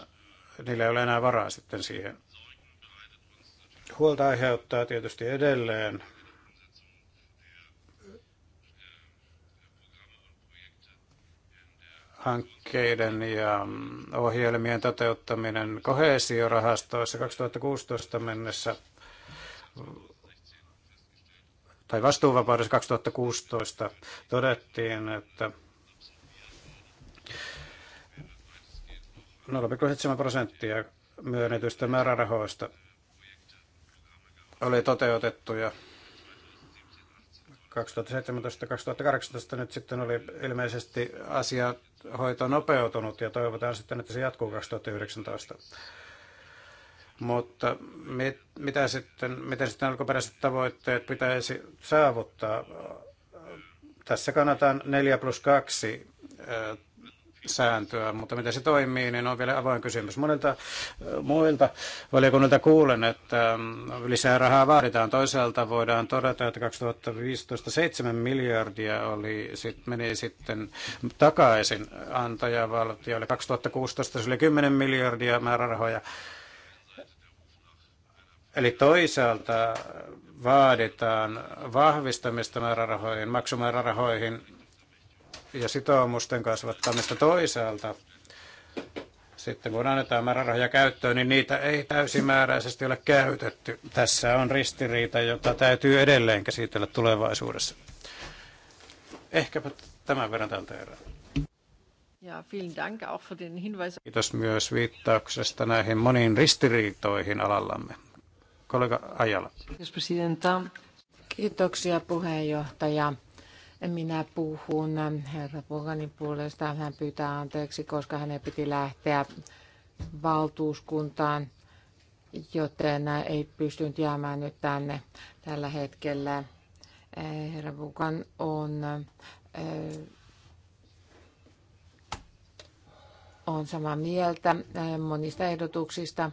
niillä ei ole enää varaa sitten siihen. Huolta aiheuttaa tietysti edelleen hankkeiden ja ohjelmien toteuttaminen kohesiorahastoissa 2016 mennessä tai vastuuvapaudessa 2016 todettiin, että 0,7 prosenttia myönnetystä määrärahoista oli toteutettu ja 2017-2018 nyt sitten oli ilmeisesti asia hoito nopeutunut ja toivotaan sitten, että se jatkuu 2019. Mutta mit, mitä sitten, miten sitten alkuperäiset tavoitteet pitäisi saavuttaa? Tässä kannataan 4 plus 2 sääntöä, mutta miten se toimii, niin on vielä avoin kysymys. Monilta äh, muilta valiokunnilta kuulen, että ähm, lisää rahaa vaaditaan. Toisaalta voidaan todeta, että 2015 7 miljardia oli, sit, meni sitten takaisin antajavaltioille. 2016 se oli 10 miljardia määrärahoja. Eli toisaalta vaaditaan vahvistamista määrärahoihin, maksumäärärahoihin, ja sitoumusten kasvattamista toisaalta, sitten kun annetaan määrärahoja käyttöön, niin niitä ei täysimääräisesti ole käytetty. Tässä on ristiriita, jota täytyy edelleen käsitellä tulevaisuudessa. Ehkäpä tämän verran tältä erää. Ja, Dank auch für den Hinweis. Kiitos myös viittauksesta näihin moniin ristiriitoihin alallamme. Kollega Ajala. Kiitoksia puheenjohtaja. Minä puhun herra Boganin puolesta. Hän pyytää anteeksi, koska hänen piti lähteä valtuuskuntaan, joten ei pystynyt jäämään nyt tänne tällä hetkellä. Eh, herra Pogan on, eh, on samaa mieltä eh, monista ehdotuksista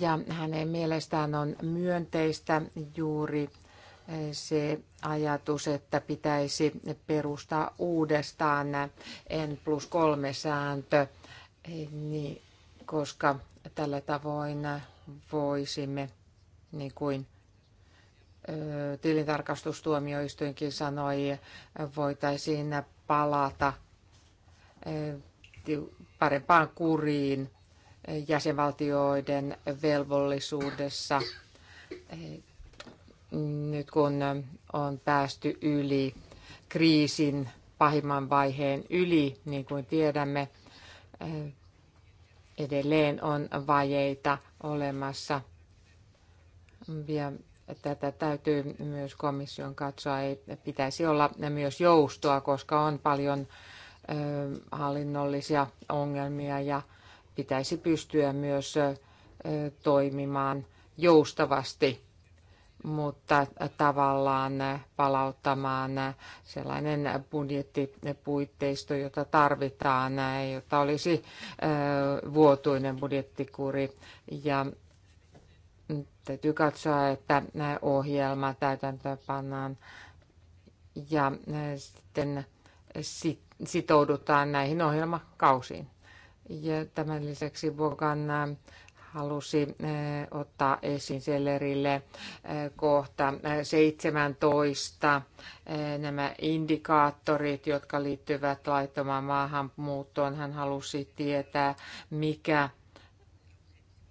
ja hänen mielestään on myönteistä juuri se ajatus, että pitäisi perustaa uudestaan N plus kolme sääntö, niin, koska tällä tavoin voisimme, niin kuin tilintarkastustuomioistuinkin sanoi, voitaisiin palata parempaan kuriin jäsenvaltioiden velvollisuudessa nyt kun on päästy yli kriisin pahimman vaiheen yli, niin kuin tiedämme, eh, edelleen on vajeita olemassa. Ja tätä täytyy myös komission katsoa. Ei pitäisi olla myös joustoa, koska on paljon eh, hallinnollisia ongelmia ja pitäisi pystyä myös eh, toimimaan joustavasti mutta tavallaan palauttamaan sellainen budjettipuitteisto, jota tarvitaan, jota olisi vuotuinen budjettikuri. Ja täytyy katsoa, että ohjelma täytäntöön pannaan ja sitten sitoudutaan näihin ohjelmakausiin. Ja tämän lisäksi Bogan halusi eh, ottaa esiin sellerille eh, kohta 17 eh, nämä indikaattorit, jotka liittyvät laittomaan maahanmuuttoon. Hän halusi tietää, mikä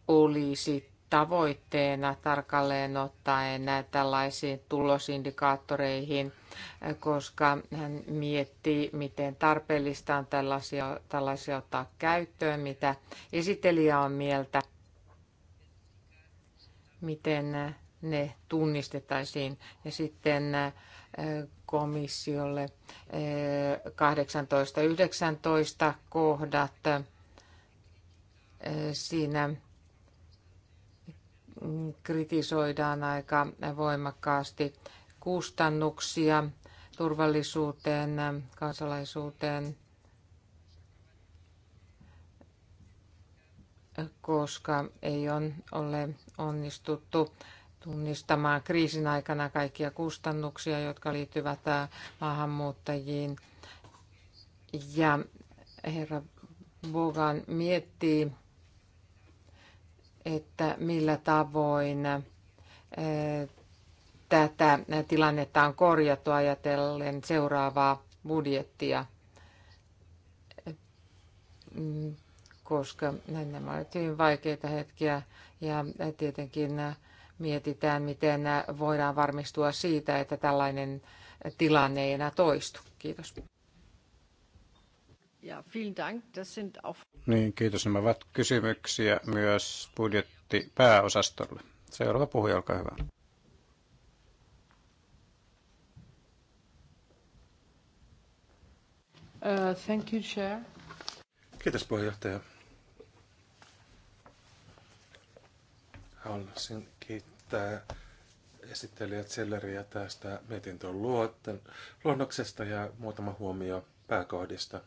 olisi tavoitteena tarkalleen ottaen tällaisiin tulosindikaattoreihin, koska hän miettii, miten tarpeellista on tällaisia, tällaisia ottaa käyttöön, mitä esittelijä on mieltä miten ne tunnistettaisiin ja sitten komissiolle 18-19 kohdat. Siinä kritisoidaan aika voimakkaasti kustannuksia turvallisuuteen, kansalaisuuteen koska ei on, ole onnistuttu tunnistamaan kriisin aikana kaikkia kustannuksia, jotka liittyvät äh, maahanmuuttajiin. Ja herra Bogan miettii, että millä tavoin äh, tätä tilannetta on korjattu ajatellen seuraavaa budjettia mm, koska nämä ovat hyvin vaikeita hetkiä ja tietenkin mietitään, miten voidaan varmistua siitä, että tällainen tilanne ei enää toistu. Kiitos. Ja, vielen Dank. Das sind auf... Niin, kiitos. Nämä ovat kysymyksiä myös budjettipääosastolle. Seuraava puhuja, olkaa hyvä. Uh, thank you, Chair. Kiitos puheenjohtaja. Haluaisin kiittää esittelijät Selleriä tästä mietintön luonnoksesta ja muutama huomio pääkohdista.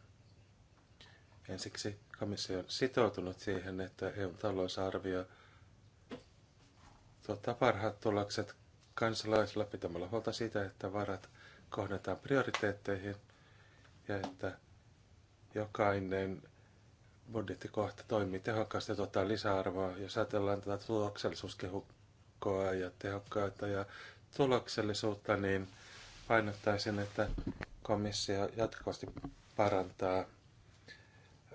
Ensiksi komissio on sitoutunut siihen, että EUn talousarvio tuottaa parhaat tulokset kansalaisilla pitämällä huolta siitä, että varat kohdennetaan prioriteetteihin ja että jokainen budjettikohta toimii tehokkaasti ja tuottaa lisäarvoa. Jos ajatellaan tätä tuloksellisuuskehukkoa ja tehokkaita ja tuloksellisuutta, niin painottaisin, että komissio jatkuvasti parantaa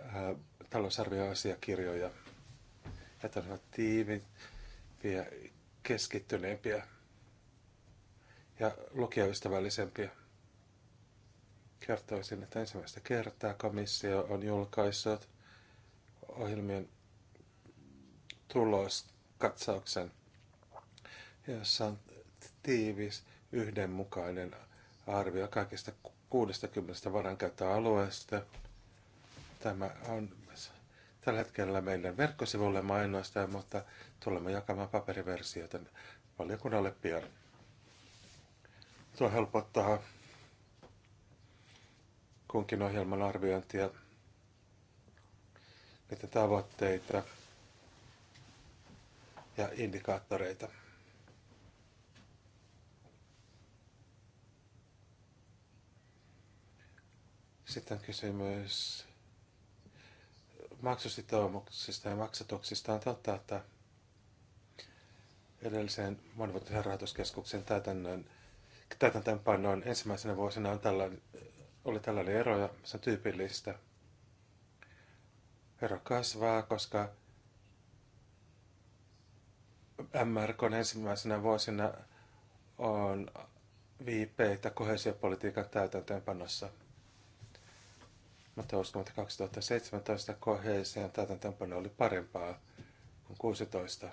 ää, talousarvioasiakirjoja, että ne ovat tiivimpiä, keskittyneempiä ja lukijaystävällisempiä. Kertoisin, että ensimmäistä kertaa komissio on julkaissut ohjelmien tuloskatsauksen, jossa on tiivis, yhdenmukainen arvio kaikista 60 varankäyttöalueesta. Tämä on tällä hetkellä meidän verkkosivulle mainoista, mutta tulemme jakamaan paperiversioita valiokunnalle pian. Tuo helpottaa kunkin ohjelman arviointia niitä tavoitteita ja indikaattoreita. Sitten on kysymys maksusitoumuksista ja maksatuksista. On totta, että edellisen monivuotisen rahoituskeskuksen täytännön, täytäntöönpanoon ensimmäisenä vuosina on tällainen, oli tällainen ero ja se on tyypillistä – Vero kasvaa, koska MRK on ensimmäisenä vuosina on viipeitä kohesiopolitiikan täytäntöönpanossa. Mutta uskon, että 2017 kohesian täytäntöönpano oli parempaa kuin 16.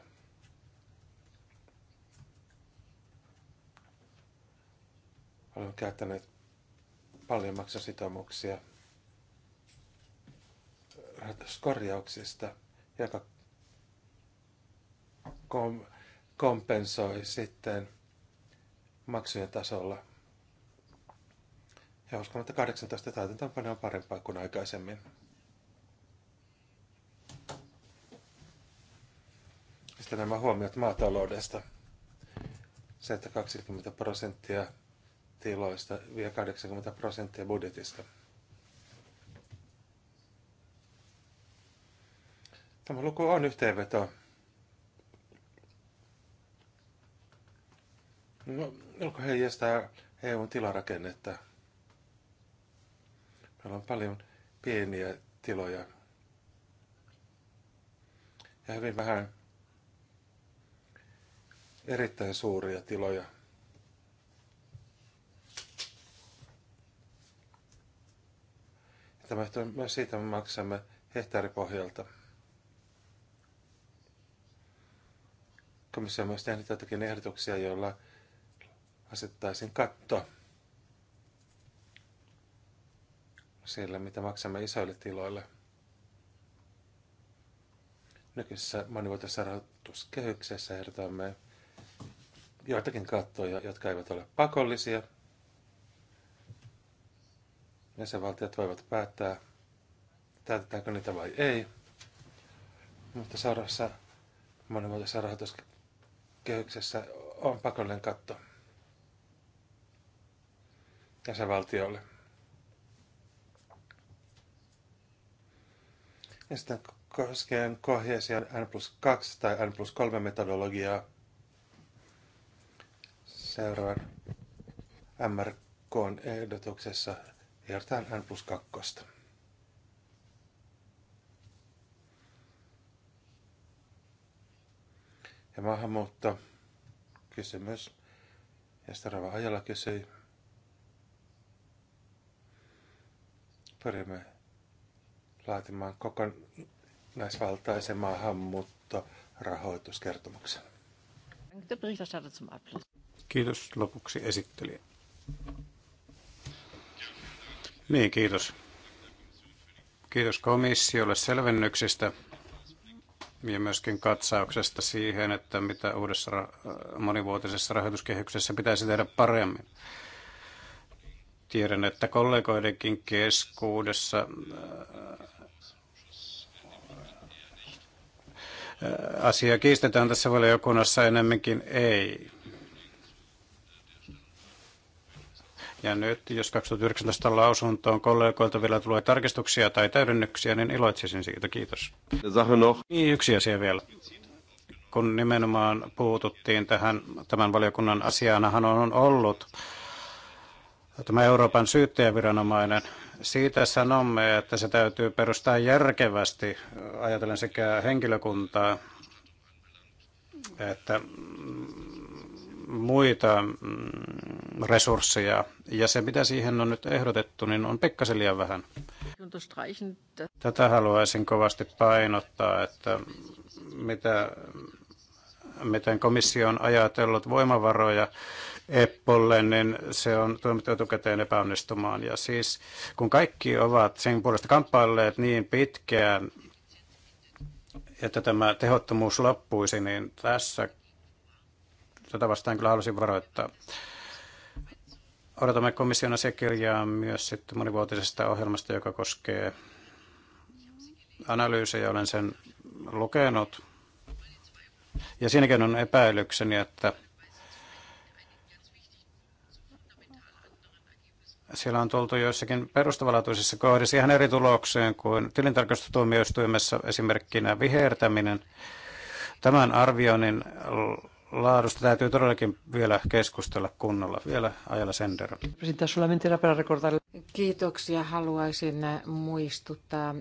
Olemme käyttäneet paljon maksusitoumuksia korjauksista, joka kom- kompensoi sitten maksujen tasolla. Ja uskon, että 18 täytäntöönpano on parempaa kuin aikaisemmin. Sitten nämä huomiot maataloudesta. Se, että 20 prosenttia tiloista vie 80 prosenttia budjetista. Tämä luku on yhteenveto. No, onko heijastaa EUn tilarakennetta? Meillä on paljon pieniä tiloja ja hyvin vähän erittäin suuria tiloja. Tämä on, myös siitä, että me maksamme hehtaaripohjalta. Komissio on myös tehnyt jotakin ehdotuksia, joilla asettaisin katto sille, mitä maksamme isoille tiloille. Nykyisessä monivuotisessa rahoituskehyksessä ehdotamme joitakin kattoja, jotka eivät ole pakollisia. Jäsenvaltiot voivat päättää, täytetäänkö niitä vai ei. Mutta seuraavassa monivuotisessa rahoituskehyksessä kehyksessä on pakollinen katto jäsenvaltiolle. Ja sitten koskien kohesion N plus 2 tai N plus 3 metodologiaa seuraavan MRK ehdotuksessa ehdotetaan N plus 2. ja maahanmuutto kysymys. Ja Starava Ajala kysyi. Pyrimme laatimaan kokonaisvaltaisen rahoituskertomuksen. Kiitos lopuksi esittelijä. Niin, kiitos. Kiitos komissiolle selvennyksistä ja myöskin katsauksesta siihen, että mitä uudessa monivuotisessa rahoituskehyksessä pitäisi tehdä paremmin. Tiedän, että kollegoidenkin keskuudessa asia kiistetään tässä valiokunnassa enemmänkin ei. Ja nyt, jos 2019 lausuntoon kollegoilta vielä tulee tarkistuksia tai täydennyksiä, niin iloitsisin siitä. Kiitos. Niin, yksi asia vielä. Kun nimenomaan puututtiin tähän, tämän valiokunnan asianahan on ollut tämä Euroopan syyttäjäviranomainen. Siitä sanomme, että se täytyy perustaa järkevästi, ajatellen sekä henkilökuntaa että muita mm, resursseja, ja se mitä siihen on nyt ehdotettu, niin on pikkasen liian vähän. Tätä haluaisin kovasti painottaa, että mitä, miten komissio on ajatellut voimavaroja Eppolle, niin se on tuomittu etukäteen epäonnistumaan. Ja siis kun kaikki ovat sen puolesta kamppailleet niin pitkään, että tämä tehottomuus loppuisi, niin tässä Tätä vastaan kyllä halusin varoittaa. Odotamme komission asiakirjaa myös sitten monivuotisesta ohjelmasta, joka koskee analyysejä. Olen sen lukenut. Ja siinäkin on epäilykseni, että siellä on tultu joissakin perustavalaatuisissa kohdissa ihan eri tulokseen kuin tilintarkastustuomioistuimessa esimerkkinä vihertäminen. Tämän arvioinnin laadusta täytyy todellakin vielä keskustella kunnolla. Vielä ajalla Sender. Kiitoksia. Haluaisin äh, muistuttaa, äh,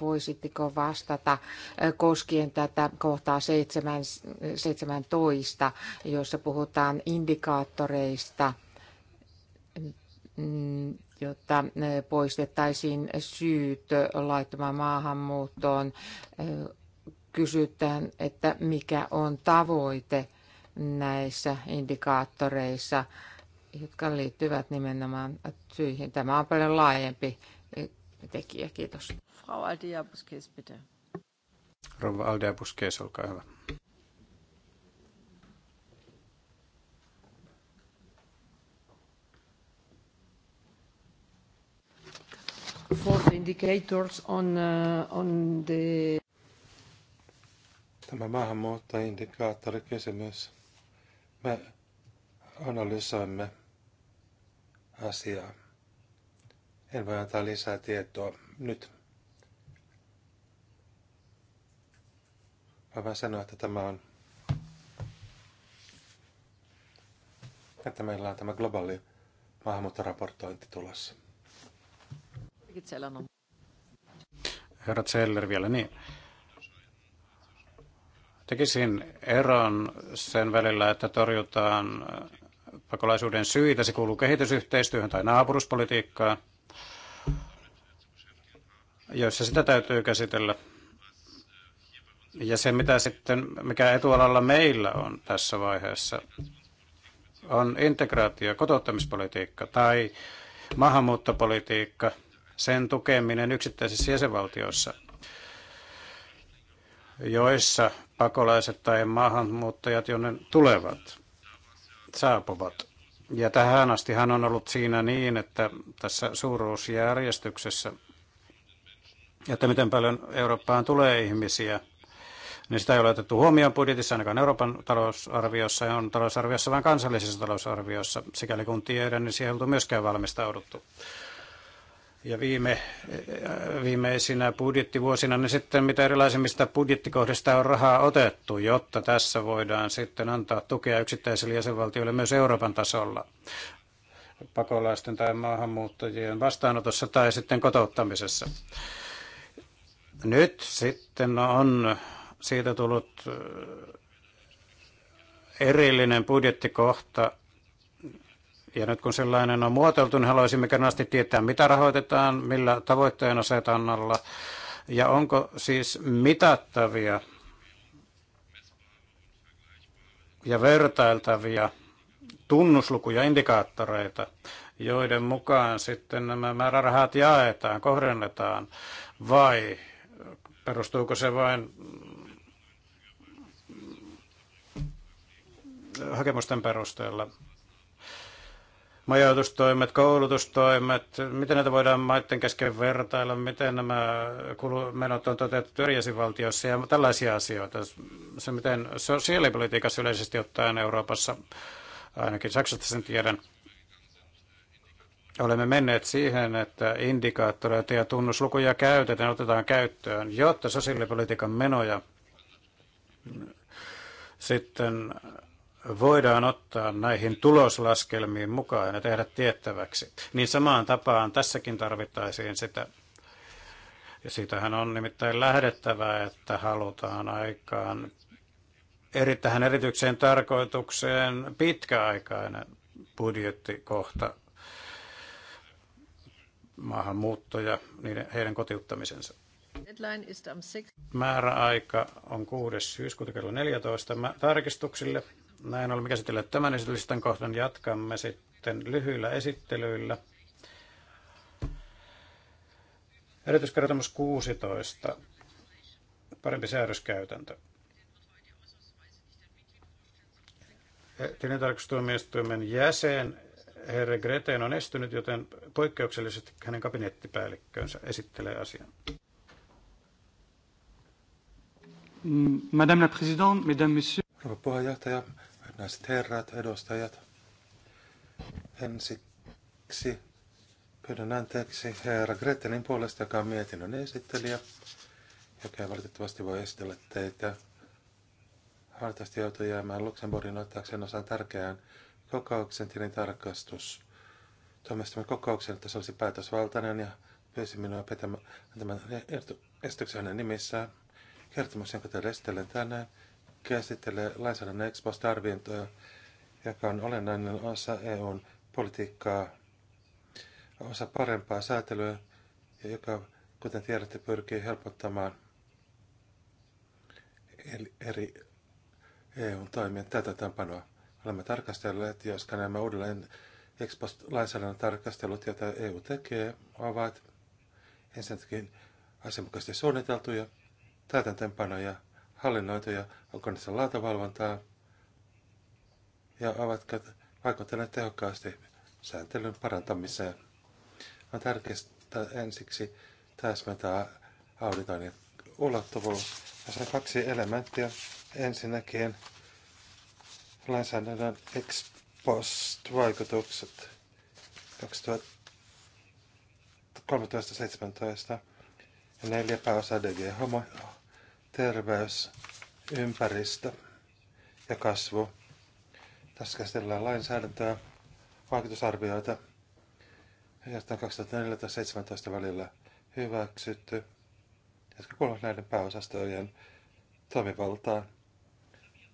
voisitteko vastata äh, koskien tätä kohtaa 7, 17, jossa puhutaan indikaattoreista, mm, jotta poistettaisiin syyt laittomaan maahanmuuttoon kysytään, että mikä on tavoite näissä indikaattoreissa, jotka liittyvät nimenomaan syihin. Tämä on paljon laajempi tekijä. Kiitos. Frau Aldia bitte. Rouva Aldia olkaa hyvä. for the indicators on, uh, on the... Tämä maahanmuuttajaindikaattorikysymys. Me analysoimme asiaa. En voi antaa lisää tietoa nyt. Mä vain sanoa, että tämä on että meillä on tämä globaali maahanmuuttoraportointi tulossa. Herra Zeller vielä, niin Tekisin eron sen välillä, että torjutaan pakolaisuuden syitä. Se kuuluu kehitysyhteistyöhön tai naapuruspolitiikkaan, joissa sitä täytyy käsitellä. Ja se, mitä sitten, mikä etualalla meillä on tässä vaiheessa, on integraatio, kotouttamispolitiikka tai maahanmuuttopolitiikka, sen tukeminen yksittäisissä jäsenvaltioissa – joissa pakolaiset tai maahanmuuttajat, jonne tulevat, saapuvat. Ja tähän asti hän on ollut siinä niin, että tässä suuruusjärjestyksessä, että miten paljon Eurooppaan tulee ihmisiä, niin sitä ei ole otettu huomioon budjetissa, ainakaan Euroopan talousarviossa, ja on talousarviossa vain kansallisessa talousarviossa, sikäli kun tiedän, niin siihen ei oltu myöskään valmistauduttu. Ja viime, äh, viimeisinä budjettivuosina, niin sitten mitä erilaisimmista budjettikohdista on rahaa otettu, jotta tässä voidaan sitten antaa tukea yksittäisille jäsenvaltioille myös Euroopan tasolla pakolaisten tai maahanmuuttajien vastaanotossa tai sitten kotouttamisessa. Nyt sitten on siitä tullut äh, erillinen budjettikohta ja nyt kun sellainen on muotoiltu, niin haluaisimme kerrasti tietää, mitä rahoitetaan, millä tavoitteen asetannalla ja onko siis mitattavia ja vertailtavia tunnuslukuja, indikaattoreita, joiden mukaan sitten nämä määrärahat jaetaan, kohdennetaan, vai perustuuko se vain hakemusten perusteella? majoitustoimet, koulutustoimet, miten näitä voidaan maiden kesken vertailla, miten nämä menot on toteutettu eri ja tällaisia asioita. Se, miten sosiaalipolitiikassa yleisesti ottaen Euroopassa, ainakin Saksasta sen tiedän, olemme menneet siihen, että indikaattoreita ja tunnuslukuja käytetään, otetaan käyttöön, jotta sosiaalipolitiikan menoja sitten voidaan ottaa näihin tuloslaskelmiin mukaan ja tehdä tiettäväksi, niin samaan tapaan tässäkin tarvittaisiin sitä. Ja siitähän on nimittäin lähdettävää, että halutaan aikaan eri, tähän erityiseen tarkoitukseen pitkäaikainen budjettikohta maahanmuuttoja, ja niiden, heidän kotiuttamisensa. Määräaika on 6. syyskuuta kello 14 tarkistuksille. Näin olemme käsitelleet tämän esityslistan kohdan. Jatkamme sitten lyhyillä esittelyillä. Erityiskertomus 16. Parempi säädöskäytäntö. Tilintarkastustuomioistuimen jäsen Herre Greteen on estynyt, joten poikkeuksellisesti hänen kabinettipäällikkönsä esittelee asian. Madame la Présidente, Mesdames, Messieurs. Rouva puheenjohtaja, Hyvät herrat, edustajat. Ensiksi pyydän anteeksi herra Gretelin puolesta, joka on mietinnön esittelijä, joka ei valitettavasti voi esitellä teitä. Valitettavasti joutui jäämään Luxemburgin ottaakseen osan tärkeään kokouksen tilintarkastus. Tuomioistuimen kokouksen, että se olisi päätösvaltainen ja pyysi minua pitämään tämän esityksen hänen nimissään. Kertomus, jonka teille esitellen tänään, käsittelee lainsäädännön ex post arviointia, joka on olennainen osa EUn politiikkaa, osa parempaa säätelyä, ja joka, kuten tiedätte, pyrkii helpottamaan eri EUn toimien täytäntöönpanoa. Olemme tarkastelleet, joska nämä uudelleen ex post lainsäädännön tarkastelut, joita EU tekee, ovat ensinnäkin asianmukaisesti suunniteltuja, täytäntöönpanoja hallinnoituja, onko niissä laatavalvontaa ja ovat vaikuttaneet tehokkaasti sääntelyn parantamiseen. On tärkeää ensiksi täsmentää auditoinnin ulottuvuus. Tässä on kaksi elementtiä. Ensinnäkin lainsäädännön ex post vaikutukset 2013-2017 ja neljä pääosaa DG terveys, ympäristö ja kasvu. Tässä käsitellään lainsäädäntöä, vaikutusarvioita, josta 2014-2017 välillä hyväksytty, jotka kuuluvat näiden pääosastojen toimivaltaan.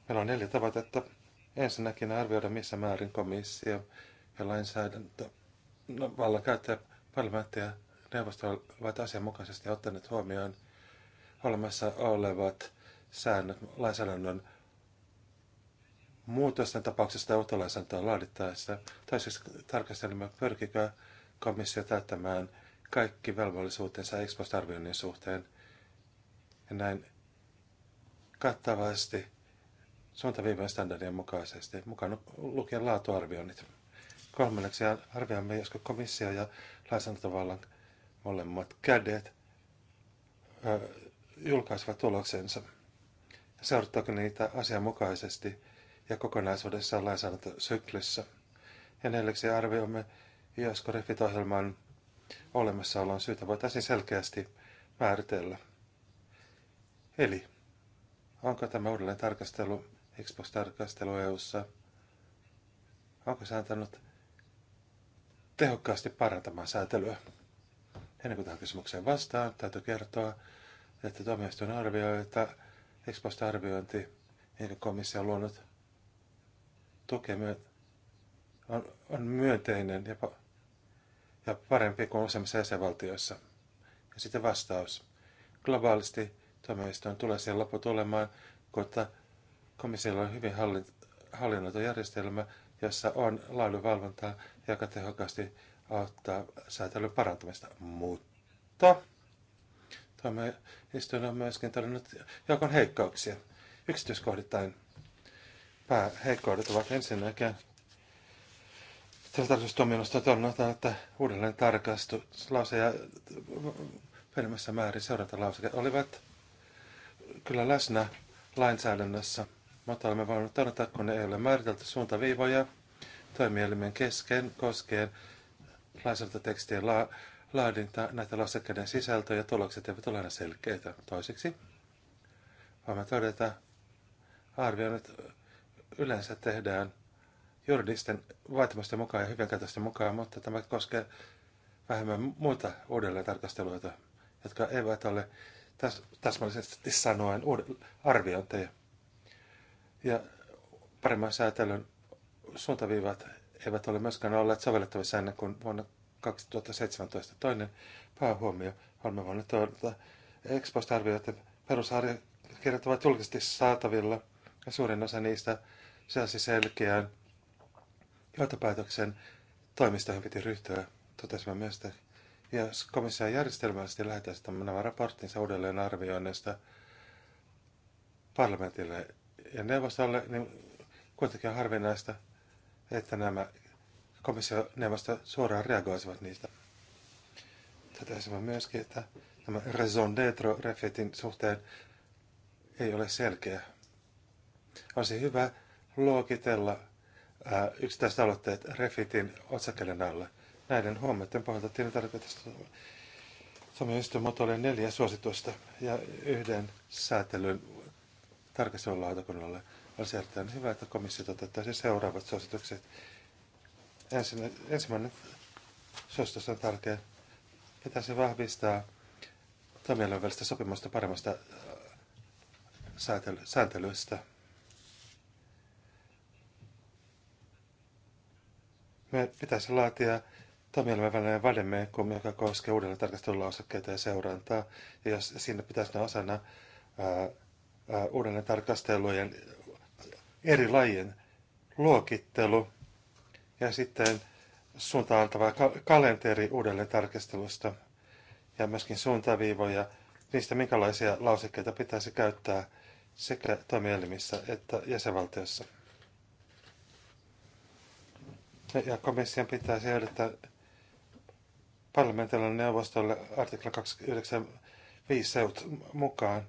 Meillä on neljä tavoitetta. Ensinnäkin arvioida, missä määrin komissio ja lainsäädäntö no, vallan käyttää ja neuvosto ovat asianmukaisesti ottaneet huomioon – olemassa olevat säännöt lainsäädännön muutosten tapauksesta ja uutta lainsäädäntöä laadittaessa. Toiseksi tarkastelemme, pyrkikö komissio täyttämään kaikki velvollisuutensa ekspostarvioinnin suhteen ja näin kattavasti suuntaviivojen standardien mukaisesti, mukaan lukien laatuarvioinnit. Kolmanneksi arvioimme, josko komissio ja lainsäädäntövallan molemmat kädet julkaisivat tuloksensa ja seurattaako niitä asianmukaisesti ja kokonaisuudessaan lainsäädäntösyklissä. Ja neljäksi arvioimme, josko REFIT-ohjelman olemassaolon syytä voitaisiin selkeästi määritellä. Eli onko tämä uudelleen tarkastelu, xbox tarkastelu EU:ssa, onko se antanut tehokkaasti parantamaan säätelyä? Ennen kuin tähän kysymykseen vastaan, täytyy kertoa, että tuomioistuin arvioi, että ex arviointi, niin komissio on luonut tukea, on, on myönteinen ja, ja parempi kuin useimmissa jäsenvaltioissa. Ja sitten vastaus. Globaalisti tuomioistuin tulee siihen lopputulemaan, mutta komissiolla on hyvin hallit, hallinnoitu järjestelmä, jossa on laadunvalvontaa, joka tehokkaasti auttaa säätelyn parantamista. Mutta Tämä historia on myöskin todennut joukon heikkouksia. Yksityiskohdittain pääheikkoudet ovat ensinnäkin tilintarkastustuomioista todennut, että uudelleen tarkastuslause ja pienemmässä määrin seurantalauseke olivat kyllä läsnä lainsäädännössä, mutta olemme voineet todeta, kun ne ei ole määritelty suuntaviivoja toimielimen kesken koskien lainsäädäntötekstien la- laadinta, näitä lausekkeiden sisältöjä ja tulokset eivät ole aina selkeitä. Toiseksi voimme todeta, arvioinnit yleensä tehdään juridisten vaatimusten mukaan ja hyvän mukaan, mutta tämä koskee vähemmän muita uudelleen tarkasteluita, jotka eivät ole täs, täsmällisesti sanoen arviointeja. Ja paremman säätelyn suuntaviivat eivät ole myöskään olleet sovellettavissa ennen kuin vuonna 2017. Toinen päähuomio me voineet todeta expost arvioita perusarjakirjat ovat julkisesti saatavilla ja suurin osa niistä sisälsi selkeän johtopäätöksen toimistoihin piti ryhtyä. Totesimme myös, että jos komissio järjestelmällisesti lähettäisi nämä raporttinsa uudelleen arvioinnista parlamentille ja neuvostolle, niin kuitenkin on harvinaista, että nämä neuvosto suoraan reagoisivat niistä. Totesimme myöskin, että tämä raison d'être refetin suhteen ei ole selkeä. Olisi hyvä luokitella äh, yksittäiset aloitteet refitin otsakkeiden alle. Näiden huomioiden pohjalta tilintarkastusta Suomen oli neljä suositusta ja yhden säätelyn tarkastelulautakunnalle on Olisi erittäin hyvä, että komissio toteuttaisi seuraavat suositukset ensimmäinen suositus on tärkeä. Pitäisi vahvistaa toimialojen välistä sopimusta paremmasta äh, sääntelystä. Me pitäisi laatia toimialojen välinen välimeikko, joka koskee uudelleen tarkastelulausekkeita ja seurantaa. Ja jos siinä pitäisi olla osana äh, äh, uudelleen tarkastelujen eri lajien luokittelu – ja sitten antava kalenteri uudelleen tarkastelusta ja myöskin suuntaviivoja niistä, minkälaisia lausekkeita pitäisi käyttää sekä toimielimissä että jäsenvaltiossa. Ja komission pitäisi ehdottaa parlamentille neuvostolle artikla 295 seut mukaan,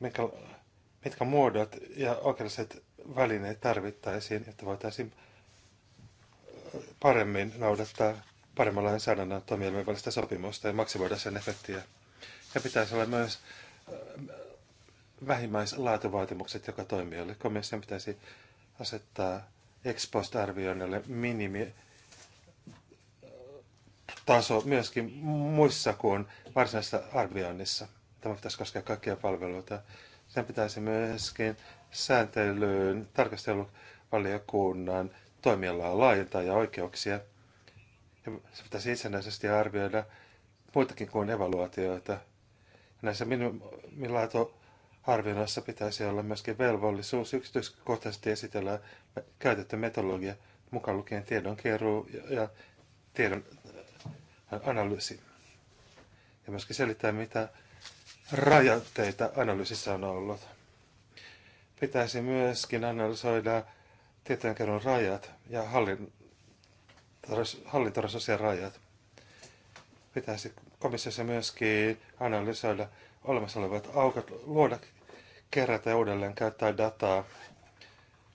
mitkä, mitkä muodot ja oikeudelliset välineet tarvittaisiin, että voitaisiin paremmin noudattaa paremmalla lainsäädännön toimielmien välistä sopimusta ja maksimoida sen efektiä. Ja pitäisi olla myös äh, vähimmäislaatuvaatimukset joka toimijalle. Komission pitäisi asettaa ex post arvioinnille minimi äh, taso myöskin muissa kuin varsinaisessa arvioinnissa. Tämä pitäisi koskea kaikkia palveluita. Sen pitäisi myöskin sääntelyyn tarkasteluvaliokunnan toimialaa laajentaa ja oikeuksia. Ja se pitäisi itsenäisesti arvioida muitakin kuin evaluaatioita. Näissä minimilaato pitäisi olla myöskin velvollisuus yksityiskohtaisesti esitellä käytetty metodologia, mukaan lukien tiedonkeruu ja tiedon äh, analyysi. Ja myöskin selittää, mitä rajoitteita analyysissä on ollut. Pitäisi myöskin analysoida tietojenkeruun rajat ja hallintoresurssien rajat. Pitäisi komissiossa myöskin analysoida olemassa olevat aukot, luoda, kerätä ja uudelleen käyttää dataa,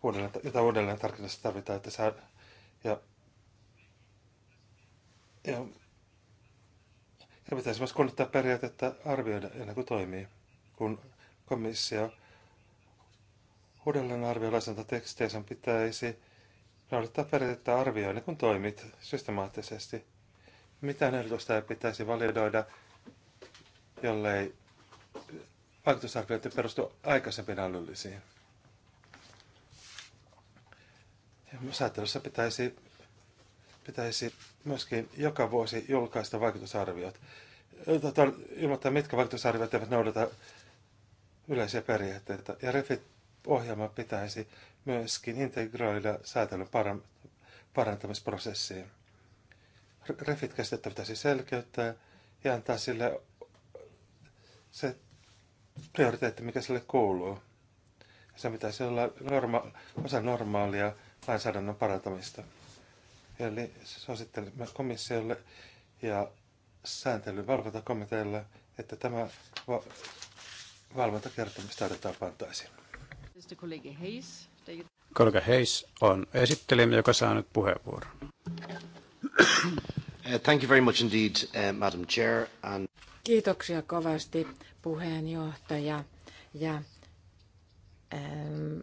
uudelleen, jota uudelleen tarkinnassa tarvitaan, että saa, ja, ja, ja pitäisi myös kunnittaa periaatetta arvioida ennen kuin toimii, kun komissio Uudelleen arviolaiselta tekstejä sen pitäisi noudattaa periaatetta arvioinnin, kun toimit systemaattisesti. Mitään ehdotusta ei pitäisi validoida, jollei vaikutusarviointi perustu aikaisempiin älyllisiin. säätelyssä pitäisi, pitäisi myöskin joka vuosi julkaista vaikutusarviot. Ilmoittaa, mitkä vaikutusarviot eivät noudata yleisiä periaatteita. Ja refit ohjelma pitäisi myöskin integroida säätelyn parantamisprosessiin. Refit-käsitettä pitäisi selkeyttää ja antaa sille se prioriteetti, mikä sille kuuluu. Se pitäisi olla norma- osa normaalia lainsäädännön parantamista. Eli suosittelemme komissiolle ja valvontakomiteelle, että tämä va- valvontakertomus täytetään pantaisiin. Kollega Hayes on esittelijämme, joka saa nyt puheenvuoron. Uh, thank you very much indeed, uh, Madam Chair. And... Kiitoksia kovasti puheenjohtaja ja ähm,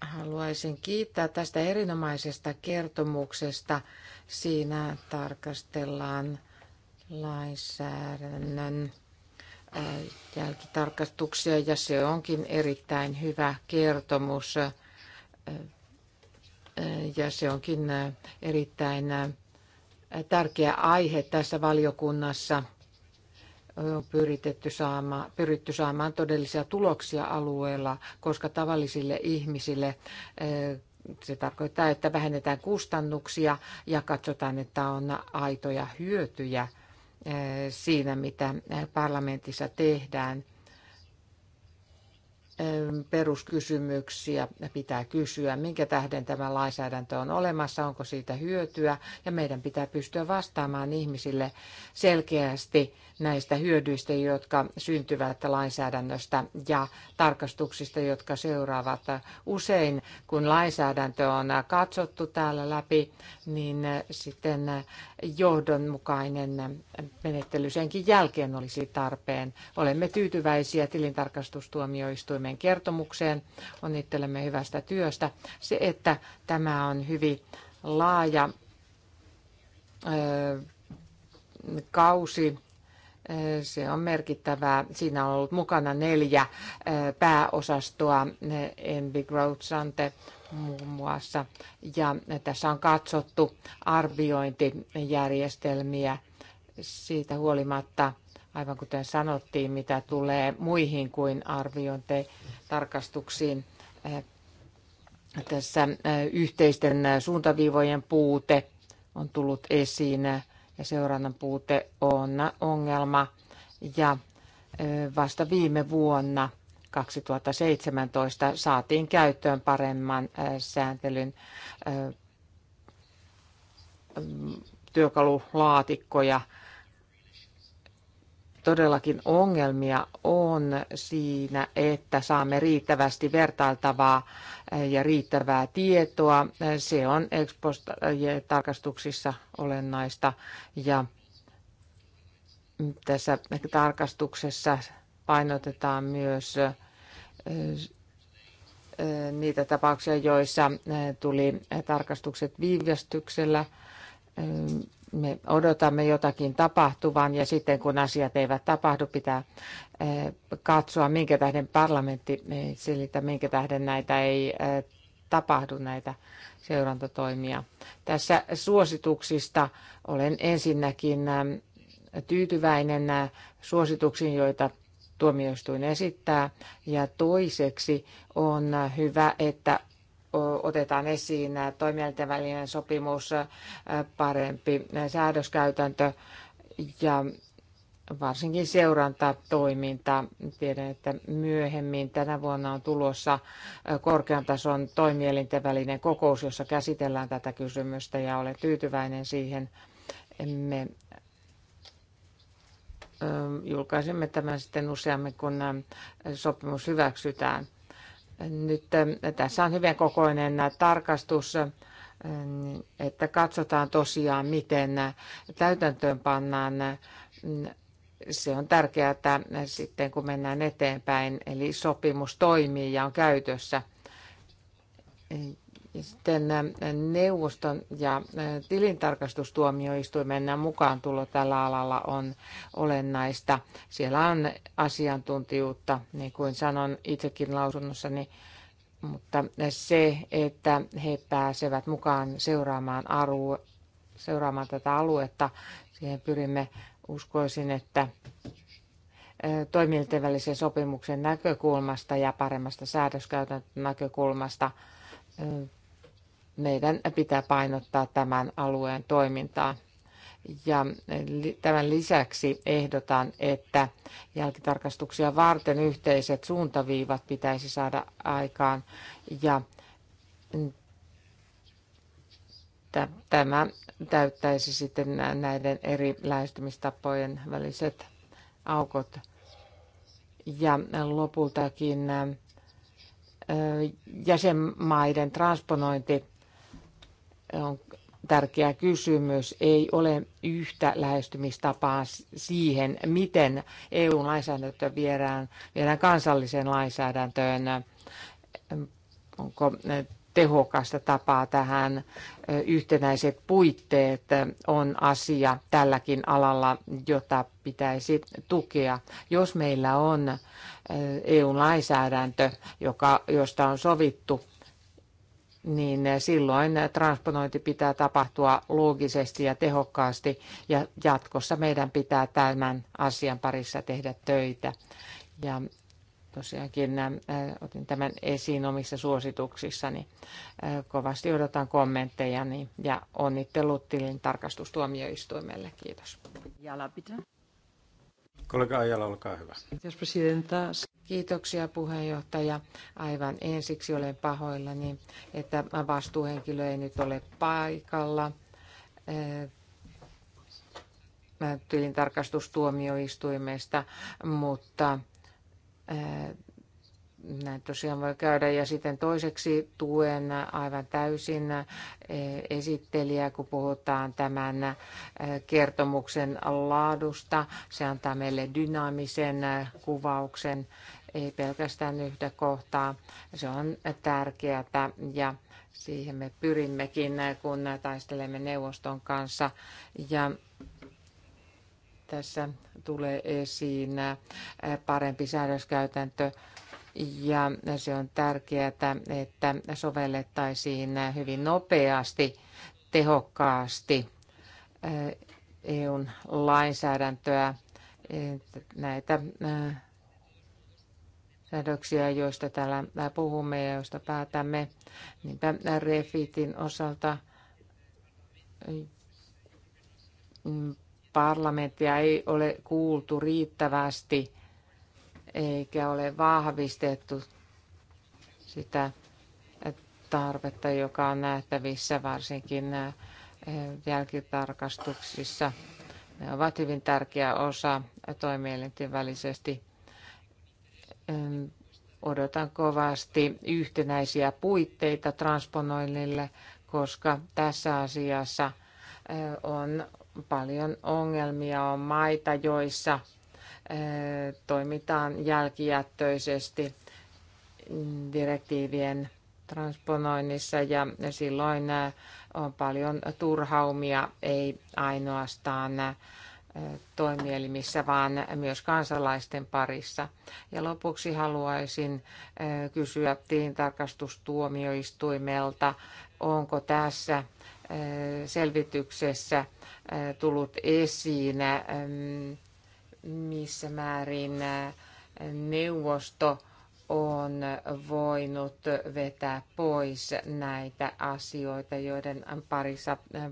haluaisin kiittää tästä erinomaisesta kertomuksesta. Siinä tarkastellaan lainsäädännön jälkitarkastuksia ja se onkin erittäin hyvä kertomus ja se onkin erittäin tärkeä aihe tässä valiokunnassa. On pyritetty saama, pyritty saamaan todellisia tuloksia alueella, koska tavallisille ihmisille se tarkoittaa, että vähennetään kustannuksia ja katsotaan, että on aitoja hyötyjä – Eh, siinä, mitä eh, parlamentissa tehdään. Peruskysymyksiä pitää kysyä, minkä tähden tämä lainsäädäntö on olemassa, onko siitä hyötyä, ja meidän pitää pystyä vastaamaan ihmisille selkeästi näistä hyödyistä, jotka syntyvät lainsäädännöstä ja tarkastuksista, jotka seuraavat. Usein kun lainsäädäntö on katsottu täällä läpi, niin sitten johdonmukainen menettely senkin jälkeen olisi tarpeen. Olemme tyytyväisiä tilintarkastustuomioistuimen kertomukseen. Onnittelemme hyvästä työstä. Se, että tämä on hyvin laaja kausi se on merkittävää. Siinä on ollut mukana neljä pääosastoa, Envy Growth Sante muun muassa. Ja tässä on katsottu arviointijärjestelmiä siitä huolimatta, aivan kuten sanottiin, mitä tulee muihin kuin arviointitarkastuksiin. Tässä yhteisten suuntaviivojen puute on tullut esiin ja seurannan puute on ongelma. Ja vasta viime vuonna 2017 saatiin käyttöön paremman sääntelyn työkalulaatikkoja todellakin ongelmia on siinä, että saamme riittävästi vertailtavaa eh, ja riittävää tietoa. Se on eh, tarkastuksissa olennaista ja tässä tarkastuksessa painotetaan myös eh, niitä tapauksia, joissa tuli tarkastukset viivästyksellä me odotamme jotakin tapahtuvan ja sitten kun asiat eivät tapahdu, pitää eh, katsoa, minkä tähden parlamentti eh, selittää, minkä tähden näitä ei eh, tapahdu näitä seurantatoimia. Tässä suosituksista olen ensinnäkin tyytyväinen suosituksiin, joita tuomioistuin esittää. Ja toiseksi on hyvä, että otetaan esiin toimijoiden välinen sopimus, parempi säädöskäytäntö ja varsinkin seurantatoiminta. Tiedän, että myöhemmin tänä vuonna on tulossa korkean tason toimielinten välinen kokous, jossa käsitellään tätä kysymystä ja olen tyytyväinen siihen. Me julkaisemme tämän sitten useammin, kun sopimus hyväksytään – nyt tässä on hyvän kokoinen tarkastus, että katsotaan tosiaan, miten täytäntöön pannaan se on tärkeää, että sitten kun mennään eteenpäin, eli sopimus toimii ja on käytössä. Ja sitten neuvoston ja tilintarkastustuomioistuimen mukaan tulo tällä alalla on olennaista. Siellä on asiantuntijuutta, niin kuin sanon itsekin lausunnossani, mutta se, että he pääsevät mukaan seuraamaan, aru, seuraamaan tätä aluetta, siihen pyrimme uskoisin, että toimintavälisen sopimuksen näkökulmasta ja paremmasta säädöskäytännön näkökulmasta meidän pitää painottaa tämän alueen toimintaa. Ja tämän lisäksi ehdotan, että jälkitarkastuksia varten yhteiset suuntaviivat pitäisi saada aikaan. Ja tämä täyttäisi sitten näiden eri lähestymistapojen väliset aukot. Ja lopultakin jäsenmaiden transponointi on tärkeä kysymys. Ei ole yhtä lähestymistapaa siihen, miten EU-lainsäädäntö viedään, viedään kansalliseen lainsäädäntöön. Onko tehokasta tapaa tähän. Yhtenäiset puitteet on asia tälläkin alalla, jota pitäisi tukea. Jos meillä on EU-lainsäädäntö, joka, josta on sovittu niin eh, silloin eh, transponointi pitää tapahtua loogisesti ja tehokkaasti ja jatkossa meidän pitää tämän asian parissa tehdä töitä. Ja tosiaankin eh, otin tämän esiin omissa suosituksissani. Kovasti odotan kommentteja niin- ja onnittelut tilin tarkastustuomioistuimelle. Kiitos. Jala Kollega Ajala, olkaa hyvä. Kiitoksia puheenjohtaja. Aivan ensiksi olen pahoillani, että vastuuhenkilö ei nyt ole paikalla. Mä tulin tarkastustuomioistuimesta, mutta näin tosiaan voi käydä. Ja sitten toiseksi tuen aivan täysin eh, esittelijä, kun puhutaan tämän eh, kertomuksen laadusta. Se antaa meille dynaamisen eh, kuvauksen, ei pelkästään yhtä kohtaa. Se on tärkeää ja siihen me pyrimmekin, kun taistelemme neuvoston kanssa. Ja tässä tulee esiin parempi säädöskäytäntö ja se on tärkeää, että sovellettaisiin hyvin nopeasti, tehokkaasti eh, EUn lainsäädäntöä, näitä eh, säädöksiä, joista täällä puhumme ja joista päätämme. Niinpä Refitin osalta eh, parlamenttia ei ole kuultu riittävästi eikä ole vahvistettu sitä tarvetta, joka on nähtävissä varsinkin jälkitarkastuksissa. Ne ovat hyvin tärkeä osa toimielinten välisesti. Odotan kovasti yhtenäisiä puitteita transponoinnille, koska tässä asiassa on paljon ongelmia. On maita, joissa toimitaan jälkijättöisesti direktiivien transponoinnissa ja silloin on paljon turhaumia, ei ainoastaan toimielimissä, vaan myös kansalaisten parissa. Ja lopuksi haluaisin kysyä tarkastustuomioistuimelta, onko tässä selvityksessä tullut esiin missä määrin äh, neuvosto on voinut vetää pois näitä asioita, joiden parissa äh,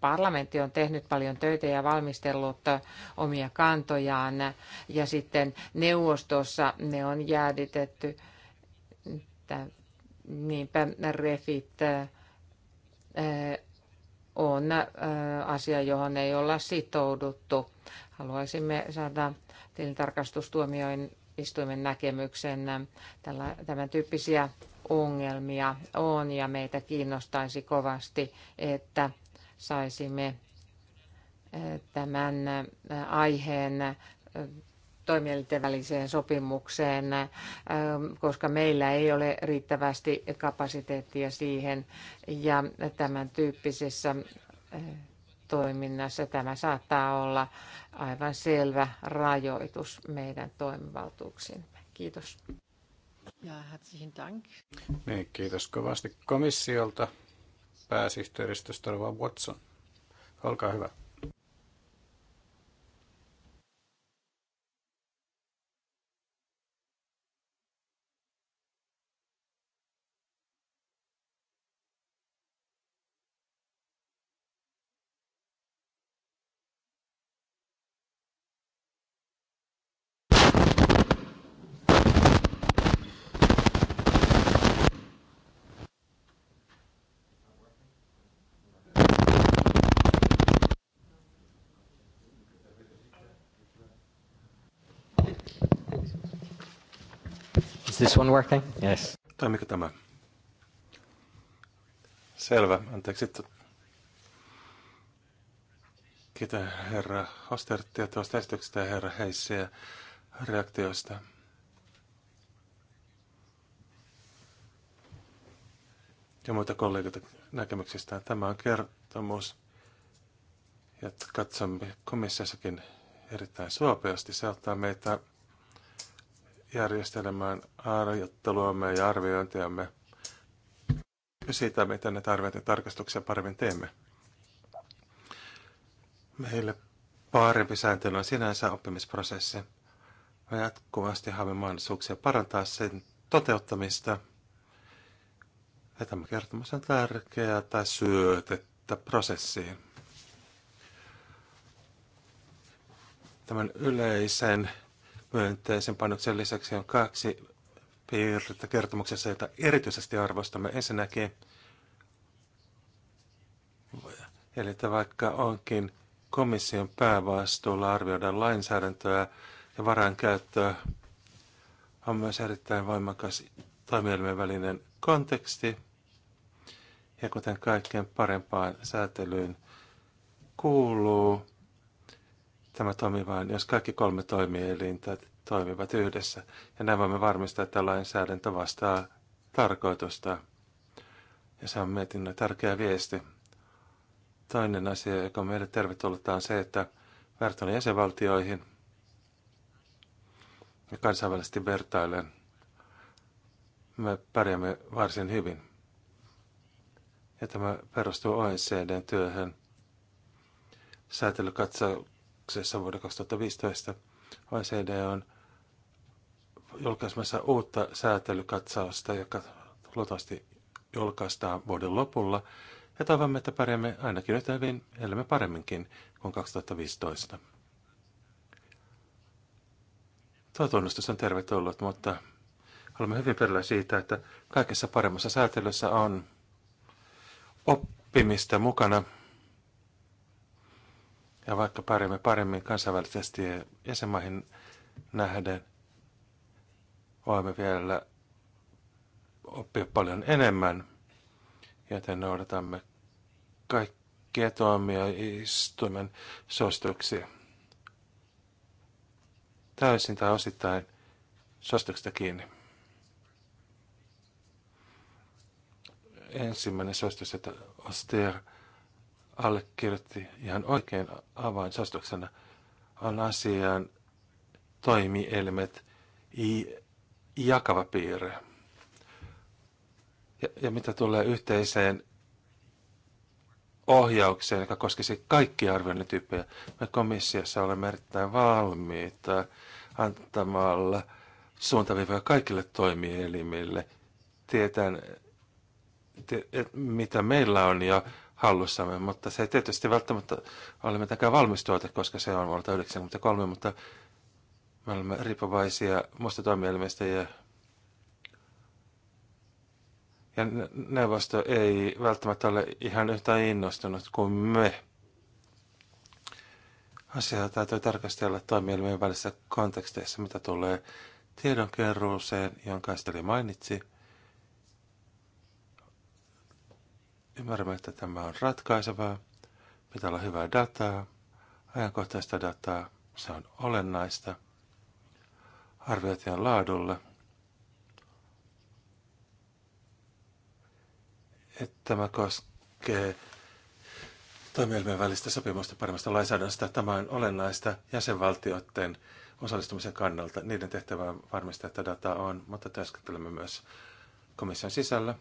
parlamentti on tehnyt paljon töitä ja valmistellut äh, omia kantojaan. Ja sitten neuvostossa ne on jäädytetty. Niinpä refit on äh, asia, johon ei olla sitouduttu. Haluaisimme saada istuimen näkemyksen. Tämän tyyppisiä ongelmia on ja meitä kiinnostaisi kovasti, että saisimme äh, tämän äh, aiheen toimielinten väliseen sopimukseen, koska meillä ei ole riittävästi kapasiteettia siihen ja tämän tyyppisessä toiminnassa tämä saattaa olla aivan selvä rajoitus meidän toimivaltuuksimme. Kiitos. Ja herzlichen Dank. Niin, kiitos kovasti komissiolta pääsihteeristöstä Watson. Olkaa hyvä. Is this one working? Yes. Toimiko tämä? Selvä, anteeksi. Kiitän herra Osterttia tuosta esityksestä ja herra Heissiä reaktioista. Ja muita kollegoita näkemyksistä. Tämä on kertomus, ja katsomme komissiossakin erittäin suopeasti. Se ottaa meitä järjestelemään harjoitteluamme ja arviointiamme siitä, miten näitä tarkastuksia paremmin teemme. Meille parempi sääntely on sinänsä oppimisprosessi. Me jatkuvasti haemme mahdollisuuksia parantaa sen toteuttamista. Ja tämä kertomus on tärkeää tai syötettä prosessiin. Tämän yleisen myönteisen panoksen lisäksi on kaksi piirrettä kertomuksessa, joita erityisesti arvostamme. Ensinnäkin, eli että vaikka onkin komission päävastuulla arvioida lainsäädäntöä ja varainkäyttöä, on myös erittäin voimakas toimielimen välinen konteksti. Ja kuten kaikkein parempaan säätelyyn kuuluu, tämä toimii vain, jos kaikki kolme toimielintä toimivat yhdessä. Ja näin voimme varmistaa, että lainsäädäntö vastaa tarkoitusta. Ja se on mietinnä tärkeä viesti. Toinen asia, joka on meille tervetullutta, on se, että vertaan jäsenvaltioihin ja kansainvälisesti vertailen. Me pärjäämme varsin hyvin. Ja tämä perustuu OECDn työhön. Säätely katsoo raportoinnissa vuoden 2015 OECD on julkaisemassa uutta säätelykatsausta, joka luultavasti julkaistaan vuoden lopulla. Ja toivomme, että pärjäämme ainakin yhtä hyvin, ellei paremminkin kuin 2015. Tuo tunnustus on tervetullut, mutta olemme hyvin perillä siitä, että kaikessa paremmassa säätelyssä on oppimista mukana – ja vaikka pärjäämme paremmin kansainvälisesti ja jäsenmaihin nähden, voimme vielä oppia paljon enemmän, joten noudatamme kaikkia istuimen suosituksia. Täysin tai osittain suosituksista kiinni. Ensimmäinen suositus, että Oster allekirjoitti ihan oikein avainsastuksena, on asian toimielimet jakava piirre. Ja, ja mitä tulee yhteiseen ohjaukseen, joka koskisi kaikkia arvioinnityyppejä, me komissiossa olemme erittäin valmiita antamalla suuntaviivoja kaikille toimielimille, tietäen, mitä meillä on ja hallussamme, mutta se ei tietysti välttämättä ole mitenkään valmis tuote, koska se on vuodelta 1993, mutta me olemme riippuvaisia muista toimielimistä ja, ja neuvosto ei välttämättä ole ihan yhtä innostunut kuin me. Asiaa täytyy tarkastella toimielimien välissä konteksteissa, mitä tulee tiedonkeruuseen, jonka Esteli mainitsi – Ymmärrämme, että tämä on ratkaisevaa. Pitää olla hyvää dataa, ajankohtaista dataa. Se on olennaista Arviointien laadulle. Että tämä koskee toimielimien välistä sopimusta paremmasta lainsäädännöstä. Tämä on olennaista jäsenvaltioiden osallistumisen kannalta. Niiden tehtävä on varmistaa, että data on, mutta työskentelemme myös komission sisällä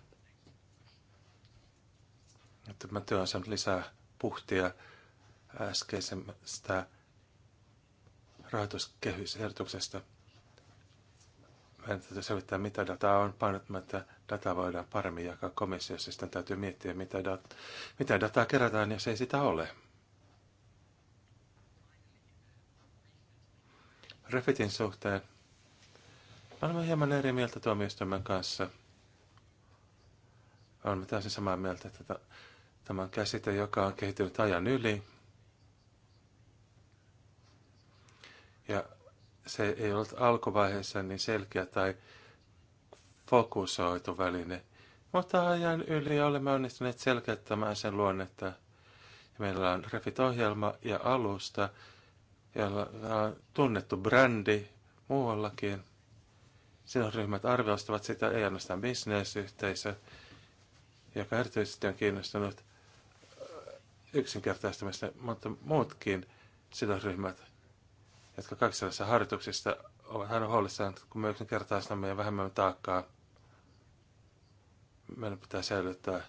että mä työn sen lisää puhtia äskeisestä rahoituskehysehdotuksesta. en täytyy selvittää, mitä dataa on painottamatta. data voidaan paremmin jakaa komissiossa. Sitten täytyy miettiä, mitä, dat- mitä dataa kerätään, jos ei sitä ole. Refitin suhteen olen hieman eri mieltä tuomioistuimen kanssa. Olen täysin samaa mieltä, että Tämä on käsite, joka on kehittynyt ajan yli. Ja se ei ollut alkuvaiheessa niin selkeä tai fokusoitu väline. Mutta ajan yli olemme onnistuneet selkeyttämään sen luonnetta. Ja meillä on Refit-ohjelma ja alusta, jolla on tunnettu brändi muuallakin. Silloin ryhmät arvostavat sitä, ei ainoastaan bisnesyhteisö, joka erityisesti on kiinnostunut yksinkertaistamista, mutta muutkin sidosryhmät, jotka kaikissa harjoituksissa ovat aina huolissaan, kun me yksinkertaistamme ja vähemmän taakkaa, meidän pitää säilyttää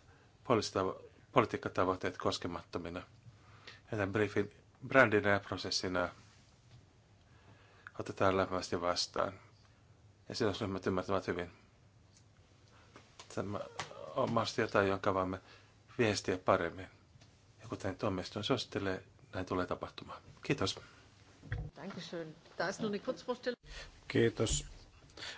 politiikkatavoitteet koskemattomina. Ja tämän briefin brändinä ja prosessina otetaan lämpimästi vastaan. Ja sidosryhmät ymmärtävät hyvin. Tämä on mahdollisesti jotain, jonka voimme viestiä paremmin. Ja kuten tuomioistuin suosittelee, näin tulee tapahtumaan. Kiitos. Kiitos.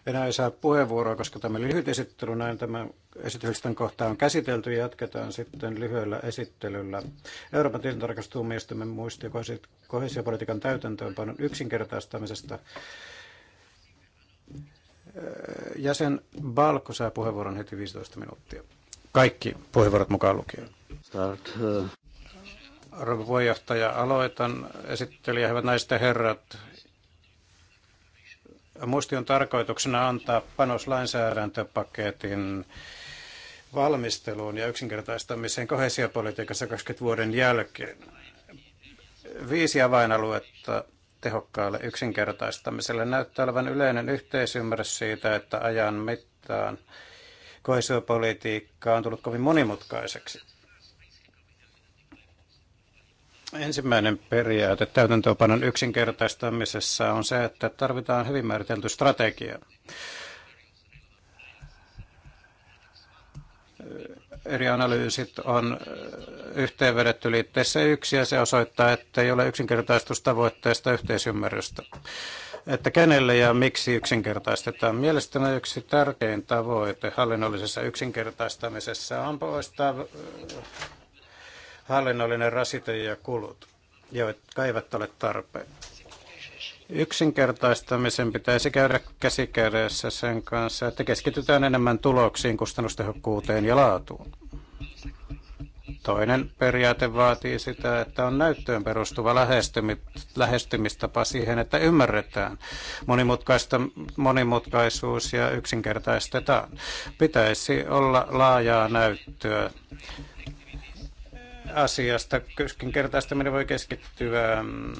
Enää ei saa puheenvuoroa, koska tämä lyhyt esittely, näin tämä esityksen kohta on käsitelty. Jatketaan sitten lyhyellä esittelyllä. Euroopan tilintarkastustuomioistuimen muistio kohesiopolitiikan täytäntöönpanon yksinkertaistamisesta. Öö, jäsen Balko saa puheenvuoron heti 15 minuuttia. Kaikki puheenvuorot mukaan lukien. Start. Rouva puheenjohtaja, aloitan. Esittelijä, hyvät naiset ja herrat. Muistion tarkoituksena antaa panos lainsäädäntöpaketin valmisteluun ja yksinkertaistamiseen kohesiopolitiikassa 20 vuoden jälkeen. Viisi avainaluetta tehokkaalle yksinkertaistamiselle näyttää olevan yleinen yhteisymmärrys siitä, että ajan mittaan kohesiopolitiikka on tullut kovin monimutkaiseksi. Ensimmäinen periaate täytäntöönpanon yksinkertaistamisessa on se, että tarvitaan hyvin määritelty strategia. Eri analyysit on yhteenvedetty liitteessä yksi ja se osoittaa, että ei ole yksinkertaistustavoitteesta yhteisymmärrystä. Että kenelle ja miksi yksinkertaistetaan. Mielestäni yksi tärkein tavoite hallinnollisessa yksinkertaistamisessa on poistaa hallinnollinen rasite ja kulut, jotka eivät ole tarpeen. Yksinkertaistamisen pitäisi käydä käsikädessä sen kanssa, että keskitytään enemmän tuloksiin, kustannustehokkuuteen ja laatuun. Toinen periaate vaatii sitä, että on näyttöön perustuva lähestymistapa siihen, että ymmärretään monimutkaista, monimutkaisuus ja yksinkertaistetaan. Pitäisi olla laajaa näyttöä asiasta. Keskinkertaistaminen voi keskittyä mm,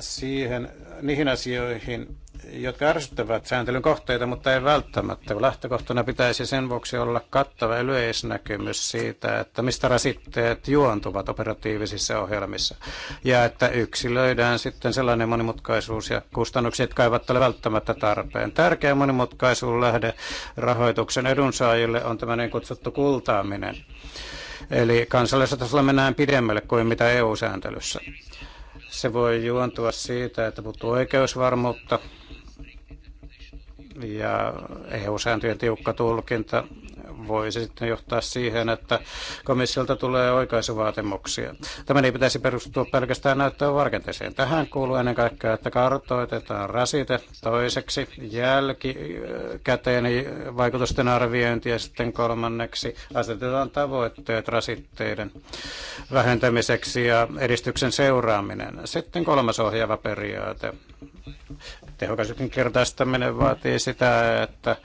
siihen, niihin asioihin, jotka ärsyttävät sääntelyn kohteita, mutta ei välttämättä. Lähtökohtana pitäisi sen vuoksi olla kattava yleisnäkymys siitä, että mistä rasitteet juontuvat operatiivisissa ohjelmissa. Ja että yksilöidään sitten sellainen monimutkaisuus ja kustannukset, jotka eivät ole välttämättä tarpeen. Tärkeä monimutkaisuuden lähde rahoituksen edunsaajille on tämä niin kutsuttu kultaaminen. Eli kansallisella tasolla mennään pidemmälle kuin mitä EU-sääntelyssä. Se voi juontua siitä, että puuttuu oikeusvarmuutta ja EU-sääntöjen tiukka tulkinta voisi sitten johtaa siihen, että komissiolta tulee oikaisuvaatimuksia. Tämä ei pitäisi perustua pelkästään näyttöön varkenteeseen. Tähän kuuluu ennen kaikkea, että kartoitetaan rasite toiseksi, jälkikäteen äh, vaikutusten arviointi ja sitten kolmanneksi asetetaan tavoitteet rasitteiden vähentämiseksi ja edistyksen seuraaminen. Sitten kolmas ohjaava periaate Tehokas yksinkertaistaminen vaatii sitä, että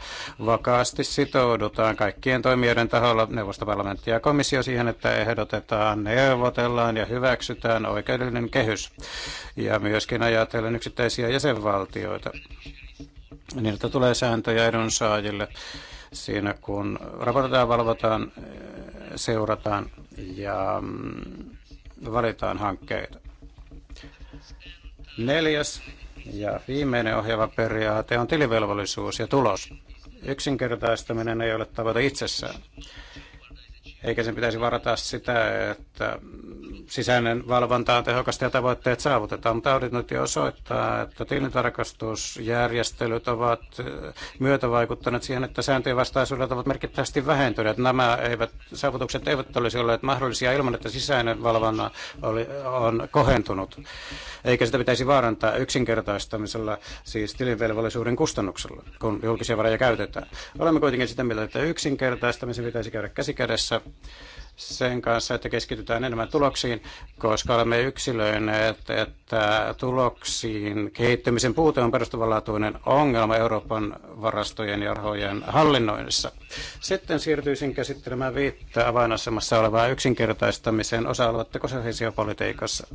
vakaasti sitoudutaan kaikkien toimijoiden taholla, neuvostoparlamentti ja komissio siihen, että ehdotetaan, neuvotellaan ja hyväksytään oikeudellinen kehys. Ja myöskin ajatellen yksittäisiä jäsenvaltioita. Niiltä tulee sääntöjä edunsaajille siinä, kun raportoidaan, valvotaan, seurataan ja mm, valitaan hankkeita. Neljäs ja viimeinen ohjaava periaate on tilivelvollisuus ja tulos. Yksinkertaistaminen ei ole tavoite itsessään eikä sen pitäisi varata sitä, että sisäinen valvonta on tehokasta ja tavoitteet saavutetaan. Mutta jo osoittaa, että tilintarkastusjärjestelyt ovat myötävaikuttaneet siihen, että sääntöjen vastaisuudet ovat merkittävästi vähentyneet. Nämä eivät, saavutukset eivät olisi olleet mahdollisia ilman, että sisäinen valvonta oli, on kohentunut. Eikä sitä pitäisi vaarantaa yksinkertaistamisella, siis tilinvelvollisuuden kustannuksella, kun julkisia varoja käytetään. Olemme kuitenkin sitä mieltä, että yksinkertaistamisen pitäisi käydä käsikädessä sen kanssa, että keskitytään enemmän tuloksiin, koska olemme yksilöineet, että tuloksiin kehittymisen puute on perustuvanlaatuinen ongelma Euroopan varastojen ja rahojen hallinnoinnissa. Sitten siirtyisin käsittelemään viittä avainasemassa olevaa yksinkertaistamisen osa-aluetta kosehesiopolitiikassa.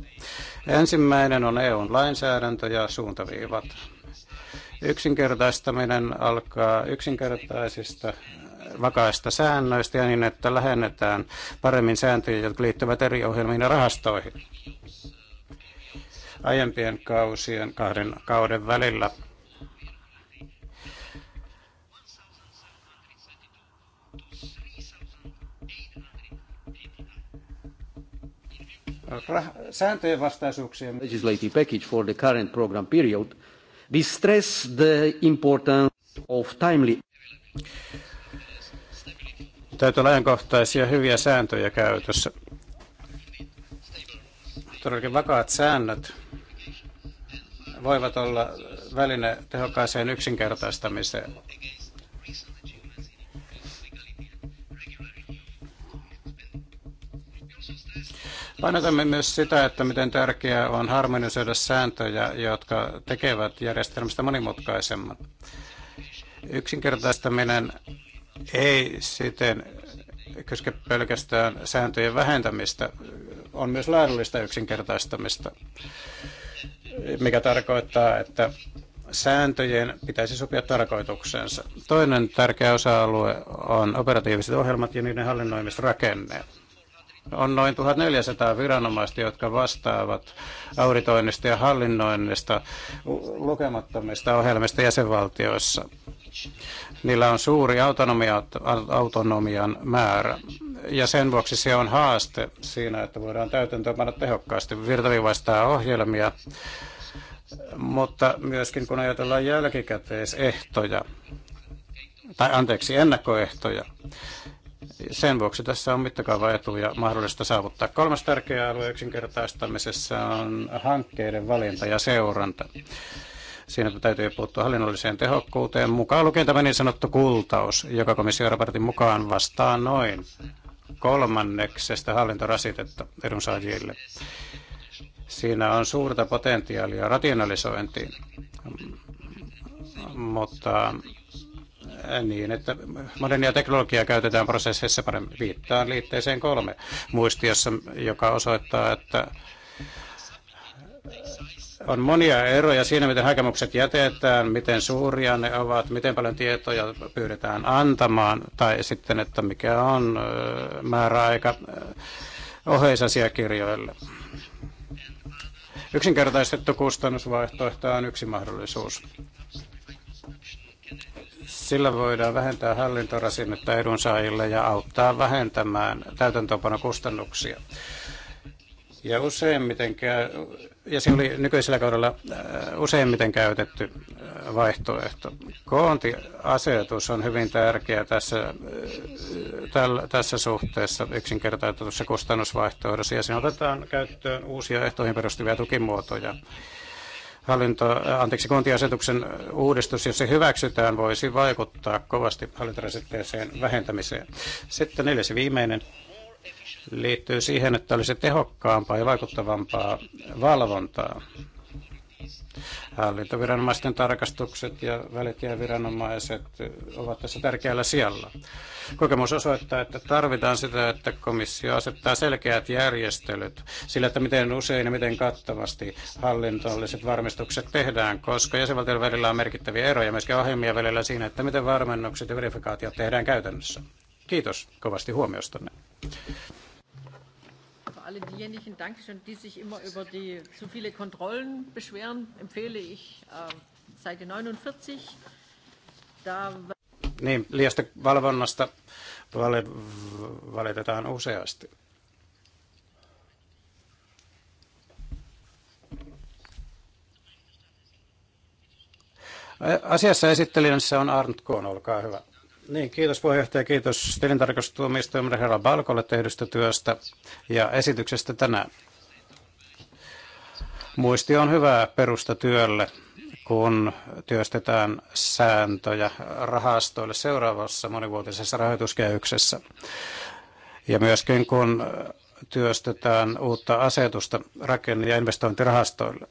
Ensimmäinen on EUn lainsäädäntö ja suuntaviivat. Yksinkertaistaminen alkaa yksinkertaisista vakaista säännöistä ja niin, että lähennetään paremmin sääntöjä, jotka liittyvät eri ohjelmiin ja rahastoihin. Aiempien kausien kahden kauden välillä sääntöjen vastaisuuksien We stress the importance of timely Täytyy olla ajankohtaisia hyviä sääntöjä käytössä. Todellakin vakaat säännöt voivat olla väline tehokkaaseen yksinkertaistamiseen Painotamme myös sitä, että miten tärkeää on harmonisoida sääntöjä, jotka tekevät järjestelmästä monimutkaisemman. Yksinkertaistaminen ei siten koske pelkästään sääntöjen vähentämistä, on myös laadullista yksinkertaistamista, mikä tarkoittaa, että sääntöjen pitäisi sopia tarkoituksensa. Toinen tärkeä osa-alue on operatiiviset ohjelmat ja niiden hallinnoimisrakenne on noin 1400 viranomaista, jotka vastaavat auditoinnista ja hallinnoinnista lukemattomista ohjelmista jäsenvaltioissa. Niillä on suuri autonomia, autonomian määrä ja sen vuoksi se on haaste siinä, että voidaan täytäntöönpanna tehokkaasti virtaviivaistaa ohjelmia, mutta myöskin kun ajatellaan jälkikäteisehtoja, tai anteeksi, ennakkoehtoja, sen vuoksi tässä on mittakaavaetuja mahdollista saavuttaa. Kolmas tärkeä alue yksinkertaistamisessa on hankkeiden valinta ja seuranta. Siinä täytyy puuttua hallinnolliseen tehokkuuteen, mukaan lukien tämä niin sanottu kultaus, joka komission raportin mukaan vastaa noin kolmanneksesta hallintorasitetta edunsaajille. Siinä on suurta potentiaalia rationalisointiin, mutta niin, että modernia teknologiaa käytetään prosesseissa paremmin. Viittaan liitteeseen kolme muistiossa, joka osoittaa, että on monia eroja siinä, miten hakemukset jätetään, miten suuria ne ovat, miten paljon tietoja pyydetään antamaan, tai sitten, että mikä on määräaika oheisasiakirjoille. Yksinkertaistettu kustannusvaihtoehto on yksi mahdollisuus. Sillä voidaan vähentää hallintorasinnetta edunsaajille ja auttaa vähentämään täytäntöönpanokustannuksia. Ja useimmiten käy, ja se oli nykyisellä kaudella äh, useimmiten käytetty äh, vaihtoehto. Koontiasetus on hyvin tärkeä tässä, äh, täl, tässä suhteessa yksinkertaistetussa kustannusvaihtoehdossa, ja siinä otetaan käyttöön uusia ehtoihin perustuvia tukimuotoja hallinto, äh, anteeksi, kuntiasetuksen uudistus, jos se hyväksytään, voisi vaikuttaa kovasti hallintorasitteeseen vähentämiseen. Sitten neljäs viimeinen liittyy siihen, että olisi tehokkaampaa ja vaikuttavampaa valvontaa Hallintoviranomaisten tarkastukset ja välitieviranomaiset ovat tässä tärkeällä sijalla. Kokemus osoittaa, että tarvitaan sitä, että komissio asettaa selkeät järjestelyt sillä, että miten usein ja miten kattavasti hallintolliset varmistukset tehdään, koska jäsenvaltioiden välillä on merkittäviä eroja myöskin ohjelmia välillä siinä, että miten varmennukset ja verifikaatiot tehdään käytännössä. Kiitos kovasti huomiostanne alle diejenigen Dankeschön, die sich immer über die zu viele Kontrollen beschweren, empfehle ich äh, Seite 49. Da niin, liiasta valvonnasta vale, valitetaan useasti. Asiassa esittelijänsä on Arnt Koon, olkaa hyvä. Niin, kiitos puheenjohtaja, kiitos tilintarkastustuomioistuimen herra Balkolle tehdystä työstä ja esityksestä tänään. Muisti on hyvää perusta työlle, kun työstetään sääntöjä rahastoille seuraavassa monivuotisessa rahoituskehyksessä. Ja myöskin kun työstetään uutta asetusta rakenne- ja investointirahastoille.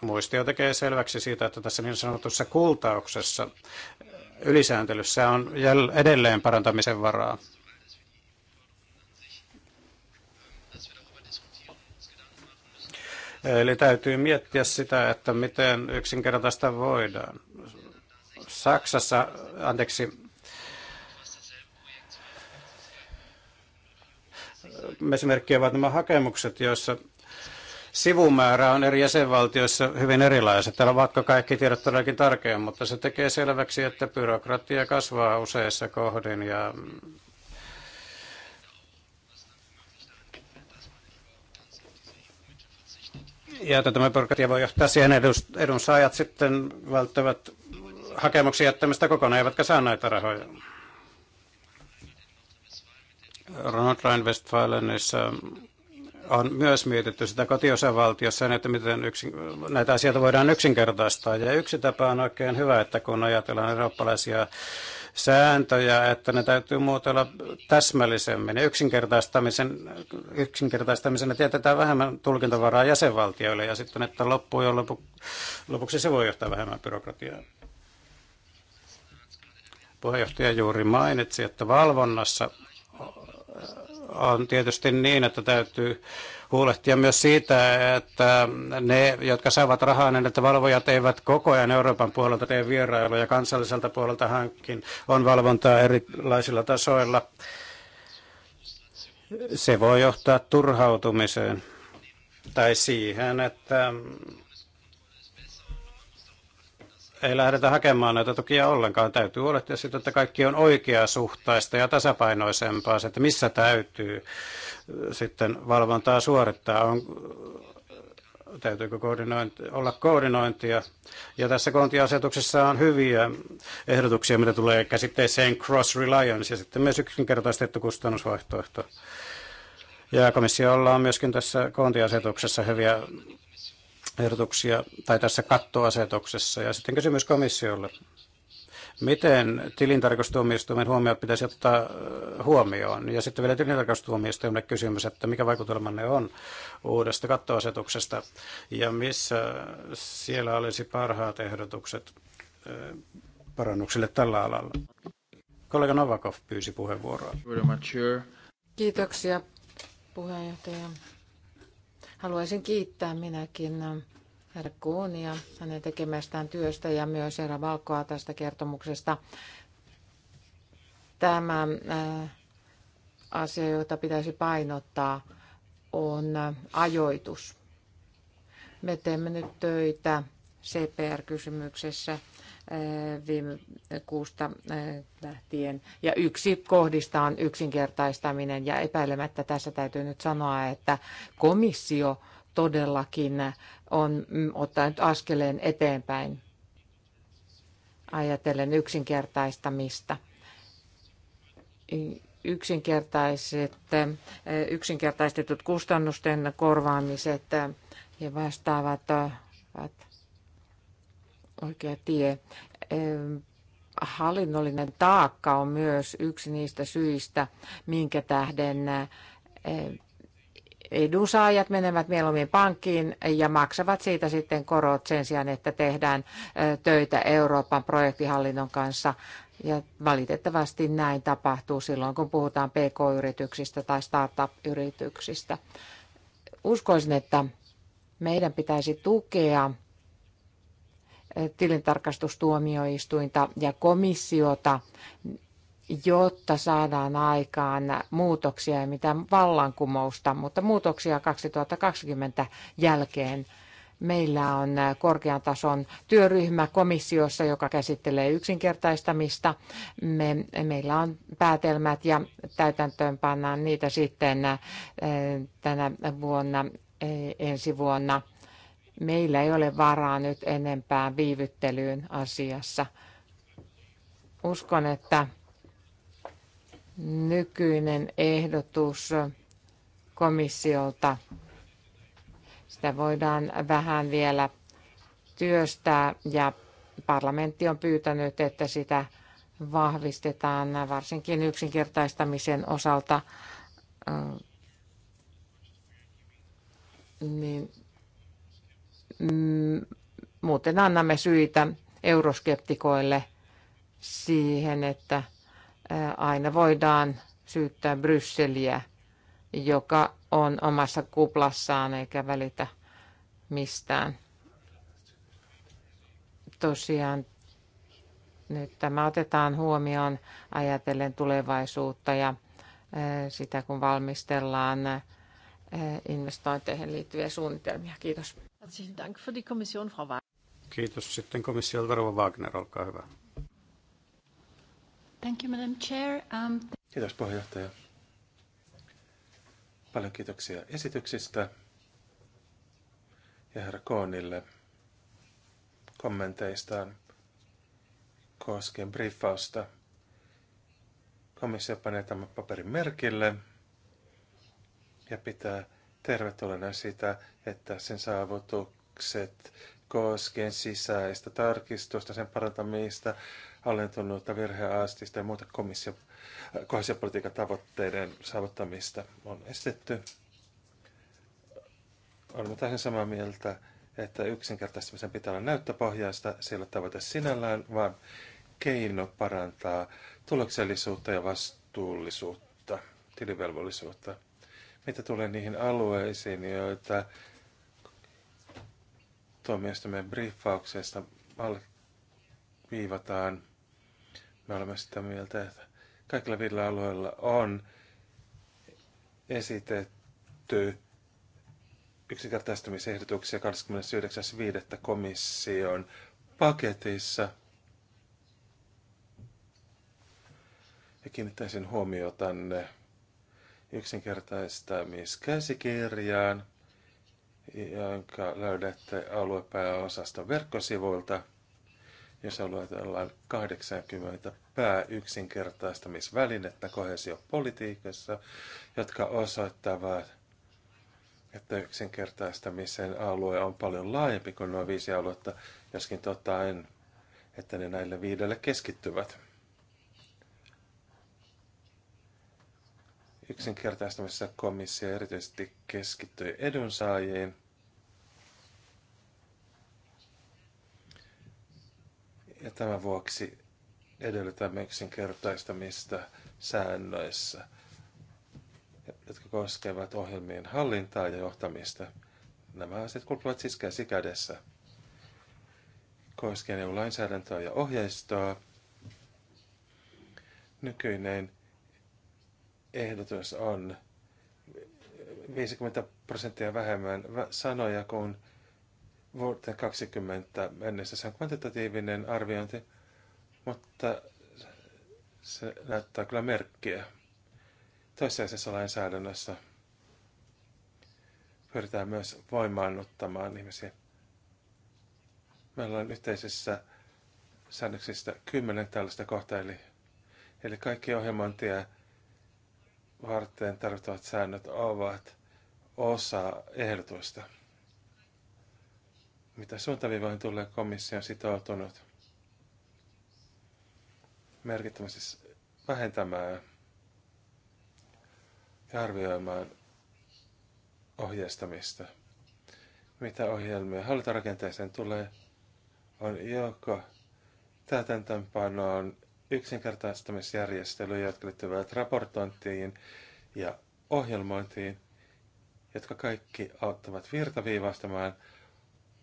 Muistio tekee selväksi siitä, että tässä niin sanotussa kultauksessa ylisääntelyssä on edelleen parantamisen varaa. Eli täytyy miettiä sitä, että miten yksinkertaista voidaan. Saksassa, anteeksi, esimerkkiä ovat nämä hakemukset, joissa sivumäärä on eri jäsenvaltioissa hyvin erilaiset. Täällä vaikka kaikki tiedot todellakin tarkeen, mutta se tekee selväksi, että byrokratia kasvaa useissa kohdin ja mm, ja tämä byrokratia voi johtaa siihen, edunsaajat sitten välttävät hakemuksia jättämistä kokonaan, eivätkä saa näitä rahoja. rhein westfalenissa on myös mietitty sitä kotiosavaltiossa, että miten yksin, näitä asioita voidaan yksinkertaistaa. Ja yksi tapa on oikein hyvä, että kun ajatellaan eurooppalaisia sääntöjä, että ne täytyy muotoilla täsmällisemmin. yksinkertaistamisen, yksinkertaistamisen, että jätetään vähemmän tulkintavaraa jäsenvaltioille ja sitten, että loppujen lopu, lopuksi se voi johtaa vähemmän byrokratiaa. Puheenjohtaja juuri mainitsi, että valvonnassa on tietysti niin, että täytyy huolehtia myös siitä, että ne, jotka saavat rahaa, niin että valvojat eivät koko ajan Euroopan puolelta tee vierailuja. Kansalliselta puolelta hankin on valvontaa erilaisilla tasoilla. Se voi johtaa turhautumiseen tai siihen, että ei lähdetä hakemaan näitä tukia ollenkaan. Täytyy huolehtia siitä, että kaikki on oikeasuhtaista ja tasapainoisempaa, että missä täytyy sitten valvontaa suorittaa. On, täytyykö koordinointi, olla koordinointia. Ja tässä kontiasetuksessa on hyviä ehdotuksia, mitä tulee käsitteeseen cross-reliance ja sitten myös yksinkertaistettu kustannusvaihtoehto. Ja komissiolla on myöskin tässä kontiasetuksessa hyviä ehdotuksia tai tässä kattoasetuksessa. Ja sitten kysymys komissiolle. Miten tilintarkastustuomioistuimen huomiot pitäisi ottaa äh, huomioon? Ja sitten vielä tilintarkastustuomioistuimen kysymys, että mikä vaikutelmanne on uudesta kattoasetuksesta ja missä siellä olisi parhaat ehdotukset äh, parannuksille tällä alalla? Kollega Novakov pyysi puheenvuoroa. Kiitoksia puheenjohtaja. Haluaisin kiittää minäkin herra Kuunia hänen tekemästään työstä ja myös herra Valkoa tästä kertomuksesta. Tämä äh, asia, jota pitäisi painottaa, on äh, ajoitus. Me teemme nyt töitä CPR-kysymyksessä Eh, viime kuusta eh, lähtien. Ja yksi kohdista on yksinkertaistaminen ja epäilemättä tässä täytyy nyt sanoa, että komissio todellakin on mm, ottanut askeleen eteenpäin ajatellen yksinkertaistamista. Yksinkertaiset, eh, yksinkertaistetut kustannusten korvaamiset ja vastaavat ovat oikea tie. Hallinnollinen taakka on myös yksi niistä syistä, minkä tähden edunsaajat menevät mieluummin pankkiin ja maksavat siitä sitten korot sen sijaan, että tehdään töitä Euroopan projektihallinnon kanssa. Ja valitettavasti näin tapahtuu silloin, kun puhutaan pk-yrityksistä tai startup-yrityksistä. Uskoisin, että meidän pitäisi tukea tilintarkastustuomioistuinta ja komissiota, jotta saadaan aikaan muutoksia ja mitään vallankumousta, mutta muutoksia 2020 jälkeen. Meillä on korkean tason työryhmä komissiossa, joka käsittelee yksinkertaistamista. Me, meillä on päätelmät ja täytäntöön pannaan niitä sitten eh, tänä vuonna, eh, ensi vuonna – Meillä ei ole varaa nyt enempää viivyttelyyn asiassa. Uskon, että nykyinen ehdotus komissiolta, sitä voidaan vähän vielä työstää ja parlamentti on pyytänyt, että sitä vahvistetaan varsinkin yksinkertaistamisen osalta. Niin Mm, muuten annamme syitä euroskeptikoille siihen, että aina voidaan syyttää Brysseliä, joka on omassa kuplassaan eikä välitä mistään. Tosiaan nyt tämä otetaan huomioon ajatellen tulevaisuutta ja sitä, kun valmistellaan investointeihin liittyviä suunnitelmia. Kiitos. Herzlichen Dank für die Kommission, Frau Wagner. Kiitos. Sitten komissiolta Rova Wagner, olkaa hyvä. Thank you, Madam Chair. Um... Kiitos puheenjohtaja. Paljon kiitoksia esityksistä ja herra Koonille kommenteistaan koskien briefausta. Komissio panee tämän paperin merkille ja pitää tervetulleena sitä, että sen saavutukset koskien sisäistä tarkistusta, sen parantamista, alentunutta virheaastista ja muuta komissio, kohdallisuuspolitiikan tavoitteiden saavuttamista on estetty. Olemme täysin samaa mieltä, että yksinkertaistamisen pitää olla näyttöpohjaista, sillä tavoite sinällään, vaan keino parantaa tuloksellisuutta ja vastuullisuutta, tilivelvollisuutta. Mitä tulee niihin alueisiin, joita tuomioistuimen briefauksesta viivataan, me olemme sitä mieltä, että kaikilla viidellä alueella on esitetty yksinkertaistamisehdotuksia 29.5. komission paketissa. Ja kiinnittäisin tänne yksinkertaistamiskäsikirjaan, jonka löydätte aluepääosasta verkkosivuilta, jos luetellaan 80 pääyksinkertaistamisvälinettä kohesiopolitiikassa, jotka osoittavat, että yksinkertaistamisen alue on paljon laajempi kuin nuo viisi aluetta, joskin totta en, että ne näille viidelle keskittyvät. yksinkertaistamisessa komissio erityisesti keskittyi edunsaajiin. Ja tämän vuoksi edellytämme yksinkertaistamista säännöissä, jotka koskevat ohjelmien hallintaa ja johtamista. Nämä asiat kulkevat siis käsi kädessä. Koskien EU-lainsäädäntöä ja ohjeistoa, nykyinen ehdotus on 50 prosenttia vähemmän sanoja kuin vuoteen 20 mennessä. Se on kvantitatiivinen arviointi, mutta se näyttää kyllä merkkiä. Toissijaisessa lainsäädännössä pyritään myös voimaannuttamaan ihmisiä. Meillä on yhteisessä säännöksissä kymmenen tällaista kohtaa, eli, eli kaikki ohjelmointia varten tarvittavat säännöt ovat osa ehdotusta. Mitä suuntaviivoihin tulee komissio on sitoutunut merkittävästi vähentämään ja arvioimaan ohjeistamista. Mitä ohjelmia hallintorakenteeseen tulee, on joko täytäntöönpanoon yksinkertaistamisjärjestelyjä, jotka liittyvät raportointiin ja ohjelmointiin, jotka kaikki auttavat virtaviivaistamaan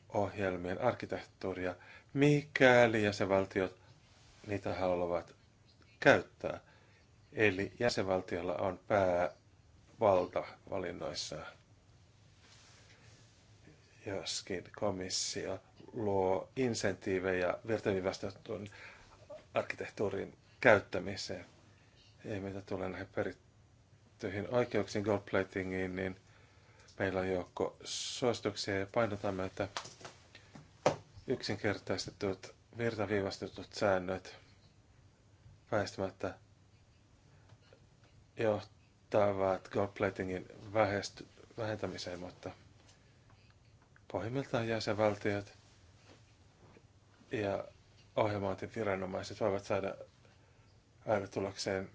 ohjelmien arkkitehtuuria, mikäli jäsenvaltiot niitä haluavat käyttää. Eli jäsenvaltiolla on päävalta valinnoissa, Joskin komissio luo insentiivejä virtaviivaistetun arkkitehtuurin käyttämiseen. Ei mitä tulee näihin perittyihin oikeuksiin, goldplatingiin, niin meillä on joukko suosituksia ja painotamme, että yksinkertaistetut virtaviivastetut säännöt väistämättä johtavat goldplatingin vähentämiseen, mutta pohjimmiltaan jäsenvaltiot ja ohjelmointiviranomaiset voivat saada tulokseen.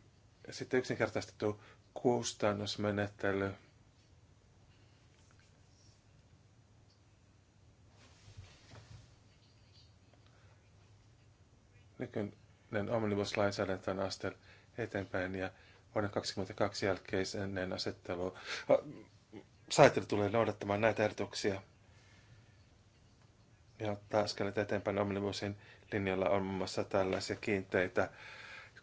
Sitten yksinkertaistettu kustannusmenettely. Nykyinen omnibuslainsäädäntö on astel eteenpäin ja vuoden 2022 jälkeisen asettelu. Ah, saitte tulee noudattamaan näitä ehdotuksia ja ottaa askeleet eteenpäin Omnibusin linjalla on muun mm. muassa tällaisia kiinteitä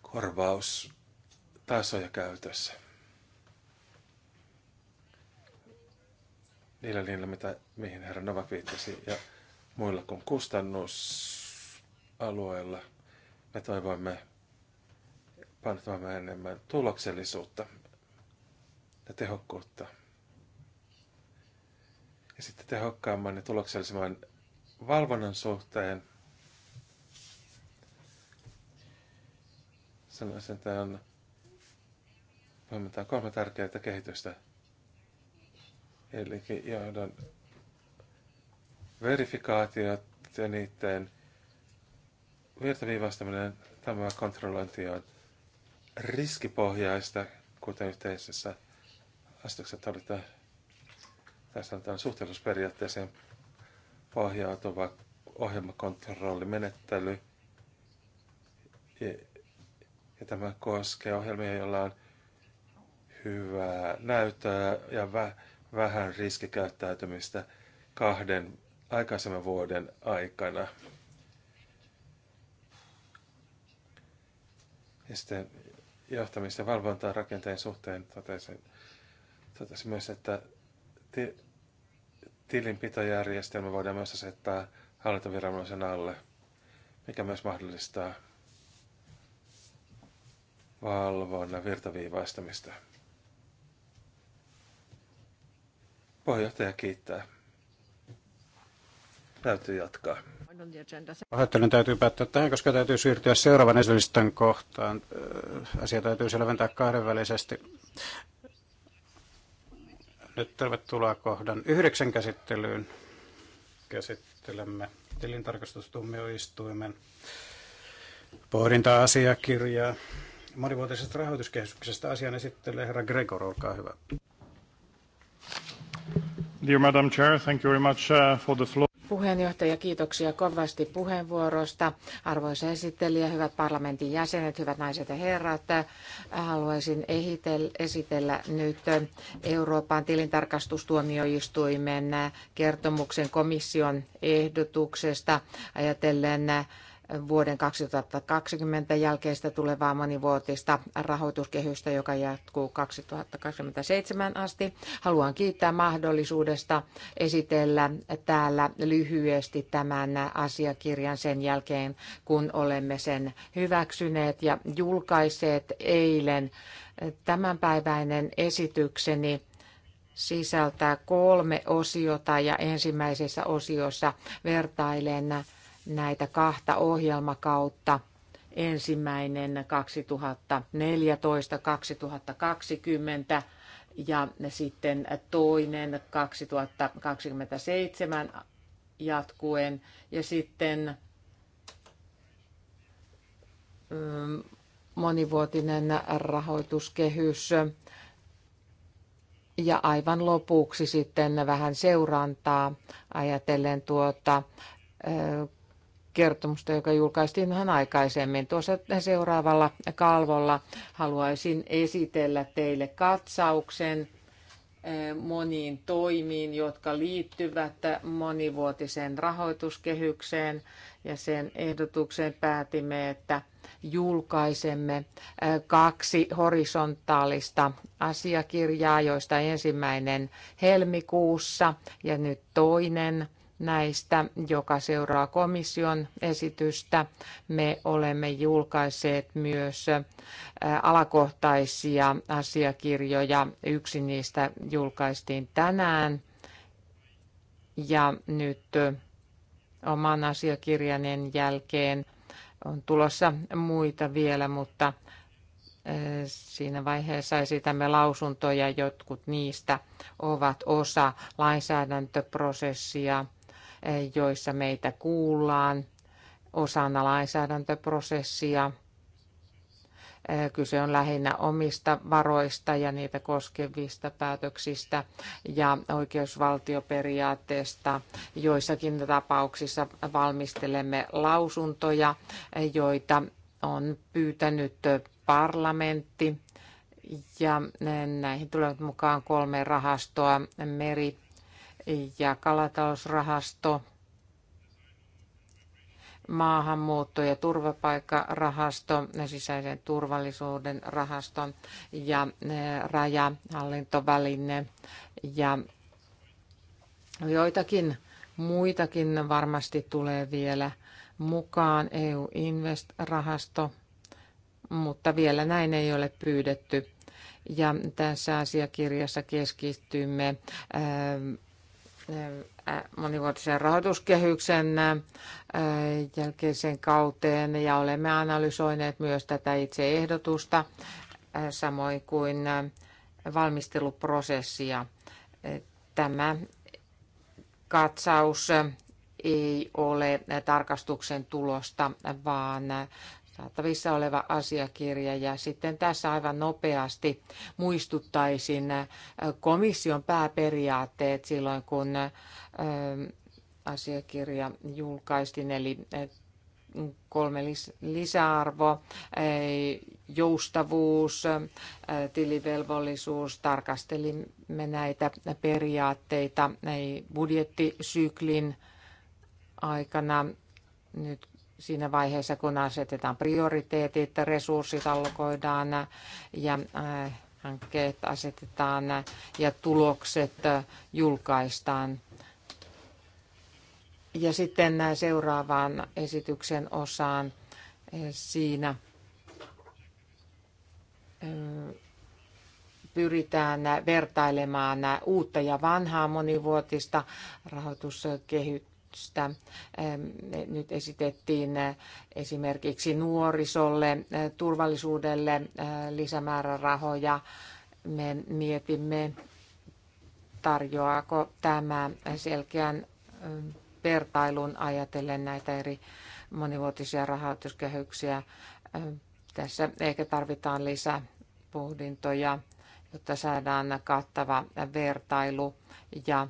korvaustasoja käytössä. Niillä linjalla, mitä, mihin herra Novak viittasi, ja muilla kuin kustannusalueilla, me toivoimme painottamaan enemmän tuloksellisuutta ja tehokkuutta. Ja sitten tehokkaamman ja tuloksellisemman valvonnan suhteen sanoisin, että on kolme tärkeää kehitystä. Eli johdon verifikaatiot ja niiden virtaviivastaminen, tämä kontrollointi on riskipohjaista, kuten yhteisessä asetuksessa todetaan. Tässä on suhteellisuusperiaatteeseen pohjautuva ohjelmakontrollimenettely. Ja, ja tämä koskee ohjelmia, joilla on hyvää näyttöä ja vä, vähän riskikäyttäytymistä kahden aikaisemman vuoden aikana. Ja sitten johtamista valvontaa rakenteen suhteen totesin, totesin myös, että ti- Tilinpitojärjestelmä voidaan myös asettaa hallintoviranomaisen alle, mikä myös mahdollistaa valvonnan virtaviivaistamista. Puheenjohtaja kiittää. Täytyy jatkaa. Pahoittelen täytyy päättää tähän, koska täytyy siirtyä seuraavan esilistan kohtaan. Asia täytyy selventää kahdenvälisesti. Nyt tervetuloa kohdan yhdeksän käsittelyyn. Käsittelemme tilintarkastustuomioistuimen pohdinta-asiakirjaa monivuotisesta rahoituskehityksestä. Asian esittelee herra Gregor, olkaa hyvä. Dear Madam Chair, thank you very much uh, for the floor. Puheenjohtaja, kiitoksia kovasti puheenvuorosta. Arvoisa esittelijä, hyvät parlamentin jäsenet, hyvät naiset ja herrat, haluaisin esitellä nyt Euroopan tilintarkastustuomioistuimen kertomuksen komission ehdotuksesta ajatellen vuoden 2020 jälkeistä tulevaa monivuotista rahoituskehystä, joka jatkuu 2027 asti. Haluan kiittää mahdollisuudesta esitellä täällä lyhyesti tämän asiakirjan sen jälkeen, kun olemme sen hyväksyneet ja julkaisseet eilen. Tämänpäiväinen esitykseni sisältää kolme osiota ja ensimmäisessä osiossa vertailen näitä kahta ohjelmakautta. Ensimmäinen 2014-2020 ja sitten toinen 2027 jatkuen ja sitten mm, monivuotinen rahoituskehys. Ja aivan lopuksi sitten vähän seurantaa ajatellen tuota kertomusta, joka julkaistiin vähän aikaisemmin. Tuossa seuraavalla kalvolla haluaisin esitellä teille katsauksen eh, moniin toimiin, jotka liittyvät monivuotiseen rahoituskehykseen ja sen ehdotukseen päätimme, että julkaisemme eh, kaksi horisontaalista asiakirjaa, joista ensimmäinen helmikuussa ja nyt toinen näistä, joka seuraa komission esitystä. Me olemme julkaisseet myös alakohtaisia asiakirjoja. Yksi niistä julkaistiin tänään. Ja nyt oman asiakirjanen jälkeen on tulossa muita vielä, mutta siinä vaiheessa esitämme lausuntoja. Jotkut niistä ovat osa lainsäädäntöprosessia joissa meitä kuullaan osana lainsäädäntöprosessia. Kyse on lähinnä omista varoista ja niitä koskevista päätöksistä ja oikeusvaltioperiaatteesta. Joissakin tapauksissa valmistelemme lausuntoja, joita on pyytänyt parlamentti. Ja näihin tulevat mukaan kolme rahastoa, meri, ja kalatalousrahasto, maahanmuutto- ja turvapaikkarahasto, sisäisen turvallisuuden rahaston ja eh, rajahallintoväline ja joitakin muitakin varmasti tulee vielä mukaan EU Invest-rahasto, mutta vielä näin ei ole pyydetty. Ja tässä asiakirjassa keskittymme eh, monivuotisen rahoituskehyksen jälkeiseen kauteen ja olemme analysoineet myös tätä itse ehdotusta samoin kuin valmisteluprosessia. Tämä katsaus ei ole tarkastuksen tulosta, vaan saatavissa oleva asiakirja. Ja sitten tässä aivan nopeasti muistuttaisin äh, komission pääperiaatteet silloin, kun äh, asiakirja julkaistiin, eli äh, kolme lisäarvo, joustavuus, tilivelvollisuus. Tarkastelimme näitä periaatteita budjettisyklin aikana. Nyt siinä vaiheessa, kun asetetaan prioriteetit, resurssit allokoidaan ja äh, hankkeet asetetaan ja tulokset julkaistaan. Ja sitten seuraavaan esityksen osaan äh, siinä äh, pyritään vertailemaan uutta ja vanhaa monivuotista rahoituskehittyä merkitystä. Nyt esitettiin eh, esimerkiksi nuorisolle, eh, turvallisuudelle eh, lisämäärärahoja. Me mietimme, tarjoaako tämä selkeän vertailun ajatellen näitä eri monivuotisia rahoituskehyksiä. Tässä ehkä tarvitaan lisää pohdintoja, jotta saadaan kattava vertailu ja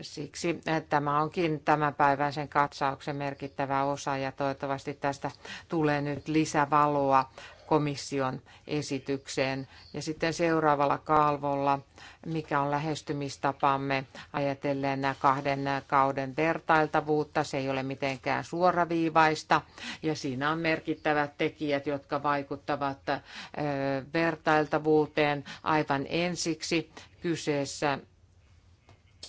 Siksi tämä onkin tämän päivän sen katsauksen merkittävä osa ja toivottavasti tästä tulee nyt lisävaloa komission esitykseen. Ja sitten seuraavalla kalvolla, mikä on lähestymistapamme ajatellen kahden kauden vertailtavuutta. Se ei ole mitenkään suoraviivaista ja siinä on merkittävät tekijät, jotka vaikuttavat vertailtavuuteen aivan ensiksi. Kyseessä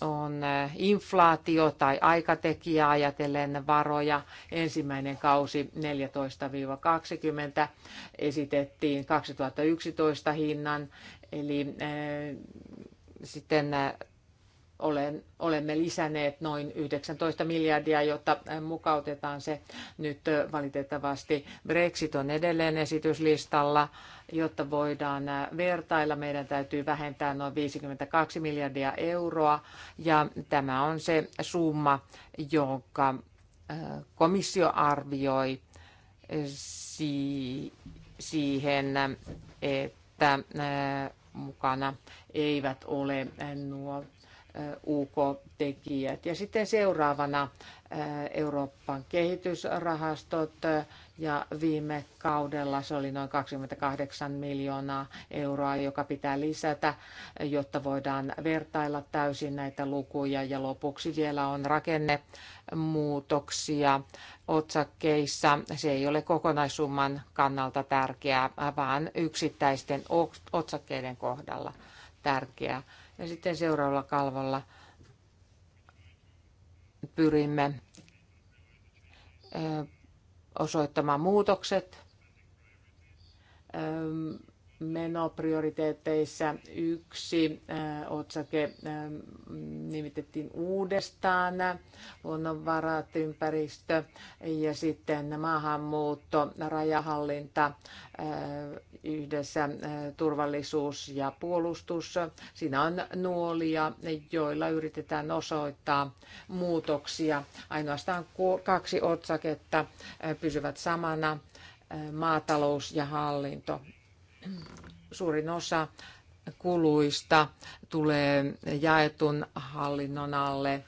on inflaatio tai aikatekijä ajatellen varoja. Ensimmäinen kausi 14-20 esitettiin 2011 hinnan, eli sitten olen, olemme lisänneet noin 19 miljardia, jotta mukautetaan se nyt valitettavasti. Brexit on edelleen esityslistalla, jotta voidaan vertailla. Meidän täytyy vähentää noin 52 miljardia euroa ja tämä on se summa, jonka komissio arvioi siihen, että mukana eivät ole nuo UK-tekijät. Ja sitten seuraavana Euroopan kehitysrahastot ja viime kaudella se oli noin 28 miljoonaa euroa, joka pitää lisätä, jotta voidaan vertailla täysin näitä lukuja. Ja lopuksi vielä on rakennemuutoksia otsakkeissa. Se ei ole kokonaissumman kannalta tärkeää, vaan yksittäisten otsakkeiden kohdalla tärkeää ja sitten seuraavalla kalvolla pyrimme osoittamaan muutokset menoprioriteetteissa yksi äh, otsake äh, nimitettiin uudestaan, luonnonvarat, ympäristö ja sitten maahanmuutto, rajahallinta äh, yhdessä turvallisuus ja puolustus. Siinä on nuolia, joilla yritetään osoittaa muutoksia. Ainoastaan kaksi otsaketta pysyvät samana maatalous ja hallinto. Suurin osa kuluista tulee jaetun hallinnon alle.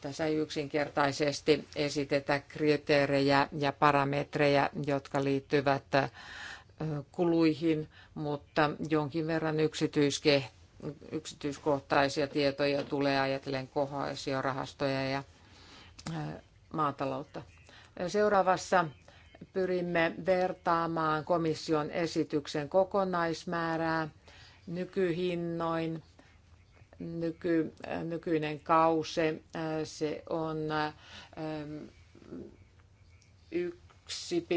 Tässä ei yksinkertaisesti esitetä kriteerejä ja parametreja, jotka liittyvät kuluihin, mutta jonkin verran yksityiskohtaisia tietoja tulee ajatellen kohaisia rahastoja ja maataloutta. Seuraavassa pyrimme vertaamaan komission esityksen kokonaismäärää nykyhinnoin. Nyky, äh, nykyinen kause, äh, se on 1,87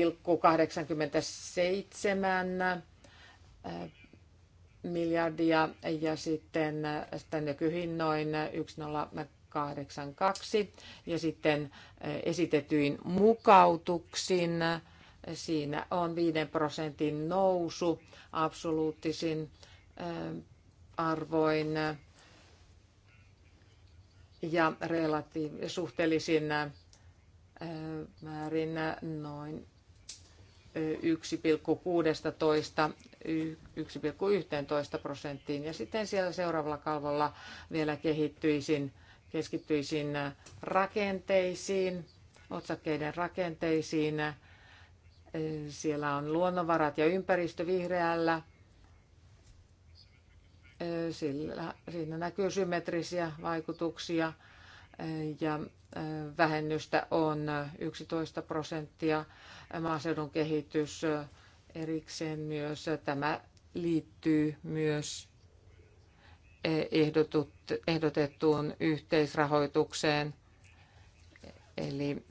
ähm, äh, miljardia ja sitten nykyhinnoin 82 ja sitten eh, esitetyin mukautuksin. Siinä on 5 prosentin nousu absoluuttisin eh, arvoin ja relatiiv- suhteellisin eh, määrin noin 1,16-1,11 prosenttiin. Ja sitten siellä seuraavalla kalvolla vielä kehittyisin keskittyisin rakenteisiin, otsakkeiden rakenteisiin. Siellä on luonnonvarat ja ympäristö vihreällä. Sillä, siinä näkyy symmetrisiä vaikutuksia ja vähennystä on 11 prosenttia. Maaseudun kehitys erikseen myös. Tämä liittyy myös ehdotettuun yhteisrahoitukseen, eli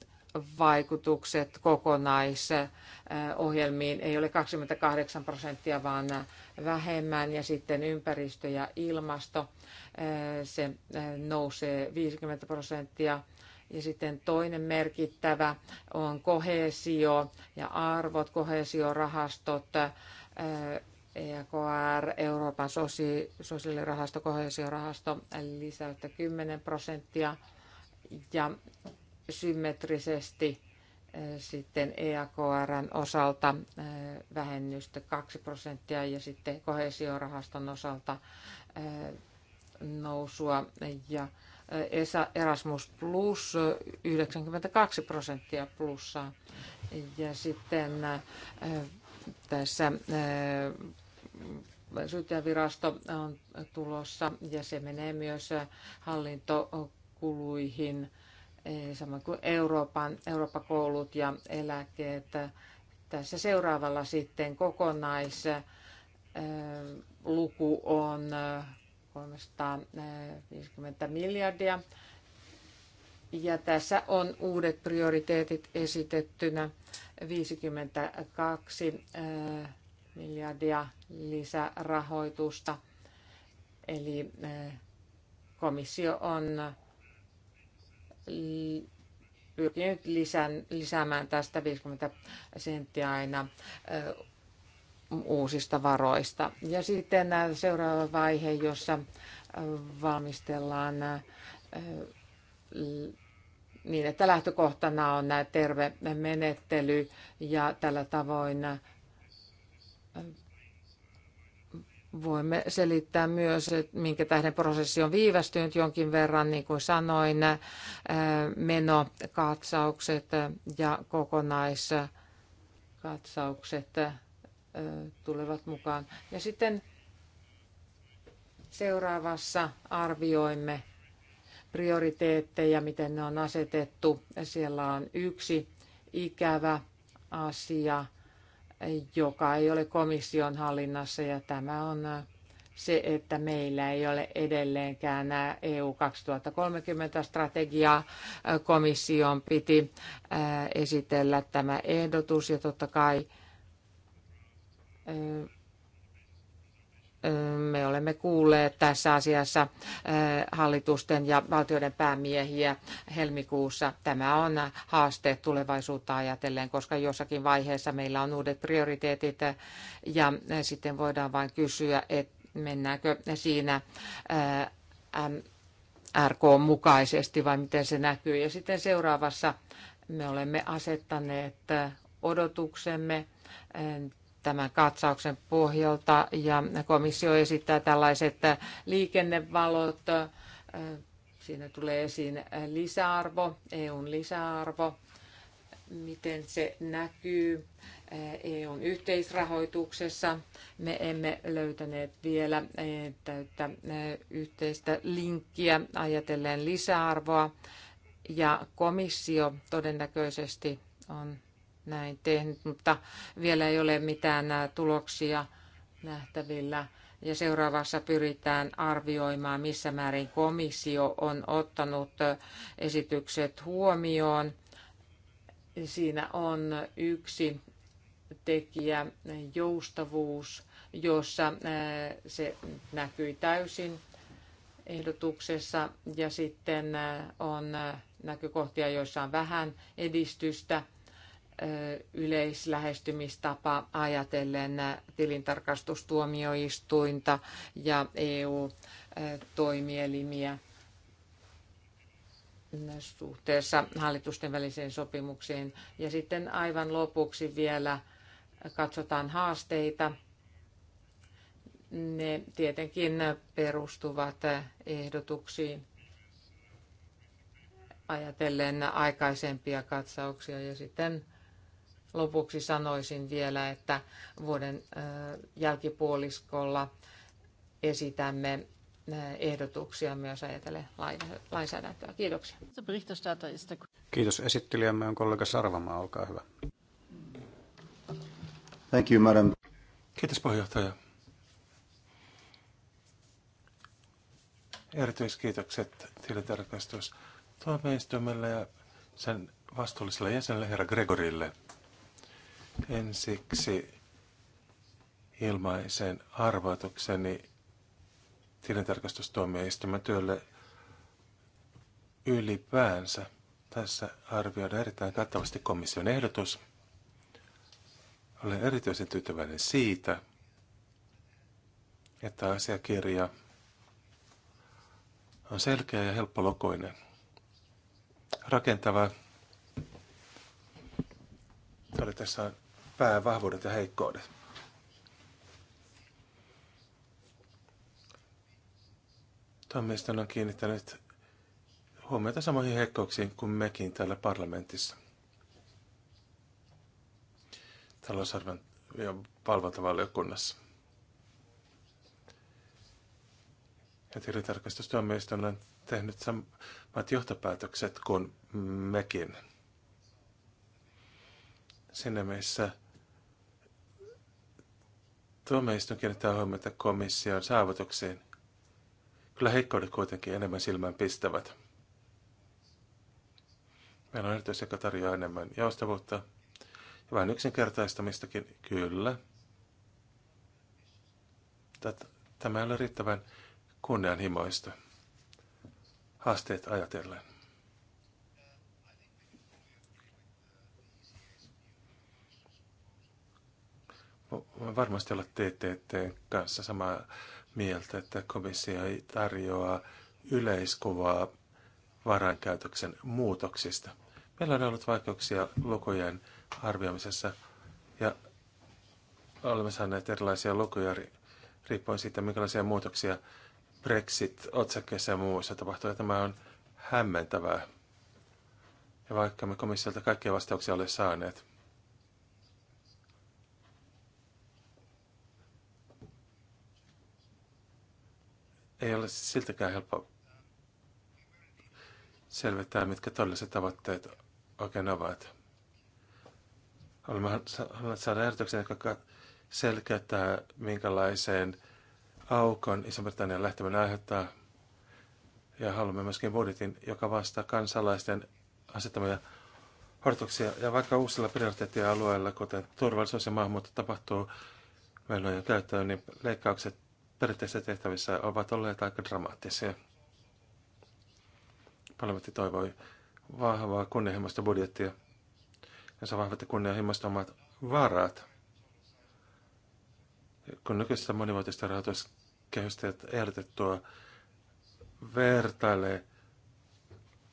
vaikutukset kokonaisohjelmiin ei ole 28 prosenttia, vaan vähemmän. Ja sitten ympäristö ja ilmasto, se nousee 50 prosenttia. Ja sitten toinen merkittävä on kohesio ja arvot, kohesiorahastot EKR, Euroopan sosi- sosiaalirahasto, kohesiorahasto, lisäystä 10 prosenttia ja symmetrisesti e, sitten EAKRn osalta e, vähennystä 2 prosenttia ja sitten kohesiorahaston osalta e, nousua ja Erasmus Plus 92 prosenttia plussaa ja sitten tässä syyttäjävirasto on tulossa ja se menee myös hallintokuluihin, eh, samoin kuin Euroopan, Eurooppa-koulut ja eläkkeet. Tässä seuraavalla sitten kokonaisluku eh, on 350 eh, miljardia. Ja tässä on uudet prioriteetit esitettynä 52 miljardia lisärahoitusta. Eli eh, komissio on pyrkinyt lisäämään tästä 50 senttiä aina eh, uusista varoista. Ja sitten eh, seuraava vaihe, jossa valmistellaan niin, että lähtökohtana on terve menettely ja tällä tavoin voimme selittää myös, että minkä tähden prosessi on viivästynyt jonkin verran, niin kuin sanoin, menokatsaukset ja kokonaiskatsaukset tulevat mukaan. Ja sitten seuraavassa arvioimme prioriteetteja, miten ne on asetettu. Siellä on yksi ikävä asia, joka ei ole komission hallinnassa ja tämä on äh, se, että meillä ei ole edelleenkään EU 2030 strategiaa. Komission piti äh, esitellä tämä ehdotus ja totta kai äh, me olemme kuulleet tässä asiassa hallitusten ja valtioiden päämiehiä helmikuussa. Tämä on haaste tulevaisuutta ajatellen, koska jossakin vaiheessa meillä on uudet prioriteetit ja sitten voidaan vain kysyä, että mennäänkö siinä RK mukaisesti vai miten se näkyy. Ja sitten seuraavassa me olemme asettaneet odotuksemme tämän katsauksen pohjalta ja komissio esittää tällaiset liikennevalot. Siinä tulee esiin lisäarvo, EUn lisäarvo, miten se näkyy EUn yhteisrahoituksessa. Me emme löytäneet vielä täyttä yhteistä linkkiä ajatellen lisäarvoa ja komissio todennäköisesti on näin tehnyt, mutta vielä ei ole mitään äh, tuloksia nähtävillä. Ja seuraavassa pyritään arvioimaan, missä määrin komissio on ottanut äh, esitykset huomioon. Siinä on yksi tekijä, joustavuus, jossa äh, se näkyi täysin ehdotuksessa ja sitten on näkökohtia, joissa on vähän edistystä yleislähestymistapa ajatellen tilintarkastustuomioistuinta ja EU-toimielimiä suhteessa hallitusten väliseen sopimukseen. Ja sitten aivan lopuksi vielä katsotaan haasteita. Ne tietenkin perustuvat ehdotuksiin ajatellen aikaisempia katsauksia ja sitten lopuksi sanoisin vielä, että vuoden jälkipuoliskolla esitämme ehdotuksia myös ajatellen lainsäädäntöä. Kiitoksia. Kiitos esittelijämme on kollega Sarvamaa, olkaa hyvä. Thank you, madam. Kiitos puheenjohtaja. Erityiskiitokset tilintarkastus ja sen vastuulliselle jäsenelle herra Gregorille – Ensiksi ilmaisen arvoitukseni tilintarkastustuomioistuimen työlle ylipäänsä. Tässä arvioidaan erittäin kattavasti komission ehdotus. Olen erityisen tyytyväinen siitä, että asiakirja on selkeä ja helppolokoinen, rakentava. Oli tässä päävahvuudet ja heikkoudet. Tuomioistuin on kiinnittänyt huomiota samoihin heikkouksiin kuin mekin täällä parlamentissa. Talousarvon ja valvontavaliokunnassa. Ja tilintarkastustuomioistuin on tehnyt samat johtopäätökset kuin mekin. Sinne missä Tuomioistuin kiinnittää huomiota komission saavutuksiin. Kyllä heikkoudet kuitenkin enemmän silmään pistävät. Meillä on yritys, joka tarjoaa enemmän joustavuutta ja vähän yksinkertaistamistakin, kyllä. Tämä ei ole riittävän kunnianhimoista. Haasteet ajatellen. varmasti olla TTT kanssa samaa mieltä, että komissio ei tarjoa yleiskuvaa varainkäytöksen muutoksista. Meillä on ollut vaikeuksia lukujen arvioimisessa ja olemme saaneet erilaisia lukuja riippuen siitä, minkälaisia muutoksia Brexit-otsakkeessa ja muussa tapahtuu. Ja tämä on hämmentävää. Ja vaikka me komissiolta kaikkia vastauksia ole saaneet, Ei ole siltäkään helppo selvittää, mitkä todelliset tavoitteet oikein ovat. halunneet saada ehdotuksen, joka selkeyttää, minkälaiseen aukon Iso-Britannian lähteminen aiheuttaa. Ja haluamme myöskin budjetin, joka vastaa kansalaisten asettamia odotuksia. Ja vaikka uusilla prioriteettialueilla, kuten turvallisuus ja maahanmuutto tapahtuu meillä jo käyttöön, niin leikkaukset perinteisissä tehtävissä ovat olleet aika dramaattisia. Parlamentti toivoi vahvaa kunnianhimoista budjettia ja se vahvatti kunnianhimoista omat varat. Kun nykyistä monivuotista rahoituskehystä ehdotettua vertailee,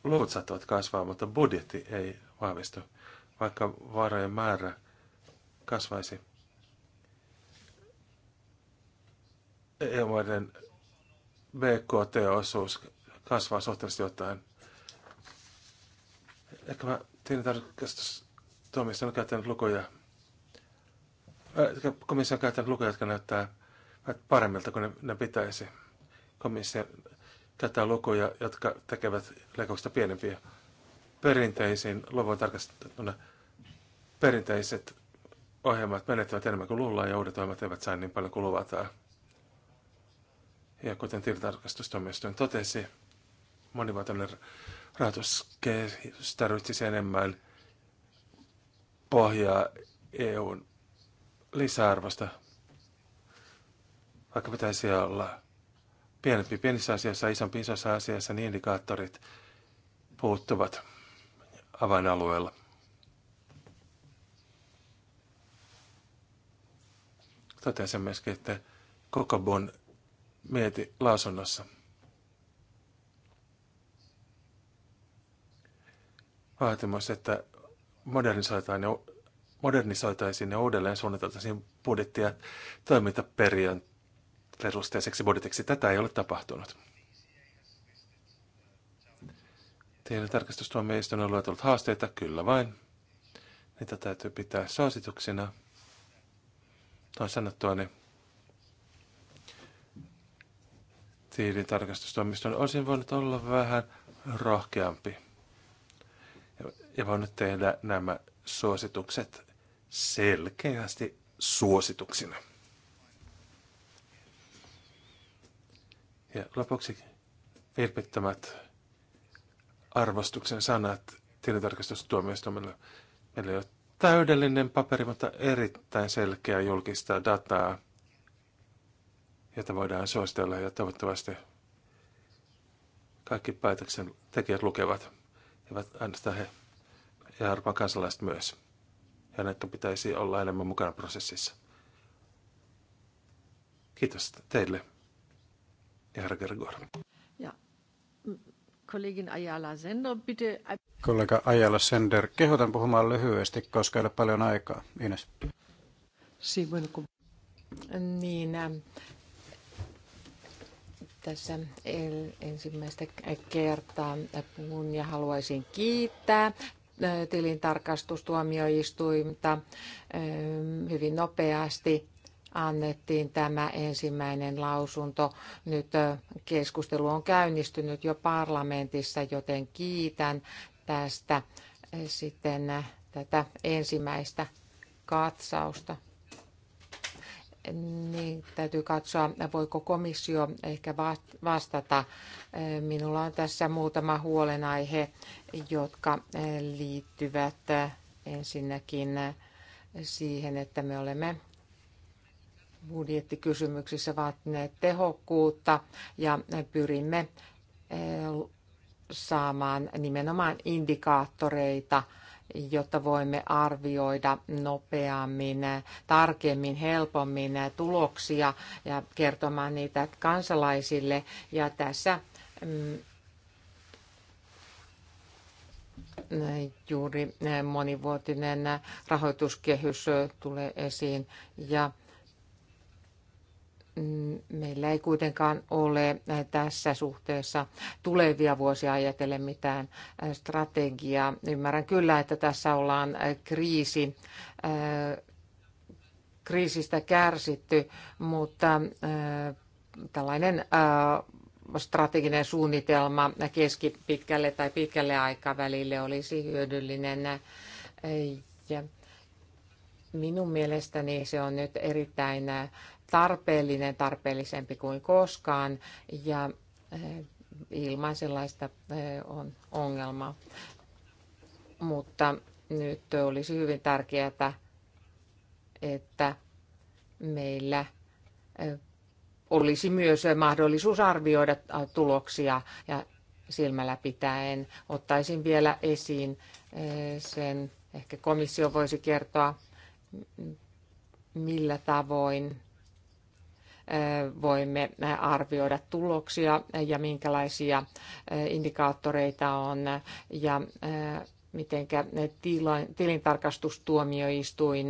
luvut saattavat kasvaa, mutta budjetti ei vahvistu, vaikka varojen määrä kasvaisi. EU-maiden BKT-osuus kasvaa suhteellisesti ottaen. Ehkä mä tilintarkastustuomioista on käyttänyt lukuja, komissio on käyttänyt lukuja, jotka näyttää paremmilta kuin ne, ne pitäisi. Komissio käyttää lukuja, jotka tekevät leikkauksista pienempiä. Perinteisiin luvun tarkastettuna perinteiset ohjelmat menettävät enemmän kuin luullaan ja uudet ohjelmat eivät saa niin paljon kuin luvataan. Ja kuten tilintarkastustuomioistuin totesi, monivuotinen rahoituskehitys tarvitsisi enemmän pohjaa EUn lisäarvosta, vaikka pitäisi olla pienempi pienissä asioissa, isompi isossa asiassa, niin indikaattorit puuttuvat avainalueella. Totesin myöskin, että koko bon mieti lausunnossa. Vaatimus, että modernisoitaan ja modernisoitaisiin ja uudelleen suunniteltaisiin budjettia toimintaperiaan perusteiseksi budjetiksi. Tätä ei ole tapahtunut. Teille tarkastustuomioistuin on luetellut haasteita, kyllä vain. Niitä täytyy pitää suosituksina. Toin sanottua, niin tilintarkastustoimiston, olisin voinut olla vähän rohkeampi ja, ja voinut tehdä nämä suositukset selkeästi suosituksina. Ja lopuksi vilpittömät arvostuksen sanat tilintarkastustuomioistuimelle. Meillä ei ole täydellinen paperi, mutta erittäin selkeä julkista dataa – jota voidaan suositella ja toivottavasti kaikki päätöksen tekijät lukevat, eivät ainoastaan he ja Euroopan kansalaiset myös. Ja näitä pitäisi olla enemmän mukana prosessissa. Kiitos teille, herra Gergor. Ja kollegin Ajala Sender, bitte. Kollega Ajala Sender, kehotan puhumaan lyhyesti, koska ei ole paljon aikaa. Ines. Sí, bueno, Niin, ähm, tässä ensimmäistä kertaa puhun ja haluaisin kiittää tilintarkastustuomioistuinta hyvin nopeasti annettiin tämä ensimmäinen lausunto. Nyt keskustelu on käynnistynyt jo parlamentissa, joten kiitän tästä sitten tätä ensimmäistä katsausta niin täytyy katsoa, voiko komissio ehkä vastata. Minulla on tässä muutama huolenaihe, jotka eh, liittyvät eh, ensinnäkin eh, siihen, että me olemme budjettikysymyksissä vaatineet tehokkuutta ja pyrimme saamaan nimenomaan indikaattoreita – jotta voimme arvioida nopeammin, tarkemmin, helpommin tuloksia ja kertomaan niitä kansalaisille. Ja tässä mm, juuri mm, monivuotinen rahoituskehys tulee esiin ja Mm, meillä ei kuitenkaan ole äh, tässä suhteessa tulevia vuosia ajatellen mitään äh, strategiaa. Ymmärrän kyllä, että tässä ollaan äh, kriisi, kriisistä kärsitty, mutta tällainen strateginen suunnitelma keskipitkälle tai pitkälle aikavälille olisi hyödyllinen. Ja minun mielestäni se on nyt erittäin tarpeellinen, tarpeellisempi kuin koskaan ja eh, ilman sellaista eh, on ongelma. Mutta nyt olisi hyvin tärkeää, että meillä eh, olisi myös mahdollisuus arvioida tuloksia ja silmällä pitäen. Ottaisin vielä esiin sen, ehkä komissio voisi kertoa, millä tavoin voimme arvioida tuloksia ja minkälaisia indikaattoreita on ja miten tilintarkastustuomioistuin,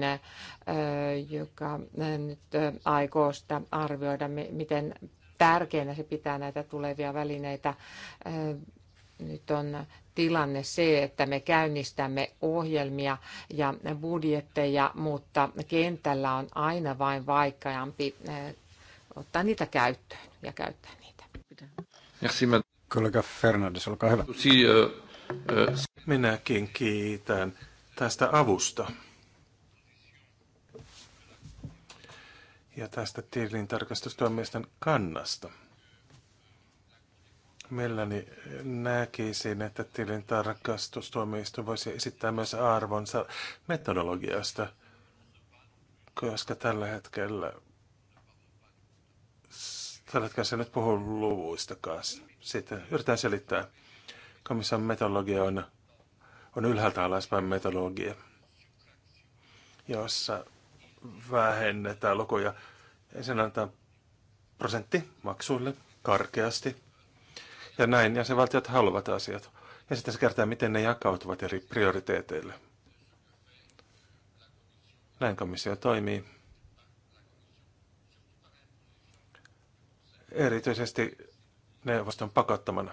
joka nyt aikoo sitä arvioida, miten tärkeänä se pitää näitä tulevia välineitä. Nyt on tilanne se, että me käynnistämme ohjelmia ja budjetteja, mutta kentällä on aina vain vaikeampi ottaa niitä käyttöön ja käyttää niitä. Merci, Kollega Fernandes, olkaa hyvä. Euh, euh, Minäkin kiitän tästä avusta. Ja tästä tilintarkastustoimiston kannasta. Mielelläni näkisin, että tarkastustoimisto voisi esittää myös arvonsa metodologiasta, koska tällä hetkellä Tällä hetkellä nyt puhun luvuistakaan. Sitten yritän selittää. Komission metodologia on, on ylhäältä alaspäin metodologia, jossa vähennetään lukuja. Ensin annetaan prosentti maksuille karkeasti. Ja näin jäsenvaltiot haluavat asiat. Ja sitten se kertaa, miten ne jakautuvat eri prioriteeteille. Näin komissio toimii. erityisesti neuvoston pakottamana.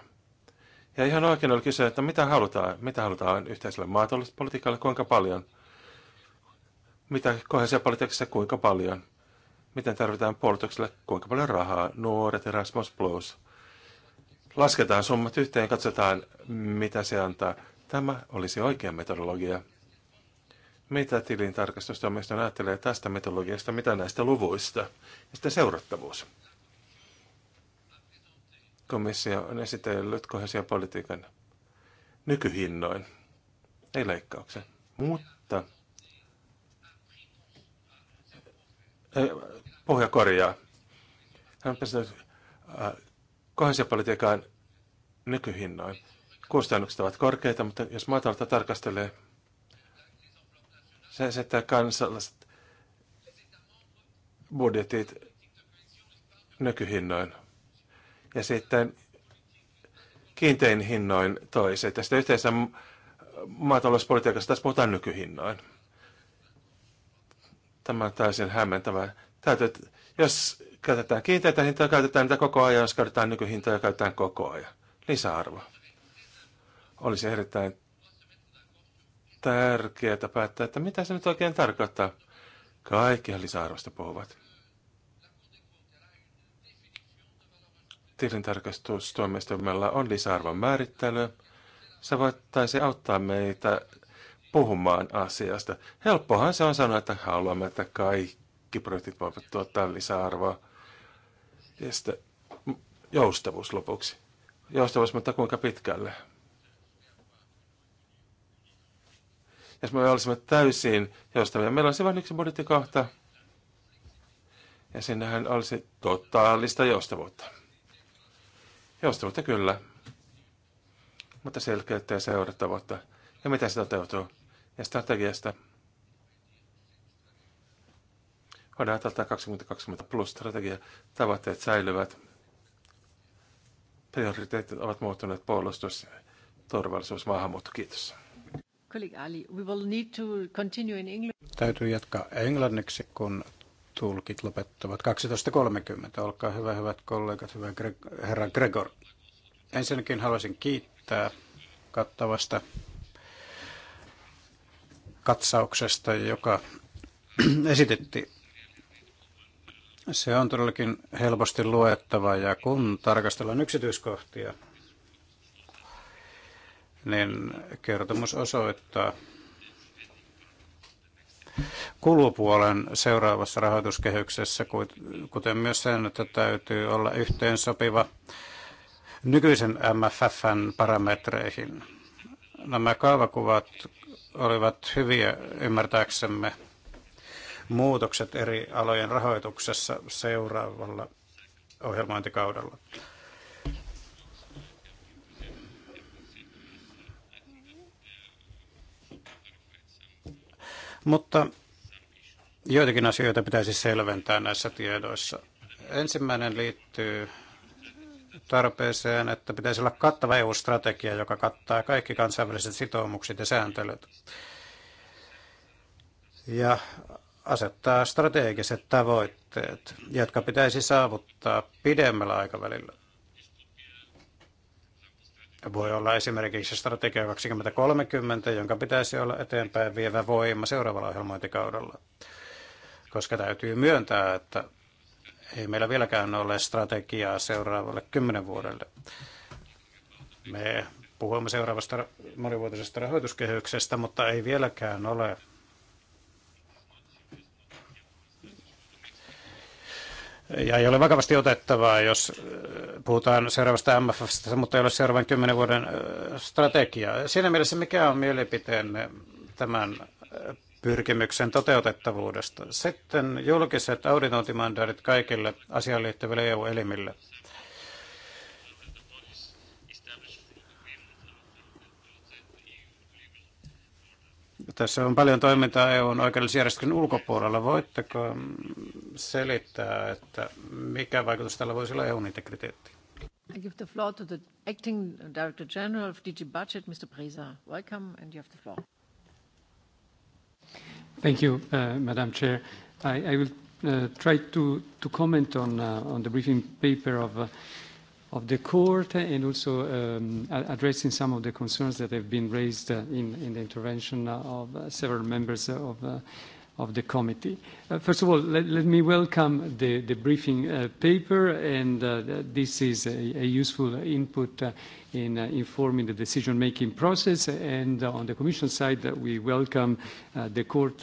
Ja ihan oikein oli kysyä, että mitä halutaan, mitä halutaan yhteiselle maatalouspolitiikalle, kuinka paljon, mitä kohesiopolitiikassa, kuinka paljon, miten tarvitaan puolustukselle, kuinka paljon rahaa, nuoret, Erasmus+. Plus. Lasketaan summat yhteen, katsotaan, mitä se antaa. Tämä olisi oikea metodologia. Mitä tilintarkastustoimisto ajattelee tästä metodologiasta, mitä näistä luvuista ja sitten seurattavuus komissio on esitellyt kohesiopolitiikan nykyhinnoin, ei leikkauksen. Mutta eh, pohja korjaa. Hän on pistänyt eh, kohesiopolitiikan nykyhinnoin. Kustannukset ovat korkeita, mutta jos maatalta tarkastelee, se esittää kansalliset budjetit nykyhinnoin ja sitten kiintein hinnoin toiset. Ja sitten yhteensä maatalouspolitiikassa taas puhutaan nykyhinnoin. Tämä on täysin hämmentävä. Täytyy, jos käytetään kiinteitä hintoja, käytetään niitä koko ajan. Jos käytetään nykyhintoja, käytetään koko ajan. Lisäarvo. Olisi erittäin tärkeää päättää, että mitä se nyt oikein tarkoittaa. Kaikkihan lisäarvosta puhuvat. tilintarkastustuomioistuimella on lisäarvon määrittely. Se voittaisi auttaa meitä puhumaan asiasta. Helppohan se on sanoa, että haluamme, että kaikki projektit voivat tuottaa lisäarvoa. Ja sitten joustavuus lopuksi. Joustavuus, mutta kuinka pitkälle? Jos me olisimme täysin joustavia, meillä olisi vain yksi budjettikohta. Ja sinnehän olisi totaalista joustavuutta. Joustavuutta kyllä, mutta selkeyttä ja seurattavuutta. Ja miten se toteutuu? Ja strategiasta. Voidaan ajatella 2020 plus strategia. Tavoitteet säilyvät. Prioriteetit ovat muuttuneet puolustus, turvallisuus, maahanmuutto. Kiitos. Ali, we will need to continue in English. Täytyy jatkaa englanniksi, kun tulkit lopettavat 12.30. Olkaa hyvä, hyvät kollegat, hyvä Gre- herra Gregor. Ensinnäkin haluaisin kiittää kattavasta katsauksesta, joka esitettiin. Se on todellakin helposti luettava ja kun tarkastellaan yksityiskohtia, niin kertomus osoittaa, kulupuolen seuraavassa rahoituskehyksessä, kuten myös sen, että täytyy olla yhteensopiva nykyisen MFFn parametreihin. Nämä kaavakuvat olivat hyviä ymmärtääksemme muutokset eri alojen rahoituksessa seuraavalla ohjelmointikaudella. Mutta joitakin asioita pitäisi selventää näissä tiedoissa. Ensimmäinen liittyy tarpeeseen, että pitäisi olla kattava EU-strategia, joka kattaa kaikki kansainväliset sitoumukset ja sääntelyt. Ja asettaa strategiset tavoitteet, jotka pitäisi saavuttaa pidemmällä aikavälillä. Voi olla esimerkiksi strategia 2030, jonka pitäisi olla eteenpäin vievä voima seuraavalla ohjelmointikaudella. Koska täytyy myöntää, että ei meillä vieläkään ole strategiaa seuraavalle kymmenen vuodelle. Me puhumme seuraavasta monivuotisesta rahoituskehyksestä, mutta ei vieläkään ole Ja ei ole vakavasti otettavaa, jos äh, puhutaan seuraavasta MFFstä, mutta ei ole seuraavan kymmenen vuoden äh, strategiaa. Siinä mielessä mikä on mielipiteenne tämän äh, pyrkimyksen toteutettavuudesta. Sitten julkiset auditointimandaatit kaikille asiaan liittyville EU-elimille. Tässä on paljon toimintaa EUn oikeudellisjärjestelmän ulkopuolella. Voitteko mm, selittää, että mikä vaikutus tällä voisi olla EUn integriteettiin? I give the floor to the acting director general of DG Budget, Mr. Preza. Welcome, and you have the floor. Thank you, uh, Madam Chair. I, I will uh, try to, to comment on, uh, on the briefing paper of uh, of the court and also um, addressing some of the concerns that have been raised uh, in, in the intervention uh, of uh, several members of, uh, of the committee. Uh, first of all, let, let me welcome the, the briefing uh, paper, and this is a, a useful input in informing the decision-making process. And on the Commission side, we welcome the court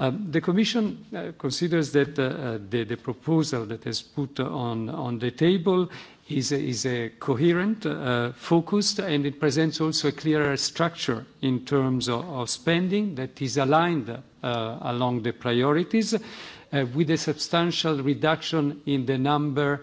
Um, the Commission uh, considers that uh, uh, the, proposal that is put on, on the table is a, is a coherent, focused, and it presents also a clearer structure in terms of, of spending that is aligned along the priorities with a substantial reduction in the number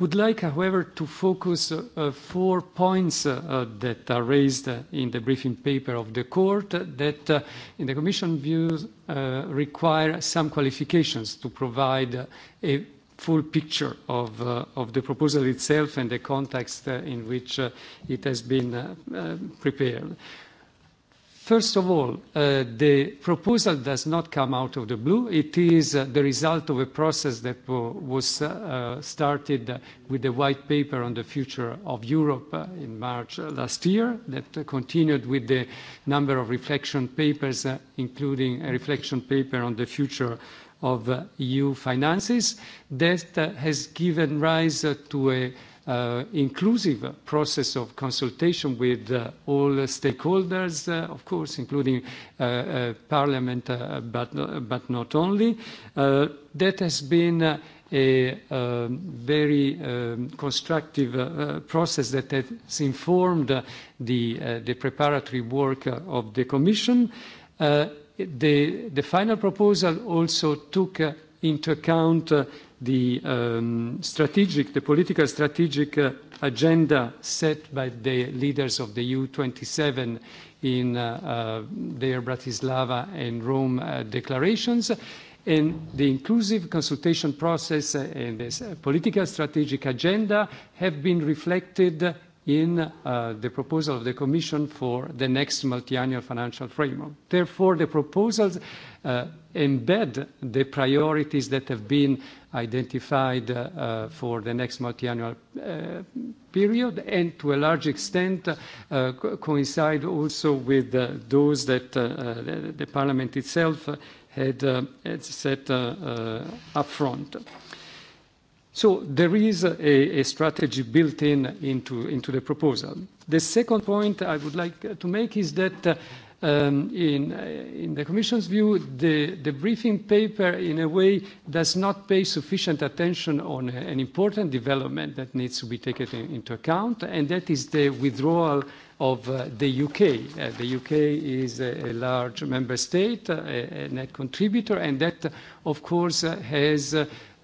Would like, however, to focus uh, uh four points uh, uh, that are raised uh, in the briefing paper of the court that, uh, in the commission views, require some qualifications to provide a full picture of, of the proposal itself and the context in which it has been prepared. First of all, uh, the proposal does not come out of the blue. It is uh, the result of a process that was uh, started with the white paper on the future of Europe in March last year, that continued with the number of reflection papers, including a reflection paper on the future of EU finances, that has given rise to a Uh, inclusive process of consultation with uh, all stakeholders, uh, of course, including Parliament, but, not only. That has been a um, very um, constructive process that has informed the, preparatory work of the Commission. the final proposal also took into account the um, strategic, the political strategic uh, agenda set by the leaders of the EU27 in uh, uh, their Bratislava and Rome uh, declarations, and the inclusive consultation process and this political strategic agenda have been reflected in uh, the proposal of the Commission for the next multiannual financial framework. Therefore, the proposals uh, embed the priorities that have been identified uh, uh for the next multiannual uh, period, and to a large extent, uh, co coincide also with those that the, the parliament itself had, had set upfront. So there is a, strategy built in into, the proposal. The second point I would like to make is that uh, um, uh, in, the Commission's view, the, briefing paper, in a way, does not pay sufficient attention on an important development that needs to be taken into account, and that is the withdrawal of uh, the U.K. the U.K. is a large member state, a net contributor, and that, of course, has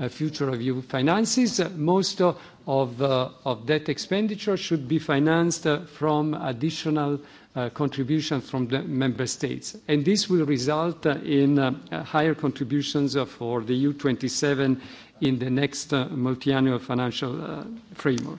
Uh, future of EU finances. Most of, that uh, expenditure should be financed uh, from additional contribution from the member states. This will result in higher contributions for the EU 27 in the next multi-annual financial framework.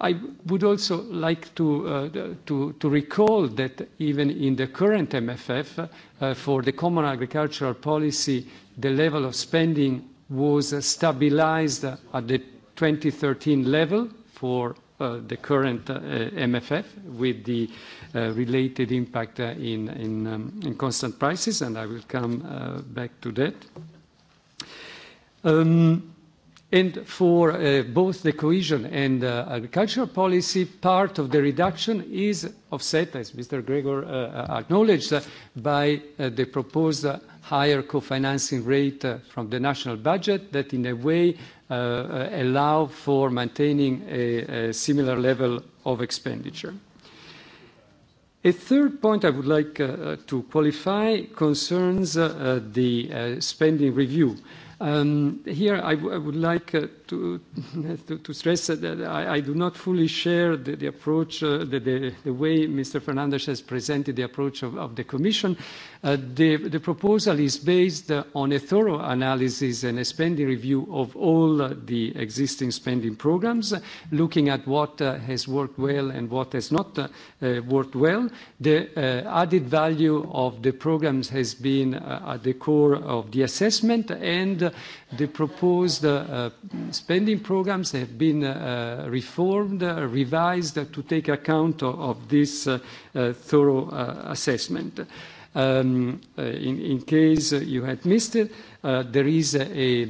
I would also like to, uh, to, to recall that even in the current MFF, uh, for the common agricultural policy, the level of spending was stabilized at the 2013 level for uh, the current uh, MFF, with the uh, related impact uh, in, in, um, in constant prices, and I will come back to that. Um, And for uh, both the cohesion and uh, agricultural policy, part of the reduction is offset, as Mr. Gregor uh, acknowledged, by the proposed higher co-financing rate from the national budget that in a way allow for maintaining a similar level of expenditure. A third point I would like to qualify concerns the spending review. Um, here, I, w I would like uh, to, to, to stress that I, I do not fully share the, the approach, uh, the, the, the way Mr. Fernandez has presented the approach of, of the Commission. Uh, the, the proposal is based uh, on a thorough analysis and a spending review of all uh, the existing spending programs, looking at what uh, has worked well and what has not worked well. The added value of the programs has been at the core of the assessment, and The proposed uh, spending programs have been uh, reformed, uh, revised to take account of this thorough assessment. Um, in, in case you had missed it, Uh, there is a,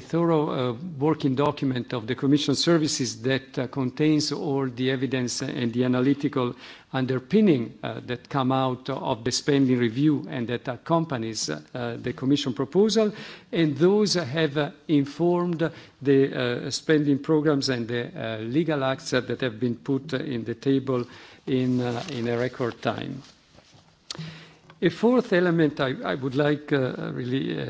thorough uh, working document of the Commission services that uh, contains all the evidence and the analytical underpinning that come out of the spending review and that accompanies the Commission proposal. And those have informed the spending programs and the legal acts that have been put in the table in a record time. A fourth element I, would like uh, really uh,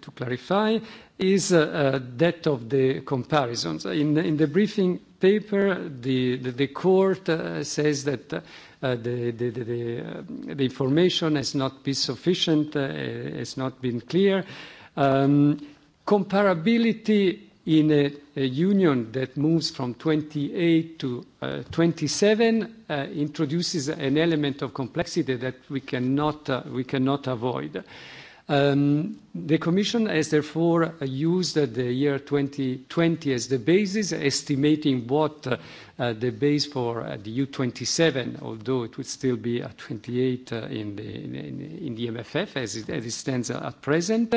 to clarify is uh, that of the comparisons. In, the briefing paper, the, court says that the, information has not been sufficient, has not been clear. Um, comparability in a, union that moves from 28 to 27 uh, uh, introduces an element of complexity that we cannot uh, avoid. Um, the Commission has therefore used the year 2020 as the basis, estimating what uh, uh, the base for uh, the EU27, although it would still be at 28 in, the, MFF as it, stands at present,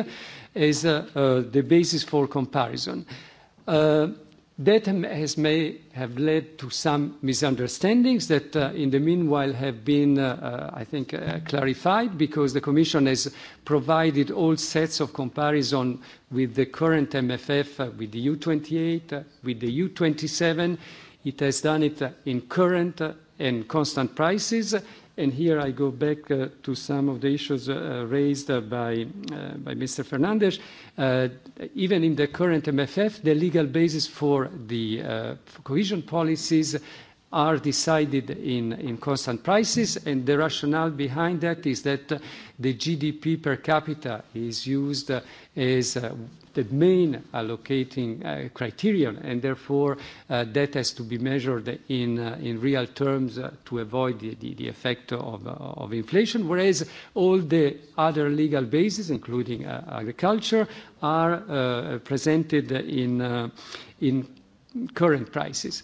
is the basis for comparison. That has may have led to some misunderstandings that, uh, in the meanwhile, have been, uh, uh, I think, uh, clarified because the Commission has provided all sets of comparison with the current MFF, uh, with the EU28, uh, with the EU27. It has done it in current and constant prices, And here I go back uh, to some of the issues uh, raised uh, by, by Mr. Fernandes. Even in the current MFF, the legal basis for the cohesion policies are decided in, constant prices, and the rationale behind that is that the GDP per capita is used as uh, the main allocating uh, criterion, and therefore, uh, that has to be measured in, real terms to avoid the, effect of, inflation. Whereas all the other legal bases, including agriculture, are presented in current prices.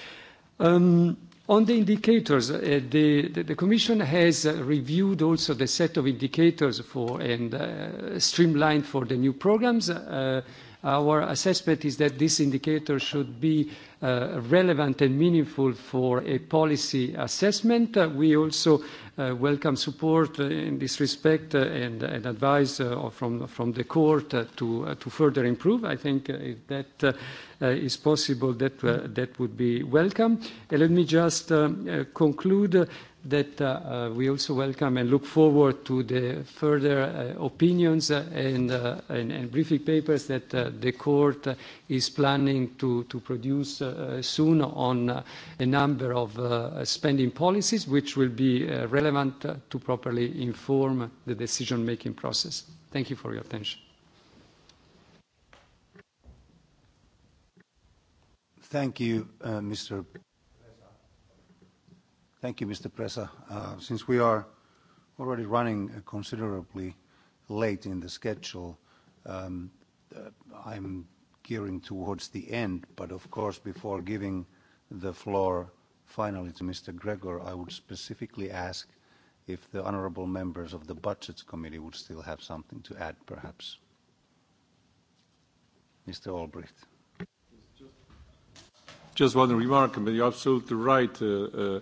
Um, on the indicators, uh, the, Commission has uh, reviewed also the set of indicators for and uh, streamlined for the new programs. our assessment is that this indicator should be relevant and meaningful for a policy assessment. we also Uh, welcome support uh, in this respect uh, and, advice from, from the court to, to further improve. I think if that is possible, that, that would be welcome. let me just um, conclude that uh, uh, we also welcome and look forward to the further uh, opinions and, and, and briefing papers that the court is planning to, to produce soon on a number of spending policies, which will be relevant to properly inform the decision-making process. Thank you for your attention. Thank you, Mr. Thank you, Mr. Presa. Uh, since we are already running uh, considerably late in the schedule, um, uh, I'm gearing towards the end, but of course, before giving the floor finally to Mr. Gregor, I would specifically ask if the honorable members of the Budgets Committee would still have something to add, perhaps. Mr. Albrecht. Just one remark, but you're absolutely right. Uh,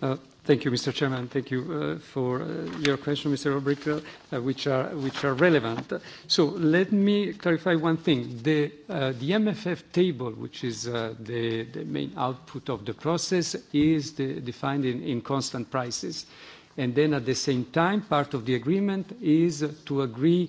Uh, thank you, Mr. Chairman. Thank you uh, for uh, your question, Mr. Obrick, which are which are relevant. So let me clarify one thing. The MFF table, which is the main output of the process, is defined in constant prices. And then at the same time, part of the agreement is to agree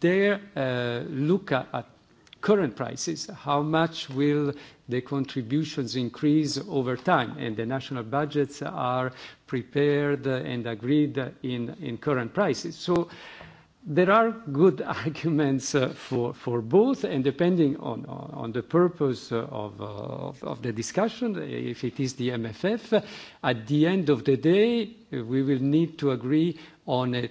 there uh, look at, current prices, how much will the contributions increase over time? And the national budgets are prepared and agreed in, current prices. So there are good arguments uh, for, both, and depending on, the purpose of, uh, of the discussion, if it is the MFF, at the end of the day, we will need to agree on a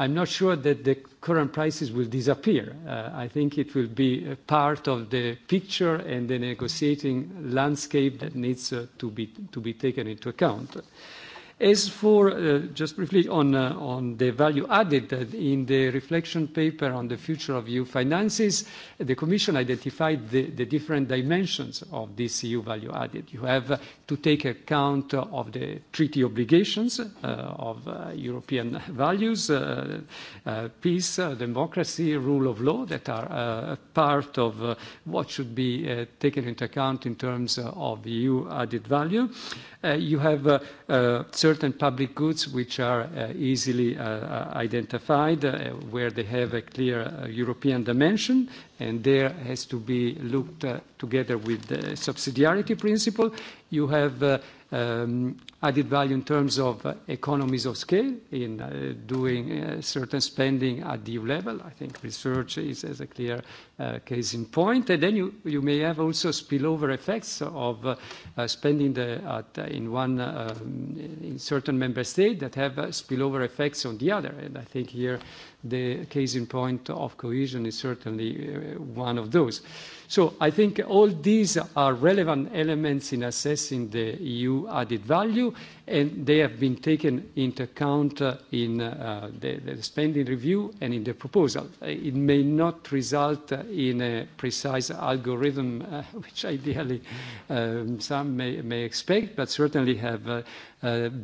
I'm not sure that the current prices will disappear. Uh, I think it will be a part of the picture and the negotiating landscape that needs uh, to, be, to be taken into account. As for, uh, just briefly on, uh, on the value added, uh, in the reflection paper on the future of EU finances, the Commission identified the, the different dimensions of this EU value added. You have to take account of the treaty obligations uh, of uh, European values, uh, peace, democracy, rule of law, that are part of what should be taken into account in terms of EU added value. You have certain public goods which are easily identified, where they have a clear European dimension, and there has to be looked at uh, together with the subsidiarity principle. You have uh, um, added value in terms of uh, economies of scale in doing certain spending at EU level. I think research is as a clear Uh, case in point. And then you, you may have also spillover effects of uh, uh, spending the, at, in one um, in certain member state that have spillover effects on the other. And I think here the case in point of cohesion is certainly one of those. So I think all these are relevant elements in assessing the EU added value, and they have been taken into account uh, in uh, the, spending review and in the proposal. Uh, it may not result in a precise algorithm, which ideally um, some may, expect, but certainly have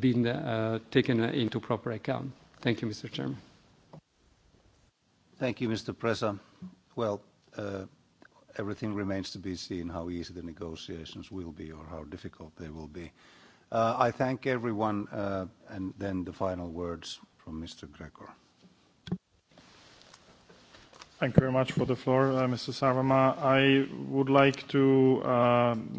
been taken into proper account. Thank you, Mr. Chairman. Thank you, Mr. Presa. Well, everything remains to be seen how easy the negotiations will be or how difficult they will be. Uh, I thank everyone, uh, and then the final words from Mr. Gregor. Thank you very much for the floor, uh, Mr. Sarvamaa. I would like to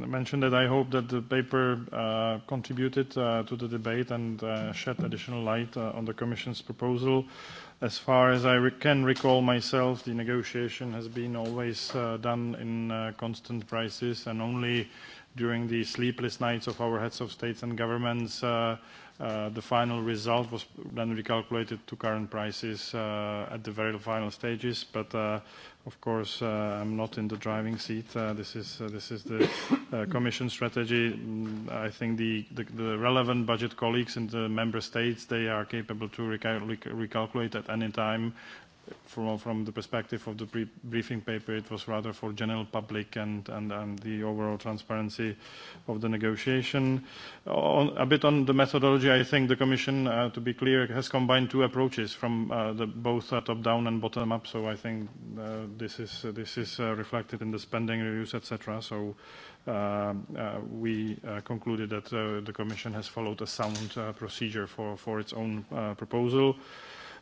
mention that I hope that the paper contributed to the debate and shed additional light on the Commission's proposal. As far as I can recall myself, the negotiation has been always done in constant prices and only during the sleepless nights of our heads of states and governments, uh, uh, the final result was then recalculated to current prices uh, at the very final stages. But uh, of course, uh, I'm not in the driving seat. Uh, this is uh, this is the uh, Commission strategy. Mm, I think the, the the relevant budget colleagues in the member states they are capable to recal recalculate at any time From the perspective of the briefing paper, it was rather for general public and the overall transparency of the negotiation. A bit on the methodology, I think the Commission, uh, to be clear, has combined two approaches from uh, both top-down and bottom-up. So I think uh, this is reflected in the spending reviews, etc. So We concluded that the Commission has followed a sound procedure for its own proposal.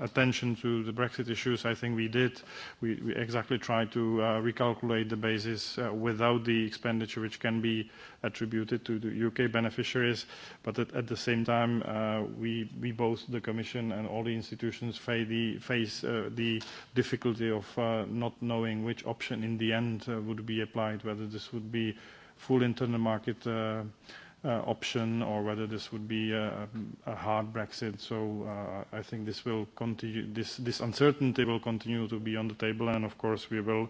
attention to the Brexit issues. I think we did. We, we exactly tried to uh, recalculate the basis uh, without the expenditure which can be attributed to the U.K. beneficiaries. But at, at the same time, uh, we, we both, the Commission and all the institutions, face the, face, uh, the difficulty of uh, not knowing which option in the end uh, would be applied, whether this would be full internal market Uh, option or whether this would be a, a hard Brexit. So uh, I think this will continue. This, this uncertainty will continue to be on the table, and of course we will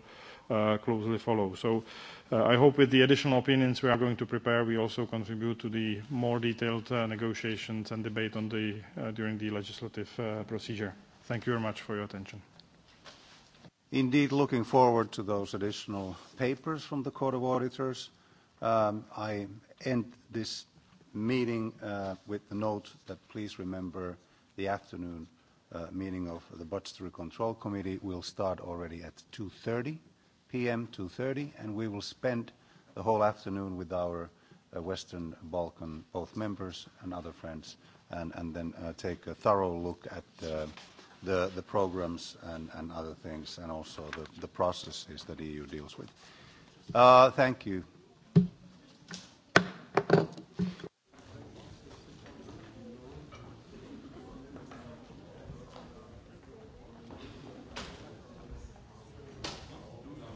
uh, closely follow. So uh, I hope with the additional opinions we are going to prepare, we also contribute to the more detailed uh, negotiations and debate on the uh, during the legislative uh, procedure. Thank you very much for your attention. Indeed, looking forward to those additional papers from the Court of Auditors. Um, I end this meeting uh, with the note that please remember the afternoon uh, meeting of the Budgetary Control Committee will start already at 2.30 p.m., 2.30, and we will spend the whole afternoon with our uh, Western Balkan, both members and other friends, and, and then take a thorough look at the, the programs and, and other things, and also the, processes that EU deals with. thank you.